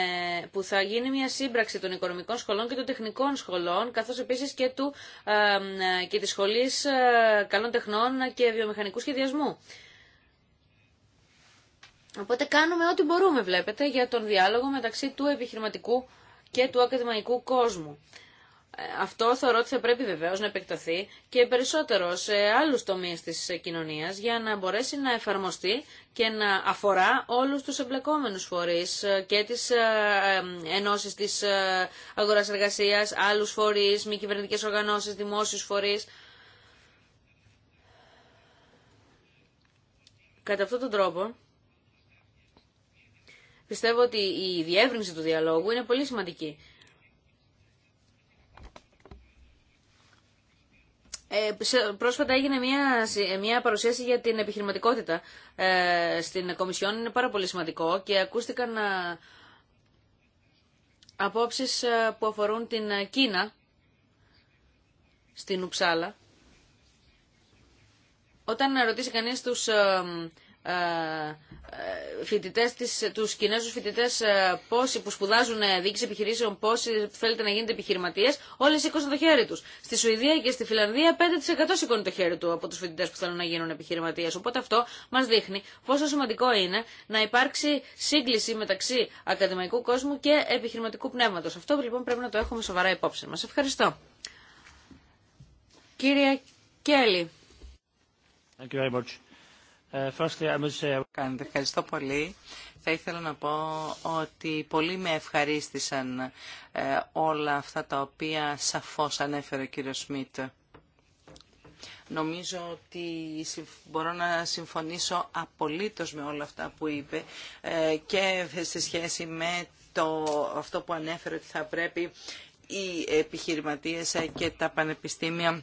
που θα γίνει μια σύμπραξη των οικονομικών σχολών και των τεχνικών σχολών, καθώς επίσης και, του, ε, ε, και της σχολής καλών τεχνών και βιομηχανικού σχεδιασμού. Οπότε κάνουμε ό,τι μπορούμε, βλέπετε, για τον διάλογο μεταξύ του επιχειρηματικού και του ακαδημαϊκού κόσμου αυτό θεωρώ ότι θα πρέπει βεβαίω να επεκταθεί και περισσότερο σε άλλου τομεί της κοινωνία για να μπορέσει να εφαρμοστεί και να αφορά όλους τους εμπλεκόμενου φορείς ε, και τις ε, ε, ενώσει της αγορά εργασία, άλλου φορείς, μη κυβερνητικές οργανώσεις, δημόσιου φορείς. Κατά αυτόν τον τρόπο, πιστεύω ότι η διεύρυνση του διαλόγου είναι πολύ σημαντική Ε, πρόσφατα έγινε μια, ε, μια παρουσίαση για την επιχειρηματικότητα ε, στην Κομισιόν. Είναι πάρα πολύ σημαντικό και ακούστηκαν απόψεις που αφορούν την Κίνα στην Ουψάλα. Όταν ρωτήσει κανείς τους ε, ε, φοιτητές, τους Κινέζους φοιτητές ε, πόσοι που σπουδάζουν διοίκηση επιχειρήσεων, πόσοι θέλετε να γίνετε επιχειρηματίες, όλοι σήκωσαν το χέρι τους. Στη Σουηδία και στη Φιλανδία 5% σήκωνε το χέρι του από τους φοιτητές που θέλουν να γίνουν επιχειρηματίες. Οπότε αυτό μας δείχνει πόσο σημαντικό είναι να υπάρξει σύγκληση μεταξύ ακαδημαϊκού κόσμου και επιχειρηματικού πνεύματος. Αυτό λοιπόν πρέπει να το έχουμε σοβαρά υπόψη μας. Ευχαριστώ. Κύριε Κέλλη. Thank you very much. Ε, ευχαριστώ πολύ. Θα ήθελα να πω ότι πολύ με ευχαρίστησαν ε, όλα αυτά τα οποία σαφώς ανέφερε ο κύριος Σμιτ. Νομίζω ότι μπορώ να συμφωνήσω απολύτως με όλα αυτά που είπε ε, και σε σχέση με το, αυτό που ανέφερε ότι θα πρέπει οι επιχειρηματίες και τα πανεπιστήμια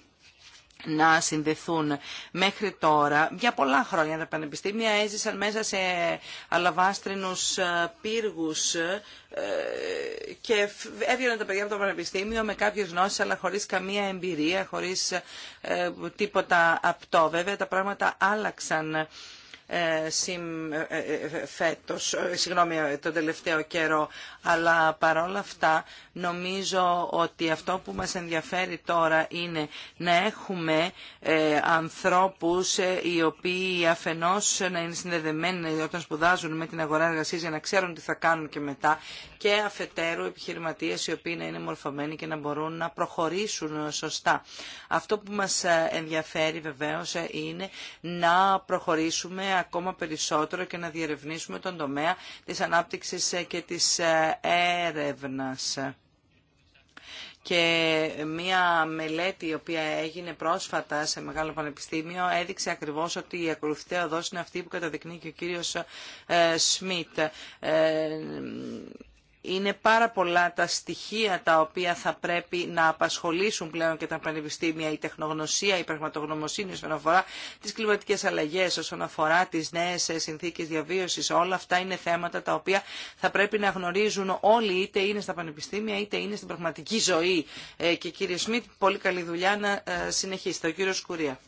να συνδεθούν μέχρι τώρα. Για πολλά χρόνια τα πανεπιστήμια έζησαν μέσα σε αλαβάστρινους ε, πύργους ε, και έβγαιναν τα παιδιά από το πανεπιστήμιο με κάποιες γνώσεις αλλά χωρίς καμία εμπειρία, χωρίς ε, τίποτα απτό. Βέβαια τα πράγματα άλλαξαν ε, ε, ε, φέτος, συγγνώμη, τον τελευταίο καιρό. Αλλά παρόλα αυτά νομίζω ότι αυτό που μας ενδιαφέρει τώρα είναι να έχουμε ανθρώπους οι οποίοι αφενός να είναι συνδεδεμένοι όταν σπουδάζουν με την αγορά εργασίας για να ξέρουν τι θα κάνουν και μετά και αφετέρου επιχειρηματίες οι οποίοι να είναι μορφωμένοι και να μπορούν να προχωρήσουν σωστά. Αυτό που μας ενδιαφέρει βεβαίως είναι να προχωρήσουμε ακόμα περισσότερο και να διερευνήσουμε τον τομέα της ανάπτυξης και της ε, έρευνας και μία μελέτη η οποία έγινε πρόσφατα σε μεγάλο πανεπιστήμιο έδειξε ακριβώς ότι η ακολουθητέα οδός είναι αυτή που καταδεικνύει και ο κύριος ε, Σμιτ. Ε, είναι πάρα πολλά τα στοιχεία τα οποία θα πρέπει να απασχολήσουν πλέον και τα πανεπιστήμια, η τεχνογνωσία, η πραγματογνωμοσύνη όσον αφορά τις κλιματικές αλλαγές, όσον αφορά τις νέες συνθήκες διαβίωσης. Όλα αυτά είναι θέματα τα οποία θα πρέπει να γνωρίζουν όλοι, είτε είναι στα πανεπιστήμια, είτε είναι στην πραγματική ζωή. Ε, και κύριε Σμιτ, πολύ καλή δουλειά να ε, συνεχίσετε. Ο κύριος Κουρία.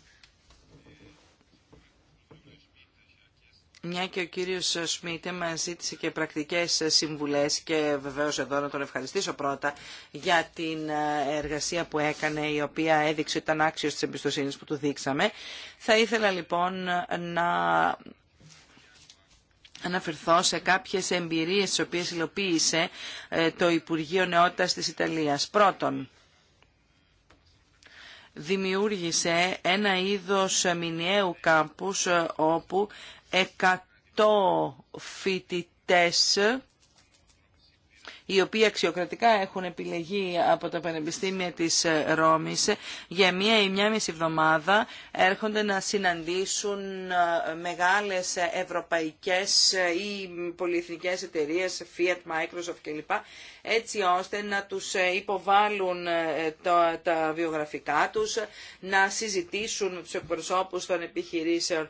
μια και ο κύριος Σμίτε μας ζήτησε και πρακτικές συμβουλές και βεβαίως εδώ να τον ευχαριστήσω πρώτα για την εργασία που έκανε η οποία έδειξε ήταν άξιος της εμπιστοσύνης που του δείξαμε. Θα ήθελα λοιπόν να αναφερθώ σε κάποιες εμπειρίες τις οποίες υλοποίησε ε, το Υπουργείο Νεότητας της Ιταλίας. Πρώτον, δημιούργησε ένα είδος μηνιαίου κάμπους ε, όπου 100 φοιτητές οι οποίοι αξιοκρατικά έχουν επιλεγεί από τα Πανεπιστήμια της Ρώμης για μία ή μία μισή εβδομάδα έρχονται να συναντήσουν ε, μεγάλες ευρωπαϊκές ή πολυεθνικές εταιρείες, Fiat, Microsoft κλπ έτσι ώστε να τους ε, υποβάλουν ε, τα βιογραφικά τους, να συζητήσουν τους εκπροσώπους των επιχειρήσεων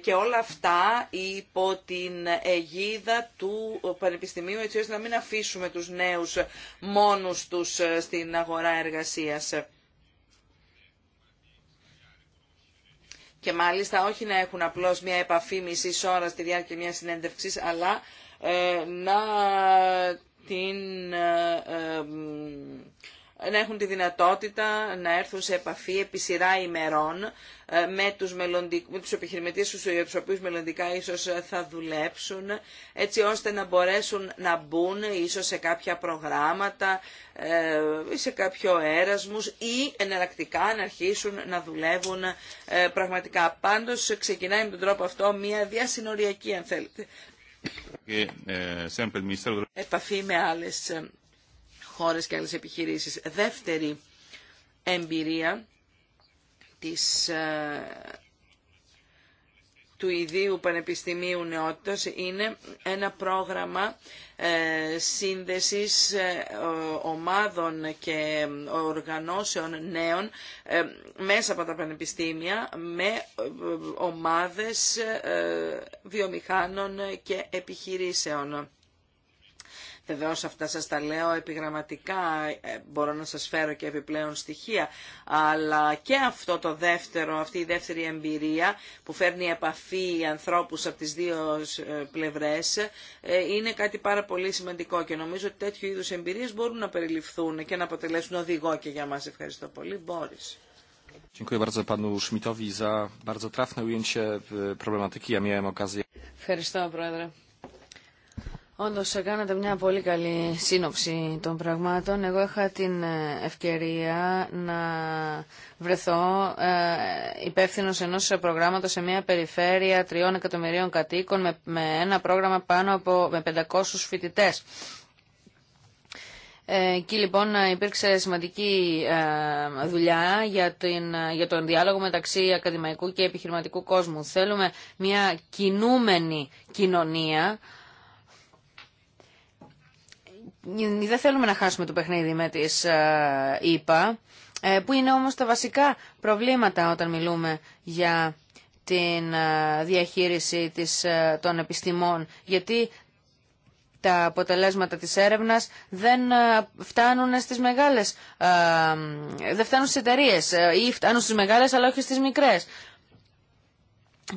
και όλα αυτά υπό την αιγίδα του Πανεπιστημίου έτσι ώστε να μην αφήσουμε τους νέους μόνους τους ε, στην αγορά εργασίας. Και μάλιστα όχι να έχουν απλώς μια επαφή μισή ώρα στη διάρκεια μιας συνέντευξης, αλλά ε, να την... Ε, να έχουν τη δυνατότητα να έρθουν σε επαφή επί σειρά ημερών ε, με τους, μελλοντικ... με τους επιχειρηματίες ε, οποίους μελλοντικά ίσως ε, θα δουλέψουν έτσι ώστε να μπορέσουν να μπουν ίσως σε κάποια προγράμματα ή σε κάποιο έρασμους ή εναλλακτικά να αρχίσουν να δουλεύουν πραγματικά. Πάντως ξεκινάει με τον τρόπο αυτό μια διασυνοριακή αν θέλετε. Επαφή με άλλες χώρες και άλλες επιχειρήσεις. Δεύτερη εμπειρία της ε, του Ιδίου Πανεπιστημίου Νεότητας είναι ένα πρόγραμμα ε, σύνδεσης ε, ομάδων και οργανώσεων νέων μέσα από τα πανεπιστήμια με ομάδες βιομηχάνων και επιχειρήσεων. Βεβαίω αυτά σας τα λέω επιγραμματικά, ε, μπορώ να σας φέρω και επιπλέον στοιχεία, αλλά και αυτό το δεύτερο, αυτή η δεύτερη εμπειρία που φέρνει επαφή ανθρώπου από τι δύο ε, πλευρές ε, είναι κάτι πάρα πολύ σημαντικό και νομίζω ότι τέτοιου είδου εμπειρίες μπορούν να περιληφθούν και να αποτελέσουν οδηγό και για μα Ευχαριστώ πολύ. Μπόρις. Ευχαριστώ, Πρόεδρε. Όντω έκανατε μια πολύ καλή σύνοψη των πραγμάτων. Εγώ είχα την ε, ευκαιρία να βρεθώ ε, υπεύθυνο ενό προγράμματο σε μια περιφέρεια τριών εκατομμυρίων κατοίκων με ένα πρόγραμμα πάνω από με 500 φοιτητέ. Ε, εκεί λοιπόν υπήρξε σημαντική δουλειά για, την, για τον διάλογο μεταξύ ακαδημαϊκού και επιχειρηματικού κόσμου. Θέλουμε μια κινούμενη κοινωνία δεν θέλουμε να χάσουμε το παιχνίδι με τις ε, ε, που είναι όμως τα βασικά προβλήματα όταν μιλούμε για την ε, διαχείριση της, των επιστημών, γιατί τα αποτελέσματα της έρευνας δεν φτάνουν στις μεγάλες, δεν φτάνουν στις εταιρείε ή φτάνουν στις μεγάλες αλλά όχι στις μικρές.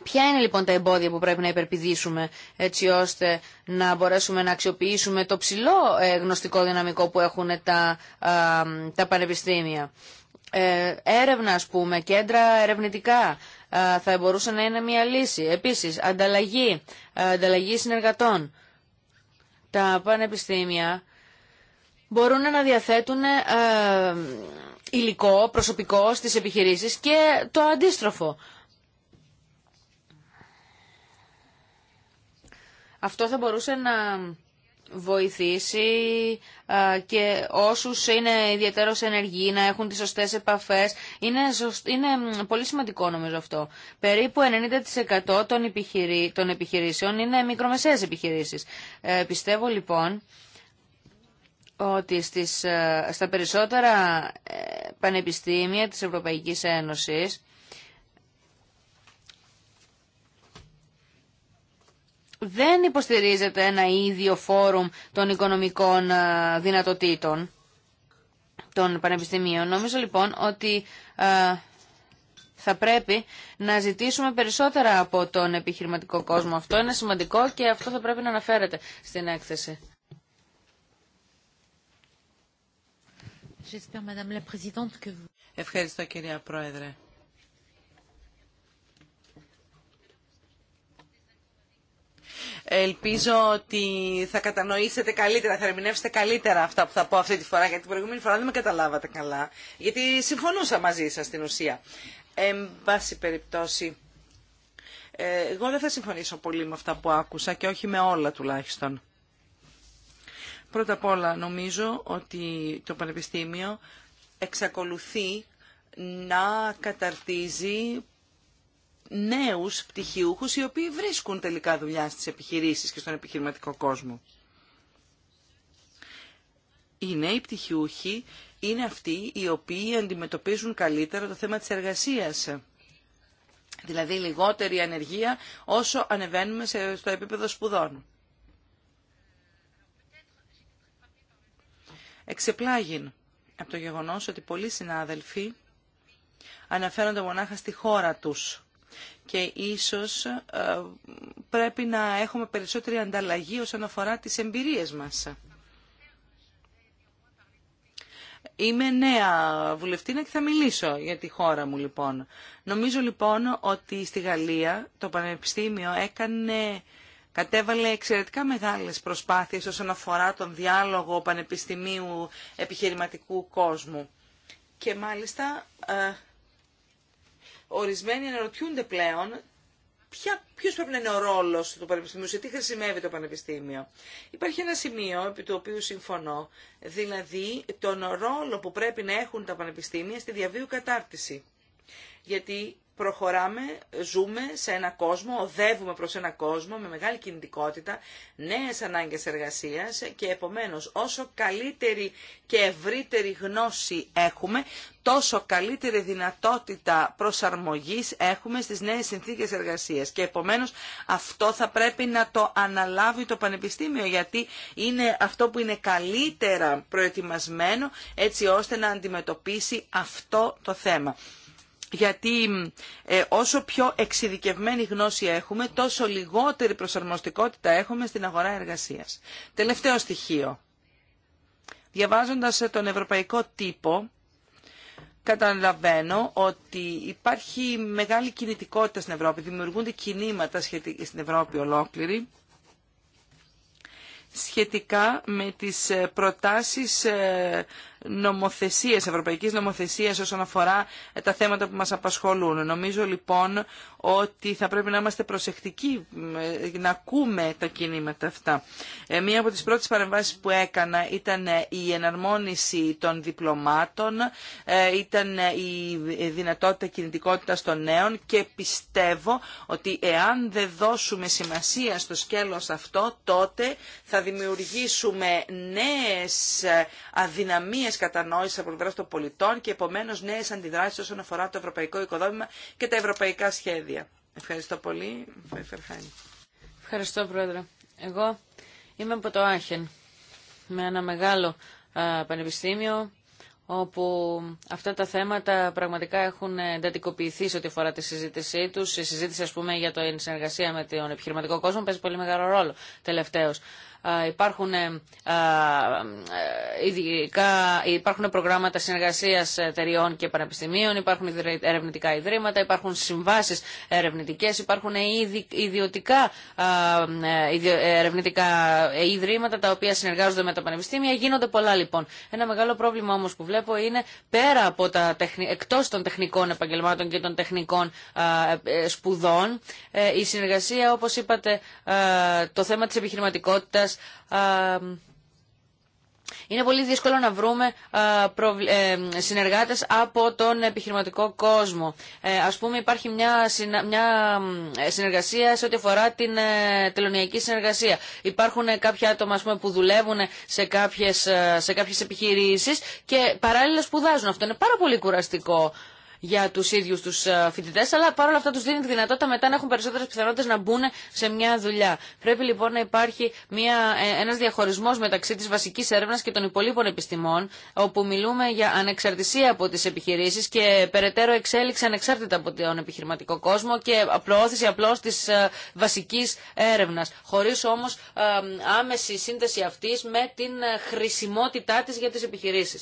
Ποια είναι λοιπόν τα εμπόδια που πρέπει να υπερπηδήσουμε έτσι ώστε να μπορέσουμε να αξιοποιήσουμε το ψηλό ε, γνωστικό δυναμικό που έχουν τα, τα πανεπιστήμια. Ε, έρευνα, ας πούμε, κέντρα ερευνητικά θα μπορούσε να είναι μια λύση. Επίσης, ανταλλαγή, ανταλλαγή συνεργατών. Τα πανεπιστήμια μπορούν να διαθέτουν ε, υλικό, προσωπικό στις επιχειρήσεις και το αντίστροφο. Αυτό θα μπορούσε να βοηθήσει και όσους είναι ιδιαίτερο ενεργοί να έχουν τις σωστές επαφές. Είναι, είναι πολύ σημαντικό νομίζω αυτό. Περίπου 90% των, επιχειρή... των επιχειρήσεων είναι μικρομεσαίες επιχειρήσεις. Ε, πιστεύω λοιπόν ότι στις, ε, στα περισσότερα ε, πανεπιστήμια της Ευρωπαϊκής Ένωσης δεν υποστηρίζεται ένα ίδιο φόρουμ των οικονομικών ε, δυνατοτήτων των πανεπιστημίων. Νομίζω λοιπόν ότι ε, θα πρέπει να ζητήσουμε περισσότερα από τον επιχειρηματικό κόσμο. Αυτό είναι σημαντικό και αυτό θα πρέπει να αναφέρεται στην έκθεση. Ευχαριστώ κυρία Πρόεδρε. Ελπίζω ότι θα κατανοήσετε καλύτερα, θα ερμηνεύσετε καλύτερα αυτά που θα πω αυτή τη φορά, γιατί την προηγούμενη φορά δεν με καταλάβατε καλά, γιατί συμφωνούσα μαζί σας στην ουσία. Εν πάση περιπτώσει, ε, εγώ δεν θα συμφωνήσω πολύ με αυτά που άκουσα και όχι με όλα τουλάχιστον. Πρώτα απ' όλα νομίζω ότι το Πανεπιστήμιο εξακολουθεί να καταρτίζει νέους πτυχιούχους οι οποίοι βρίσκουν τελικά δουλειά στις επιχειρήσεις και στον επιχειρηματικό κόσμο. Οι νέοι πτυχιούχοι είναι αυτοί οι οποίοι αντιμετωπίζουν καλύτερα το θέμα της εργασίας. Δηλαδή λιγότερη ανεργία όσο ανεβαίνουμε στο επίπεδο σπουδών. Εξεπλάγει από το γεγονός ότι πολλοί συνάδελφοι αναφέρονται μονάχα στη χώρα τους και ίσως ε, πρέπει να έχουμε περισσότερη ανταλλαγή όσον αφορά τις εμπειρίες μας. Είμαι νέα βουλευτήνα και θα μιλήσω για τη χώρα μου λοιπόν. Νομίζω λοιπόν ότι στη Γαλλία το Πανεπιστήμιο έκανε, κατέβαλε εξαιρετικά μεγάλες προσπάθειες όσον αφορά τον διάλογο πανεπιστημίου επιχειρηματικού κόσμου. Και μάλιστα ε, ορισμένοι αναρωτιούνται πλέον ποια, ποιος πρέπει να είναι ο ρόλος του Πανεπιστημίου, σε τι χρησιμεύει το Πανεπιστήμιο. Υπάρχει ένα σημείο επί του οποίου συμφωνώ, δηλαδή τον ρόλο που πρέπει να έχουν τα πανεπιστήμια στη διαβίου κατάρτιση. Γιατί προχωράμε, ζούμε σε ένα κόσμο, οδεύουμε προς ένα κόσμο με μεγάλη κινητικότητα, νέες ανάγκες εργασίας και επομένως όσο καλύτερη και ευρύτερη γνώση έχουμε, τόσο καλύτερη δυνατότητα προσαρμογής έχουμε στις νέες συνθήκες εργασίας. Και επομένως αυτό θα πρέπει να το αναλάβει το Πανεπιστήμιο, γιατί είναι αυτό που είναι καλύτερα προετοιμασμένο έτσι ώστε να αντιμετωπίσει αυτό το θέμα γιατί ε, όσο πιο εξειδικευμένη γνώση έχουμε, τόσο λιγότερη προσαρμοστικότητα έχουμε στην αγορά εργασίας. Τελευταίο στοιχείο. Διαβάζοντας ε, τον ευρωπαϊκό τύπο, καταλαβαίνω ότι υπάρχει μεγάλη κινητικότητα στην Ευρώπη. Δημιουργούνται κινήματα στην Ευρώπη ολόκληρη σχετικά με τις ε, προτάσεις νομοθεσίες, ευρωπαϊκής νομοθεσίας όσον αφορά ε, τα θέματα που μας απασχολούν. Νομίζω λοιπόν ότι θα πρέπει να είμαστε προσεκτικοί ε, να ακούμε τα κινήματα αυτά. Ε, μία από τις πρώτες παρεμβάσεις που έκανα ήταν η εναρμόνιση των διπλωμάτων, ήταν η δυνατότητα κινητικότητας των νέων και πιστεύω ότι εάν δεν δώσουμε σημασία στο σκέλος αυτό, τότε θα δημιουργήσουμε νέες αδυναμίες αδυναμίες κατανόηση από πλευρά των πολιτών και επομένως νέε αντιδράσεις όσον αφορά το ευρωπαϊκό οικοδόμημα και τα ευρωπαϊκά σχέδια. Ευχαριστώ πολύ. Ευχαριστώ Πρόεδρε. Εγώ είμαι από το Άχεν με ένα μεγάλο πανεπιστήμιο όπου αυτά τα θέματα πραγματικά έχουν εντατικοποιηθεί σε ό,τι αφορά τη συζήτησή του. Η συζήτηση, α πούμε, για την συνεργασία με τον επιχειρηματικό κόσμο παίζει πολύ μεγάλο ρόλο τελευταίω υπάρχουν, ε, ειδικά, υπάρχουν προγράμματα συνεργασίας εταιριών και πανεπιστημίων, υπάρχουν ερευνητικά ιδρύματα, υπάρχουν συμβάσεις ερευνητικές, υπάρχουν ιδιωτικά ε, ερευνητικά ιδρύματα τα οποία συνεργάζονται με τα πανεπιστήμια. Γίνονται πολλά λοιπόν. Ένα μεγάλο πρόβλημα όμως που βλέπω είναι πέρα από τα εκτός των τεχνικών επαγγελμάτων και των τεχνικών ε, σπουδών η συνεργασία όπως είπατε το θέμα της επιχειρηματικότητας είναι πολύ δύσκολο να βρούμε ε, συνεργάτες από τον επιχειρηματικό κόσμο. Ε, ας πούμε υπάρχει μια συνεργασία σε ό,τι αφορά την ε, τελωνιακή συνεργασία. Υπάρχουν κάποια άτομα που δουλεύουν σε κάποιες, σε κάποιες επιχειρήσεις και παράλληλα σπουδάζουν. Αυτό είναι πάρα πολύ κουραστικό για του ίδιου του ε, φοιτητέ, αλλά παρόλα αυτά του δίνει τη δυνατότητα μετά να έχουν περισσότερε πιθανότητε να μπουν σε μια δουλειά. Πρέπει λοιπόν να υπάρχει ε, ένα διαχωρισμό μεταξύ τη βασική έρευνα και των υπολείπων επιστημών, όπου μιλούμε για ανεξαρτησία από τι επιχειρήσει και περαιτέρω εξέλιξη ανεξάρτητα από τον επιχειρηματικό κόσμο και προώθηση απλώ τη ε, βασική έρευνα. Χωρί όμω άμεση σύνδεση αυτή με την χρησιμότητά τη για τι επιχειρήσει.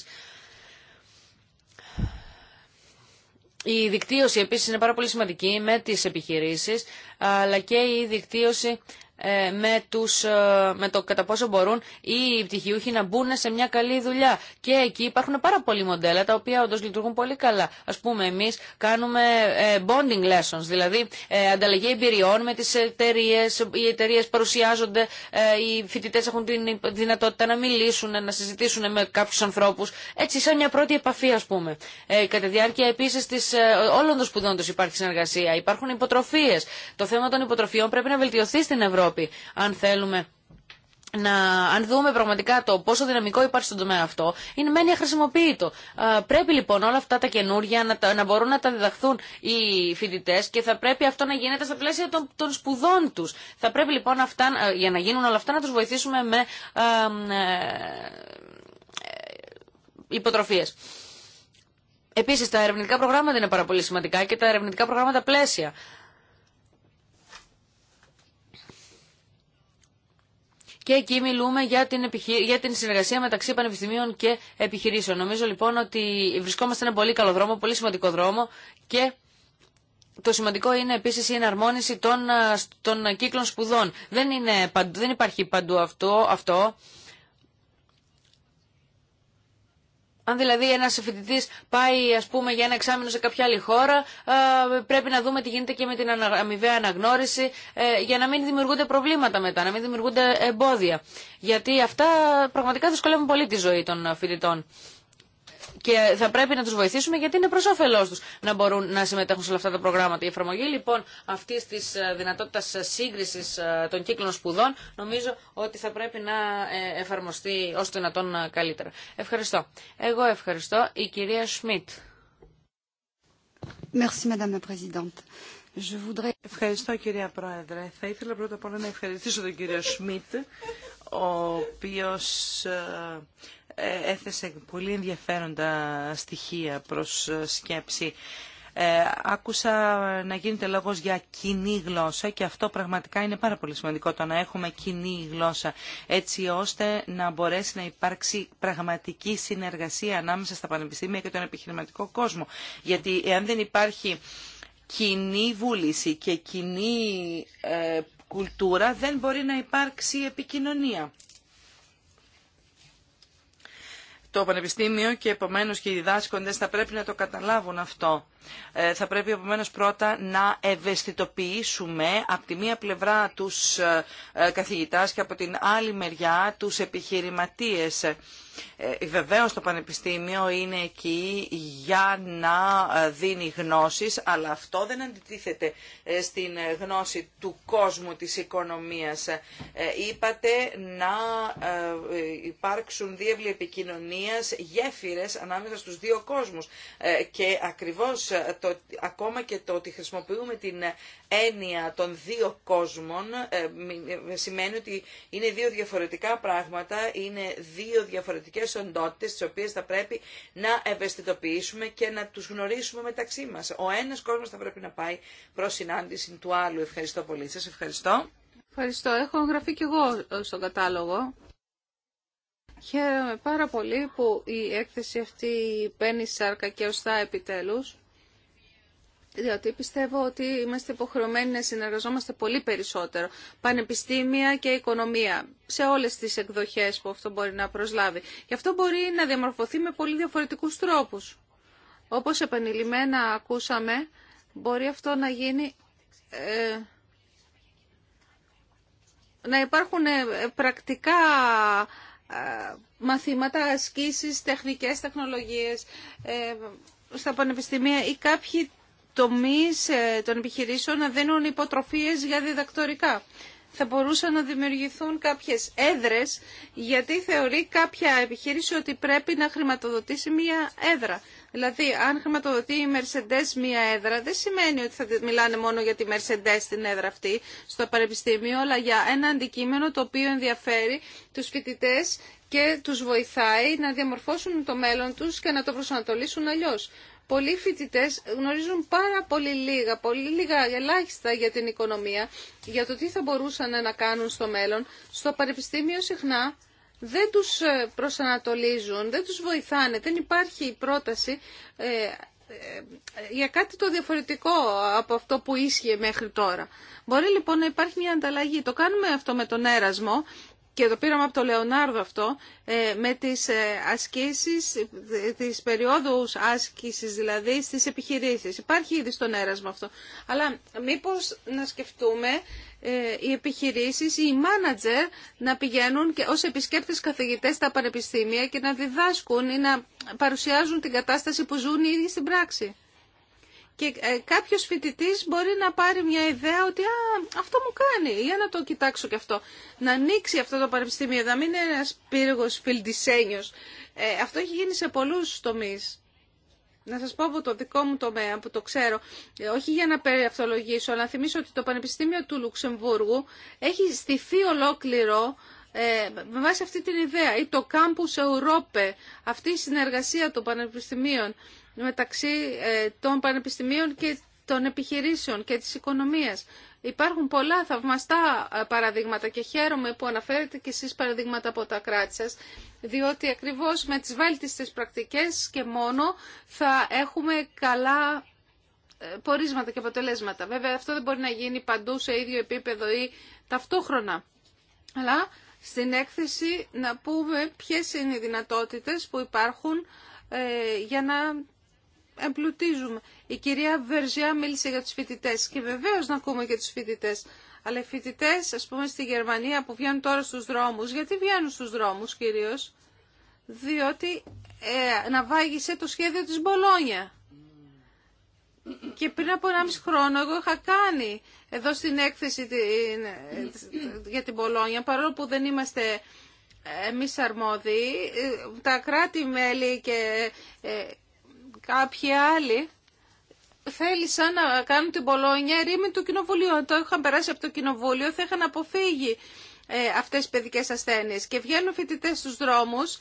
Η δικτύωση επίσης είναι πάρα πολύ σημαντική με τις επιχειρήσεις, αλλά και η δικτύωση ε, με, τους, ε, με το κατά πόσο μπορούν οι πτυχιούχοι να μπουν σε μια καλή δουλειά. Και εκεί υπάρχουν πάρα πολλοί μοντέλα τα οποία όντω λειτουργούν πολύ καλά. Α πούμε, εμεί κάνουμε ε, bonding lessons, δηλαδή ανταλλαγή εμπειριών με τι εταιρείε. Οι εταιρείε παρουσιάζονται, οι φοιτητέ έχουν τη δυνατότητα να μιλήσουν, να συζητήσουν με κάποιου ανθρώπου. Έτσι, σαν μια πρώτη επαφή, α πούμε. κατά διάρκεια επίση όλων των σπουδών του υπάρχει συνεργασία. Υπάρχουν υποτροφίε. Το θέμα των υποτροφιών πρέπει να βελτιωθεί στην Ευρώπη. Αν θέλουμε να, αν δούμε πραγματικά το πόσο δυναμικό υπάρχει στον τομέα αυτό, είναι μένει αχρησιμοποιητό. πρέπει λοιπόν όλα αυτά τα καινούργια να, να μπορούν να τα διδαχθούν οι φοιτητέ και θα πρέπει αυτό να γίνεται στα πλαίσια των, των σπουδών του. Θα πρέπει λοιπόν αυτά, για να γίνουν όλα αυτά να του βοηθήσουμε με α, ε, ε, υποτροφίε. Επίση, τα ερευνητικά προγράμματα είναι πάρα πολύ σημαντικά και τα ερευνητικά προγράμματα πλαίσια. και εκεί μιλούμε για την, για την συνεργασία μεταξύ πανεπιστημίων και επιχειρήσεων. Νομίζω λοιπόν ότι βρισκόμαστε σε ένα πολύ καλό δρόμο, πολύ σημαντικό δρόμο και το σημαντικό είναι επίση η εναρμόνιση των, κύκλων σπουδών. Δεν, είναι, δεν υπάρχει παντού αυτό. αυτό. Αν δηλαδή ένας φοιτητή πάει ας πούμε, για ένα εξάμεινο σε κάποια άλλη χώρα, πρέπει να δούμε τι γίνεται και με την αμοιβαία αναγνώριση ε, για να μην δημιουργούνται προβλήματα μετά, να μην δημιουργούνται εμπόδια. Γιατί αυτά πραγματικά δυσκολεύουν πολύ τη ζωή των φοιτητών και θα πρέπει να τους βοηθήσουμε γιατί είναι προ όφελό τους να μπορούν να συμμετέχουν σε όλα αυτά τα προγράμματα. Η εφαρμογή λοιπόν αυτή τη ε, δυνατότητα ε, σύγκριση ε, των κύκλων σπουδών νομίζω ότι θα πρέπει να εφαρμοστεί όσο το δυνατόν καλύτερα. Ευχαριστώ. Εγώ ευχαριστώ. Η κυρία Σμιτ. Merci, Madame la Présidente. Ευχαριστώ κυρία Πρόεδρε. Θα ήθελα πρώτα απ' όλα να ευχαριστήσω τον κύριο Σμιτ, ο οποίος έθεσε πολύ ενδιαφέροντα στοιχεία προς ε, σκέψη. Ε, άκουσα να γίνεται λόγος για κοινή γλώσσα και αυτό πραγματικά είναι πάρα πολύ σημαντικό το να έχουμε κοινή γλώσσα έτσι ώστε να μπορέσει να υπάρξει πραγματική συνεργασία ανάμεσα στα πανεπιστήμια και τον επιχειρηματικό κόσμο. Γιατί εάν δεν υπάρχει κοινή βούληση και κοινή ε, κουλτούρα δεν μπορεί να υπάρξει επικοινωνία. το πανεπιστήμιο και επομένως και οι διδάσκοντες θα πρέπει να το καταλάβουν αυτό. Ε, θα πρέπει επομένω πρώτα να ευαισθητοποιήσουμε από τη μία πλευρά τους ε, ε, καθηγητάς και από την άλλη μεριά τους επιχειρηματίες. Βεβαίως το Πανεπιστήμιο είναι εκεί για να δίνει γνώσεις, αλλά αυτό δεν αντιτίθεται στην γνώση του κόσμου της οικονομίας. Είπατε να υπάρξουν διεύλοι επικοινωνίας, γέφυρες ανάμεσα στους δύο κόσμους και ακριβώς ακόμα και το ότι χρησιμοποιούμε την έννοια των δύο κόσμων ε, ε, σημαίνει ότι είναι δύο διαφορετικά πράγματα, είναι δύο διαφορετικές οντότητες τις οποίες θα πρέπει να ευαισθητοποιήσουμε και να τους γνωρίσουμε μεταξύ μας. Ο ένας κόσμος θα πρέπει να πάει προς συνάντηση του άλλου. Ευχαριστώ πολύ. Σας ευχαριστώ. Ευχαριστώ. Έχω γραφεί κι εγώ στον κατάλογο. Χαίρομαι πάρα πολύ που η έκθεση αυτή παίρνει σάρκα και ωστά επιτέλους διότι πιστεύω ότι είμαστε υποχρεωμένοι να συνεργαζόμαστε πολύ περισσότερο. Πανεπιστήμια και οικονομία, σε όλες τις εκδοχές που αυτό μπορεί να προσλάβει. Και αυτό μπορεί να διαμορφωθεί με πολύ διαφορετικούς τρόπους. Όπως επανειλημμένα ακούσαμε, μπορεί αυτό να γίνει... Ε, να υπάρχουν ε, πρακτικά ε, μαθήματα, ασκήσεις, τεχνικές τεχνολογίες... στα πανεπιστημία ή κάποιοι τομείς ε, των επιχειρήσεων να δίνουν υποτροφίες για διδακτορικά. Θα μπορούσαν να δημιουργηθούν κάποιες έδρες γιατί θεωρεί κάποια επιχείρηση ότι πρέπει να χρηματοδοτήσει μία έδρα. Δηλαδή, αν χρηματοδοτεί η Mercedes μία έδρα, δεν σημαίνει ότι θα μιλάνε μόνο για τη Mercedes την έδρα αυτή στο Πανεπιστήμιο, αλλά για ένα αντικείμενο το οποίο ενδιαφέρει τους φοιτητέ και τους βοηθάει να διαμορφώσουν το μέλλον τους και να το προσανατολίσουν αλλιώς πολλοί φοιτητέ γνωρίζουν πάρα πολύ λίγα, πολύ λίγα ελάχιστα για την οικονομία, για το τι θα μπορούσαν να κάνουν στο μέλλον. Στο πανεπιστήμιο συχνά δεν τους ε, προσανατολίζουν, δεν τους βοηθάνε, δεν υπάρχει πρόταση ε, ε, για κάτι το διαφορετικό από αυτό που ίσχυε μέχρι τώρα. Μπορεί λοιπόν να υπάρχει μια ανταλλαγή. Το κάνουμε αυτό με τον έρασμο και το πήραμε από το Λεωνάρδο αυτό, ε, με τις ε, ασκήσεις, ε, τις περιόδους άσκησης δηλαδή στις επιχειρήσεις. Υπάρχει ήδη στον έρασμα αυτό. Αλλά μήπως να σκεφτούμε οι επιχειρήσεις, οι μάνατζερ να πηγαίνουν και ως επισκέπτες καθηγητές στα πανεπιστήμια και να διδάσκουν ή να παρουσιάζουν την κατάσταση που ζουν ήδη στην πράξη. Και ε, κάποιος φοιτητής μπορεί να πάρει μια ιδέα ότι α, αυτό μου κάνει, για να το κοιτάξω και αυτό. Να ανοίξει αυτό το πανεπιστήμιο, να μην είναι ένας πύργος φιλτισένιος. Ε, αυτό έχει γίνει σε πολλούς τομείς. Να σας πω από το δικό μου τομέα που το ξέρω, ε, όχι για να περιευθολογήσω, αλλά να θυμίσω ότι το Πανεπιστήμιο του Λουξεμβούργου έχει στηθεί ολόκληρο ε, με βάση αυτή την ιδέα ή το Campus Europe, αυτή η συνεργασία των πανεπιστημίων μεταξύ ε, των πανεπιστημίων και των επιχειρήσεων και της οικονομίας. Υπάρχουν πολλά θαυμαστά ε, παραδείγματα και χαίρομαι που αναφέρετε και εσείς παραδείγματα από τα κράτη σας, διότι ακριβώς με τις βάλτιστες πρακτικές και μόνο θα έχουμε καλά ε, πορίσματα και αποτελέσματα. Βέβαια αυτό δεν μπορεί να γίνει παντού σε ίδιο επίπεδο ή ταυτόχρονα. Αλλά στην έκθεση να πούμε ποιες είναι οι δυνατότητες που υπάρχουν για να εμπλουτίζουμε. Η κυρία Βερζιά μίλησε για τους φοιτητέ και βεβαίως να ακούμε και τους φοιτητέ. Αλλά οι φοιτητέ, ας πούμε, στη Γερμανία που βγαίνουν τώρα στους δρόμους, γιατί βγαίνουν στους δρόμους κυρίως, διότι ε, να βάγισε το σχέδιο της Μπολόνια. Και πριν από ένα μισή χρόνο εγώ είχα κάνει εδώ στην έκθεση ε, για την Πολόνια, παρόλο που δεν είμαστε εμείς αρμόδιοι, ε, τα κράτη-μέλη και Κάποιοι άλλοι θέλησαν να κάνουν την Πολόνια ρήμη του κοινοβουλίου. Αν το είχαν περάσει από το κοινοβούλιο θα είχαν αποφύγει ε, αυτές τις παιδικές ασθένειες. Και βγαίνουν φοιτητέ στους δρόμους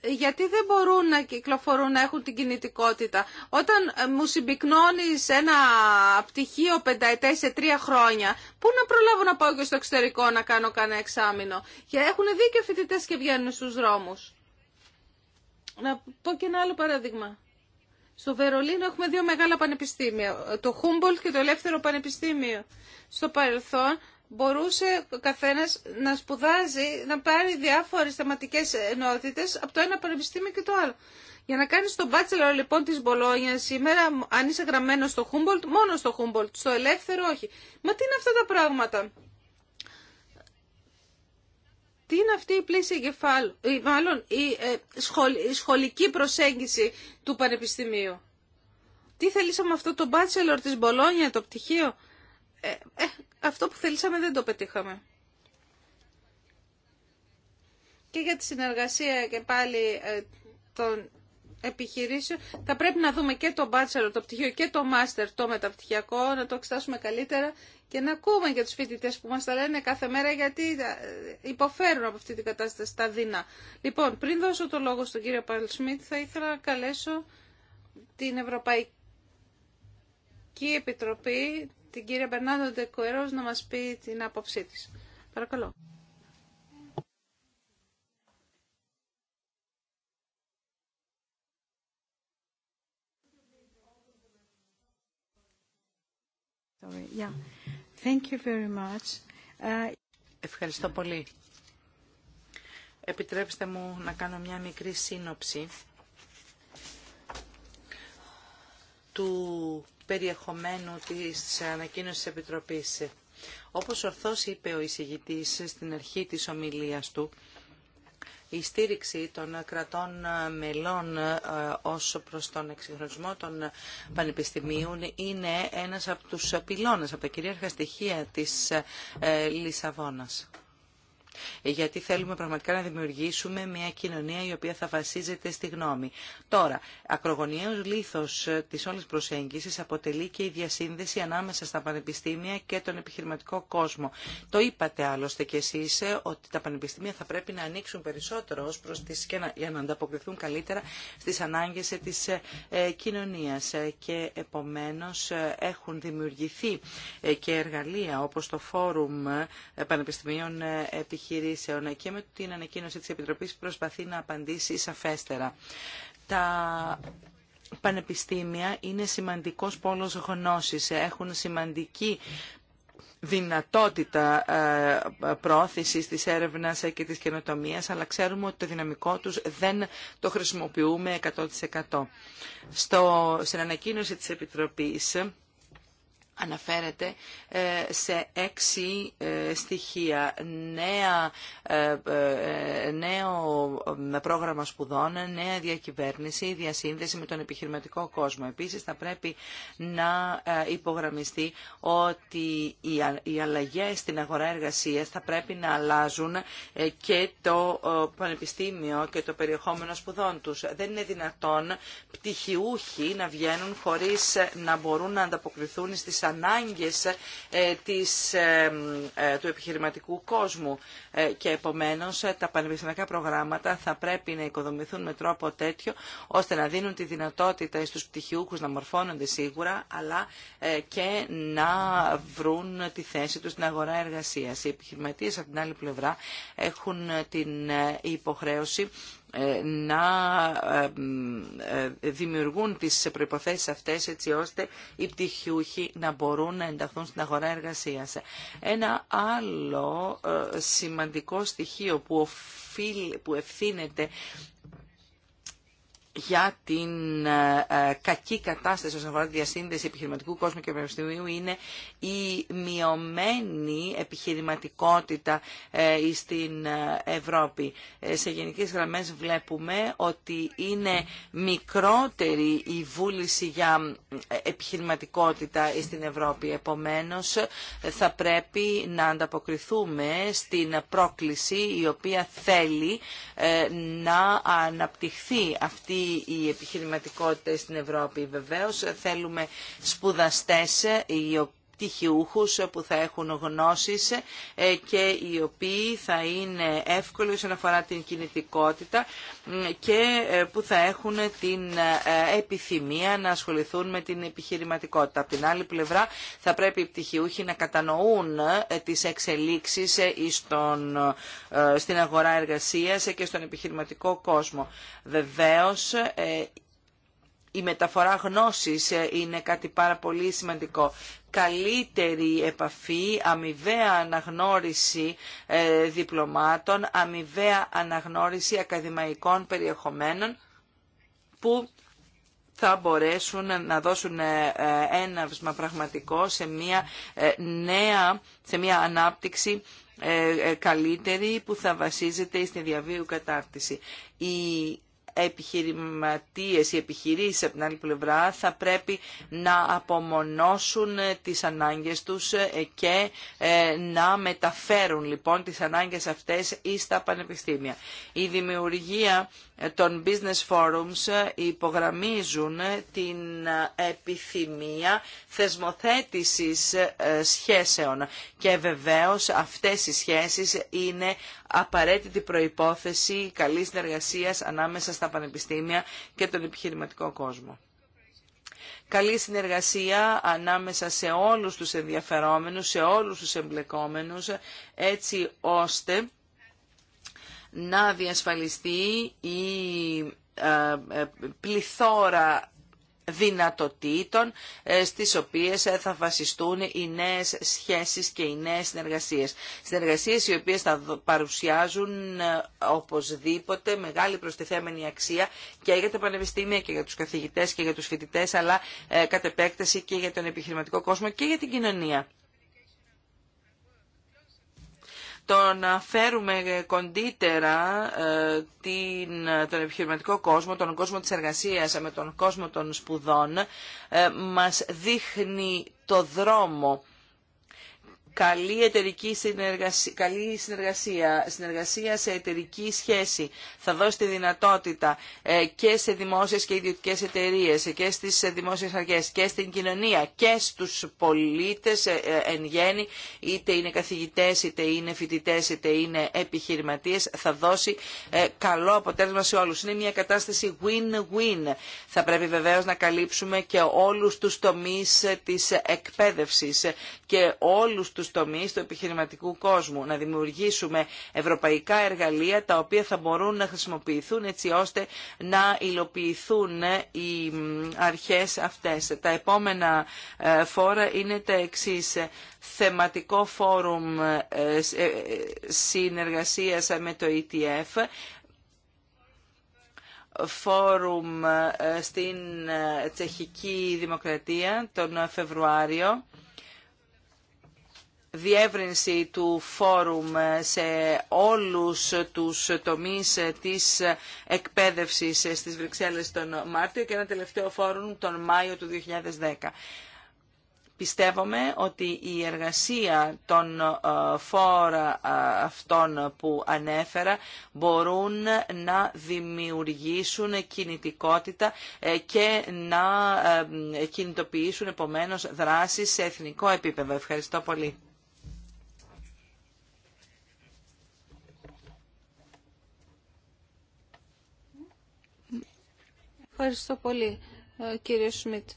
ε, γιατί δεν μπορούν να κυκλοφορούν, να έχουν την κινητικότητα. Όταν ε, μου συμπυκνώνει ένα πτυχίο πενταετέ σε τρία χρόνια, πού να προλάβω να πάω και στο εξωτερικό να κάνω κανένα εξάμεινο. Και έχουν δίκιο φοιτητέ και βγαίνουν στους δρόμους. Να πω και ένα άλλο παράδειγμα. Στο Βερολίνο έχουμε δύο μεγάλα πανεπιστήμια, το Humboldt και το Ελεύθερο Πανεπιστήμιο. Στο παρελθόν μπορούσε ο καθένας να σπουδάζει, να πάρει διάφορες θεματικές ενότητες από το ένα πανεπιστήμιο και το άλλο. Για να κάνεις τον Μπάτσελο λοιπόν της Μπολόνια σήμερα, αν είσαι γραμμένο στο Humboldt, μόνο στο Humboldt, στο ελεύθερο όχι. Μα τι είναι αυτά τα πράγματα. Τι είναι αυτή η πλήση ε, η, σχολική προσέγγιση του πανεπιστημίου. Τι θέλησαμε αυτό το μπάτσελορ της Μπολόνια, το πτυχίο. Ε, ε, αυτό που θέλησαμε δεν το πετύχαμε. Και για τη συνεργασία και πάλι των επιχειρήσεων. Θα πρέπει να δούμε και το bachelor, το πτυχίο και το master, το μεταπτυχιακό, να το εξετάσουμε καλύτερα και να ακούμε για τους φοιτητέ που μας τα λένε κάθε μέρα γιατί ε, υποφέρουν από αυτή την κατάσταση τα δίνα. Λοιπόν, πριν δώσω το λόγο στον κύριο Παλ Σμιτ, θα ήθελα να καλέσω την Ευρωπαϊκή Επιτροπή, την κυρία Μπερνάντο Ντεκουερός, να μας πει την άποψή της. Παρακαλώ. Uh, Ευχαριστώ πολύ. Επιτρέψτε μου να κάνω μια μικρή σύνοψη του περιεχομένου της ανακοίνωσης της Επιτροπής. Όπως ορθώς είπε ο εισηγητής στην αρχή της ομιλίας του, η στήριξη των κρατών μελών ε, ως προς τον εξυγχρονισμό των πανεπιστημίων είναι ένας από τους πυλώνες, από τα κυρίαρχα στοιχεία της ε, Λισαβόνας γιατί θέλουμε πραγματικά να δημιουργήσουμε μια κοινωνία η οποία θα βασίζεται στη γνώμη. Τώρα, ακρογωνιαίος λήθος ε, της όλης προσέγγισης αποτελεί και η διασύνδεση ανάμεσα στα πανεπιστήμια και τον επιχειρηματικό κόσμο. Το είπατε άλλωστε κι εσείς ε, ότι τα πανεπιστήμια θα πρέπει να ανοίξουν περισσότερο προς τις, και να, για να ανταποκριθούν καλύτερα στις ανάγκες ε, της ε, κοινωνίας και επομένως έχουν δημιουργηθεί και εργαλεία όπως το Φόρουμ Πανεπιστημίων Επιχειρηματικών επιχειρήσεων και με την ανακοίνωση της Επιτροπής προσπαθεί να απαντήσει σαφέστερα. Τα πανεπιστήμια είναι σημαντικός πόλος γνώσης, έχουν σημαντική δυνατότητα ε, πρόθεσης της έρευνας και της καινοτομίας, αλλά ξέρουμε ότι το δυναμικό τους δεν το χρησιμοποιούμε 100%. Στο, στην ανακοίνωση της Επιτροπής αναφέρεται ε, σε έξι ε, στοιχεία. Νέα, ε, νέο πρόγραμμα σπουδών, νέα διακυβέρνηση, διασύνδεση με τον επιχειρηματικό κόσμο. Επίσης θα πρέπει να υπογραμμιστεί ότι οι αλλαγές στην αγορά εργασίας θα πρέπει να αλλάζουν και το πανεπιστήμιο και το περιεχόμενο σπουδών τους. Δεν είναι δυνατόν πτυχιούχοι να βγαίνουν χωρίς να μπορούν να ανταποκριθούν στις ανάγκες ε, της, ε, ε, του επιχειρηματικού κόσμου και επομένως τα πανεπιστημιακά προγράμματα θα πρέπει να οικοδομηθούν με τρόπο τέτοιο ώστε να δίνουν τη δυνατότητα στους πτυχιούχους να μορφώνονται σίγουρα αλλά και να βρουν τη θέση τους στην αγορά εργασίας. Οι επιχειρηματίες από την άλλη πλευρά έχουν την υποχρέωση ε, να ε, ε, δημιουργούν τις προϋποθέσεις αυτές έτσι ώστε οι πτυχιούχοι να μπορούν να ενταχθούν στην αγορά εργασίας. Ένα άλλο σημαντικό στοιχείο που που ευθύνεται για την ε, ε, κακή κατάσταση όσον αφορά τη διασύνδεση επιχειρηματικού κόσμου και πανεπιστημίου είναι η μειωμένη επιχειρηματικότητα ε, στην Ευρώπη. Σε γενικές γραμμές βλέπουμε ότι είναι μικρότερη η βούληση για επιχειρηματικότητα στην Ευρώπη. Επομένως, θα πρέπει να ανταποκριθούμε στην πρόκληση η οποία θέλει να αναπτυχθεί αυτή η επιχειρηματικότητα στην Ευρώπη. Βεβαίως θέλουμε σπουδαστές οι πτυχιούχους που θα έχουν γνώσεις ε, και οι οποίοι θα είναι εύκολοι όσον αφορά την κινητικότητα και ε, που θα έχουν την ε, επιθυμία να ασχοληθούν με την επιχειρηματικότητα. Από την άλλη πλευρά θα πρέπει οι πτυχιούχοι να κατανοούν τις εξελίξεις στον, στην αγορά εργασίας και στον επιχειρηματικό κόσμο. Βεβαίως η μεταφορά γνώσης ε, είναι κάτι πάρα πολύ σημαντικό. Καλύτερη επαφή, αμοιβαία αναγνώριση ε, διπλωμάτων, αμοιβαία αναγνώριση ακαδημαϊκών περιεχομένων που θα μπορέσουν να δώσουν ε, έναυσμα πραγματικό σε μια νέα, σε μια ανάπτυξη καλύτερη που θα βασίζεται στη διαβίου κατάρτιση. Η επιχειρηματίες, ή επιχειρήσεις από την άλλη πλευρά θα πρέπει να απομονώσουν τις ανάγκες τους ε, και ε, να μεταφέρουν λοιπόν τις ανάγκες αυτές ή στα πανεπιστήμια. Η τα πανεπιστημια η δημιουργια των business forums υπογραμμίζουν την επιθυμία θεσμοθέτησης ε, σχέσεων και βεβαίως αυτές οι σχέσεις είναι απαραίτητη προϋπόθεση καλής συνεργασίας ανάμεσα στα πανεπιστήμια και τον επιχειρηματικό κόσμο καλή συνεργασία ανάμεσα σε όλους τους ενδιαφερόμενους, σε όλους τους εμπλεκόμενους, έτσι ώστε να διασφαλιστεί η ε, ε, πληθώρα δυνατοτήτων ε, στις οποίες θα βασιστούν οι νέες σχέσεις και οι νέες συνεργασίες. Συνεργασίες οι οποίες θα παρουσιάζουν οπωσδήποτε μεγάλη προστιθέμενη αξία και για τα πανεπιστήμια και για τους καθηγητές και για τους φοιτητές αλλά κατ' επέκταση και για τον επιχειρηματικό κόσμο και για την κοινωνία το να φέρουμε κοντύτερα ε, την, τον επιχειρηματικό κόσμο, τον κόσμο της εργασίας με τον κόσμο των σπουδών, ε, μας δείχνει το δρόμο καλή εταιρική συνεργασία, καλή συνεργασία, συνεργασία σε εταιρική σχέση. Θα δώσει τη δυνατότητα ε, και σε δημόσιες και ιδιωτικές εταιρείες και στις δημόσιες αρχές και στην κοινωνία και στους πολίτες ε, ε, εν γέννη, είτε είναι καθηγητές, είτε είναι φοιτητές, είτε είναι επιχειρηματίες, θα δώσει καλό αποτέλεσμα σε όλους. Είναι μια κατάσταση win-win. Θα πρέπει βεβαίως να καλύψουμε και όλους τους τομείς της εκπαίδευσης και όλους τους στο τομείς του επιχειρηματικού κόσμου, να δημιουργήσουμε ευρωπαϊκά εργαλεία τα οποία θα μπορούν να χρησιμοποιηθούν έτσι ώστε να υλοποιηθούν ε, οι αρχές αυτές. Τα επόμενα ε, φόρα είναι τα εξής θεματικό φόρουμ ε, συνεργασίας με το ETF, φόρουμ στην Τσεχική Δημοκρατία τον Φεβρουάριο διεύρυνση του φόρουμ σε όλους τους τομείς της εκπαίδευσης στις Βρυξέλλες τον Μάρτιο και ένα τελευταίο φόρουμ τον Μάιο του 2010. Πιστεύουμε ότι η εργασία των ε, φόρα ε, αυτών που ανέφερα μπορούν να δημιουργήσουν κινητικότητα ε, και να κινητοποιήσουν επομένως δράσεις σε εθνικό επίπεδο. Ευχαριστώ πολύ. Ευχαριστώ πολύ, ε, κύριε Σμιτ.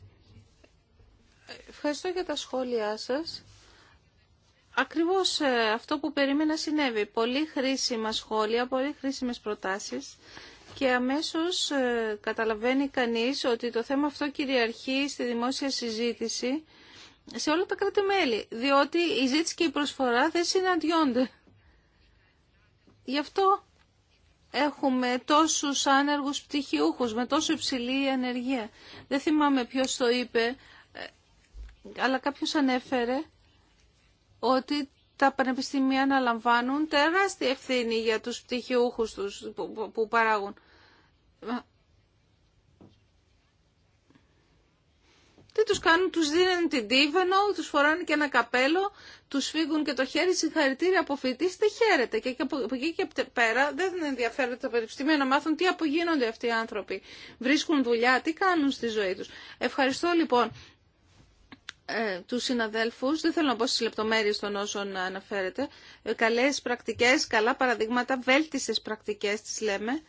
Ευχαριστώ για τα σχόλιά σας. Ακριβώς ε, αυτό που περίμενα συνέβη. Πολύ χρήσιμα σχόλια, πολύ χρήσιμες προτάσεις και αμέσως ε, καταλαβαίνει κανείς ότι το θέμα αυτό κυριαρχεί στη δημόσια συζήτηση σε όλα τα κράτη-μέλη, διότι η ζήτηση και η προσφορά δεν συναντιόνται. Γι' αυτό έχουμε τόσους άνεργους πτυχιούχους με τόσο υψηλή ενεργεία. Δεν θυμάμαι ποιος το είπε, ε, αλλά κάποιος ανέφερε ότι τα πανεπιστήμια αναλαμβάνουν τεράστια ευθύνη για τους πτυχιούχους τους που παράγουν. Τι τους κάνουν, τους δίνουν την τίβενο, τους φοράνε και ένα καπέλο, τους φύγουν και το χέρι συγχαρητήρια από φοιτής, δεν χαίρεται. Και από εκεί και πέρα δεν ενδιαφέρεται το πανεπιστήμιο να μάθουν τι απογίνονται αυτοί οι άνθρωποι. Βρίσκουν δουλειά, τι κάνουν στη ζωή τους. Ευχαριστώ λοιπόν ε, τους συναδέλφους, δεν θέλω να πω στις λεπτομέρειες των όσων αναφέρεται, ε, καλές πρακτικές, καλά παραδείγματα, βέλτιστες πρακτικές τις λέμε,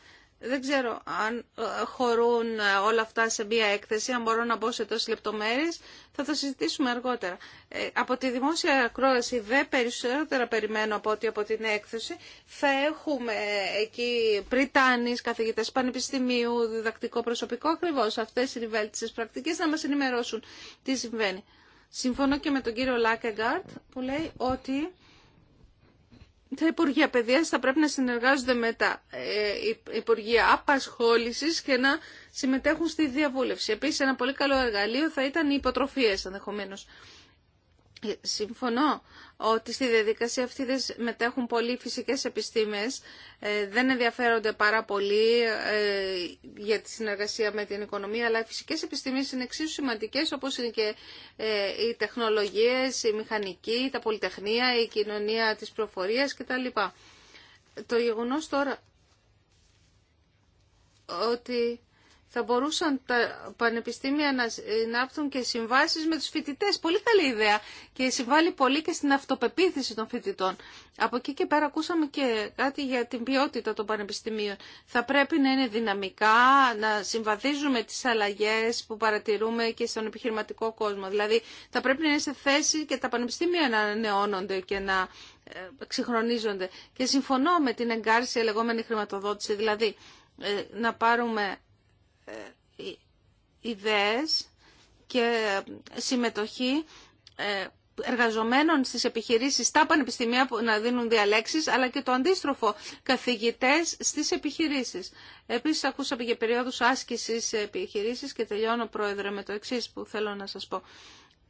δεν ξέρω αν ε, χωρούν ε, όλα αυτά σε μία έκθεση, αν μπορώ να μπω σε τόσες λεπτομέρειες, θα το συζητήσουμε αργότερα. Ε, από τη δημόσια ακρόαση δεν περισσότερα περιμένω από ότι από την έκθεση. Θα έχουμε εκεί πριτάνεις, καθηγητές πανεπιστημίου, διδακτικό προσωπικό, ακριβώ αυτές οι βέλτισες πρακτικές να μας ενημερώσουν τι συμβαίνει. Συμφωνώ και με τον κύριο Λάκεγκαρτ που λέει ότι τα Υπουργεία Παιδείας θα πρέπει να συνεργάζονται με τα ε, Υπουργεία Απασχόλησης και να συμμετέχουν στη διαβούλευση. Επίσης, ένα πολύ καλό εργαλείο θα ήταν οι υποτροφίες ενδεχομένω. Συμφωνώ ότι στη διαδικασία αυτή δεν μετέχουν πολλοί φυσικές επιστήμες, ε, δεν ενδιαφέρονται πάρα πολύ ε, για τη συνεργασία με την οικονομία, αλλά οι φυσικές επιστήμες είναι εξίσου σημαντικές όπως είναι και ε, οι τεχνολογίες, η μηχανική, τα πολυτεχνία, η κοινωνία της προφορίας κτλ. Το γεγονός τώρα ότι θα μπορούσαν τα πανεπιστήμια να συνάπτουν και συμβάσεις με τους φοιτητές. Πολύ καλή ιδέα και συμβάλλει πολύ και στην αυτοπεποίθηση των φοιτητών. Από εκεί και πέρα ακούσαμε και κάτι για την ποιότητα των πανεπιστημίων. Θα πρέπει να είναι δυναμικά, να συμβαδίζουμε τις αλλαγές που παρατηρούμε και στον επιχειρηματικό κόσμο. Δηλαδή θα πρέπει να είναι σε θέση και τα πανεπιστήμια να νεώνονται και να ε, ξεχρονίζονται. Και συμφωνώ με την εγκάρση λεγόμενη χρηματοδότηση, δηλαδή ε, να πάρουμε ε, ε, ιδέες και συμμετοχή ε, εργαζομένων στις επιχειρήσεις στα πανεπιστημία που να δίνουν διαλέξεις, αλλά και το αντίστροφο, καθηγητές στις επιχειρήσεις. Επίσης ακούσαμε για περίοδους άσκησης σε επιχειρήσεις και τελειώνω πρόεδρε με το εξής που θέλω να σας πω.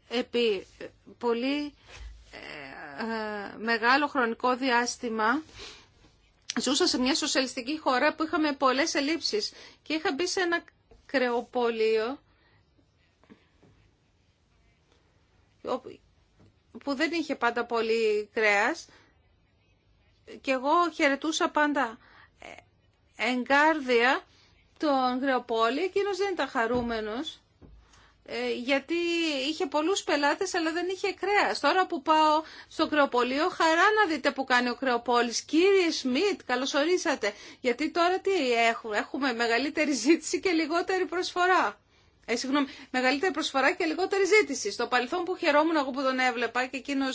Επί πολύ μεγάλο χρονικό διάστημα Ζούσα σε μια σοσιαλιστική χώρα που είχαμε πολλές ελλείψεις και είχα μπει σε ένα κρεοπολείο που δεν είχε πάντα πολύ κρέας και εγώ χαιρετούσα πάντα ε, εγκάρδια τον κρεοπόλιο, εκείνος δεν ήταν χαρούμενος. Ε, γιατί είχε πολλούς πελάτες αλλά δεν είχε κρέας. Τώρα που πάω στο κρεοπολείο, χαρά να δείτε που κάνει ο κρεοπόλης. Κύριε Σμιτ, καλωσορίσατε. Γιατί τώρα τι έχουμε, έχουμε μεγαλύτερη ζήτηση και λιγότερη προσφορά. Ε, συγγνώμη, μεγαλύτερη προσφορά και λιγότερη ζήτηση. Στο παρελθόν που χαιρόμουν εγώ που τον έβλεπα και εκείνο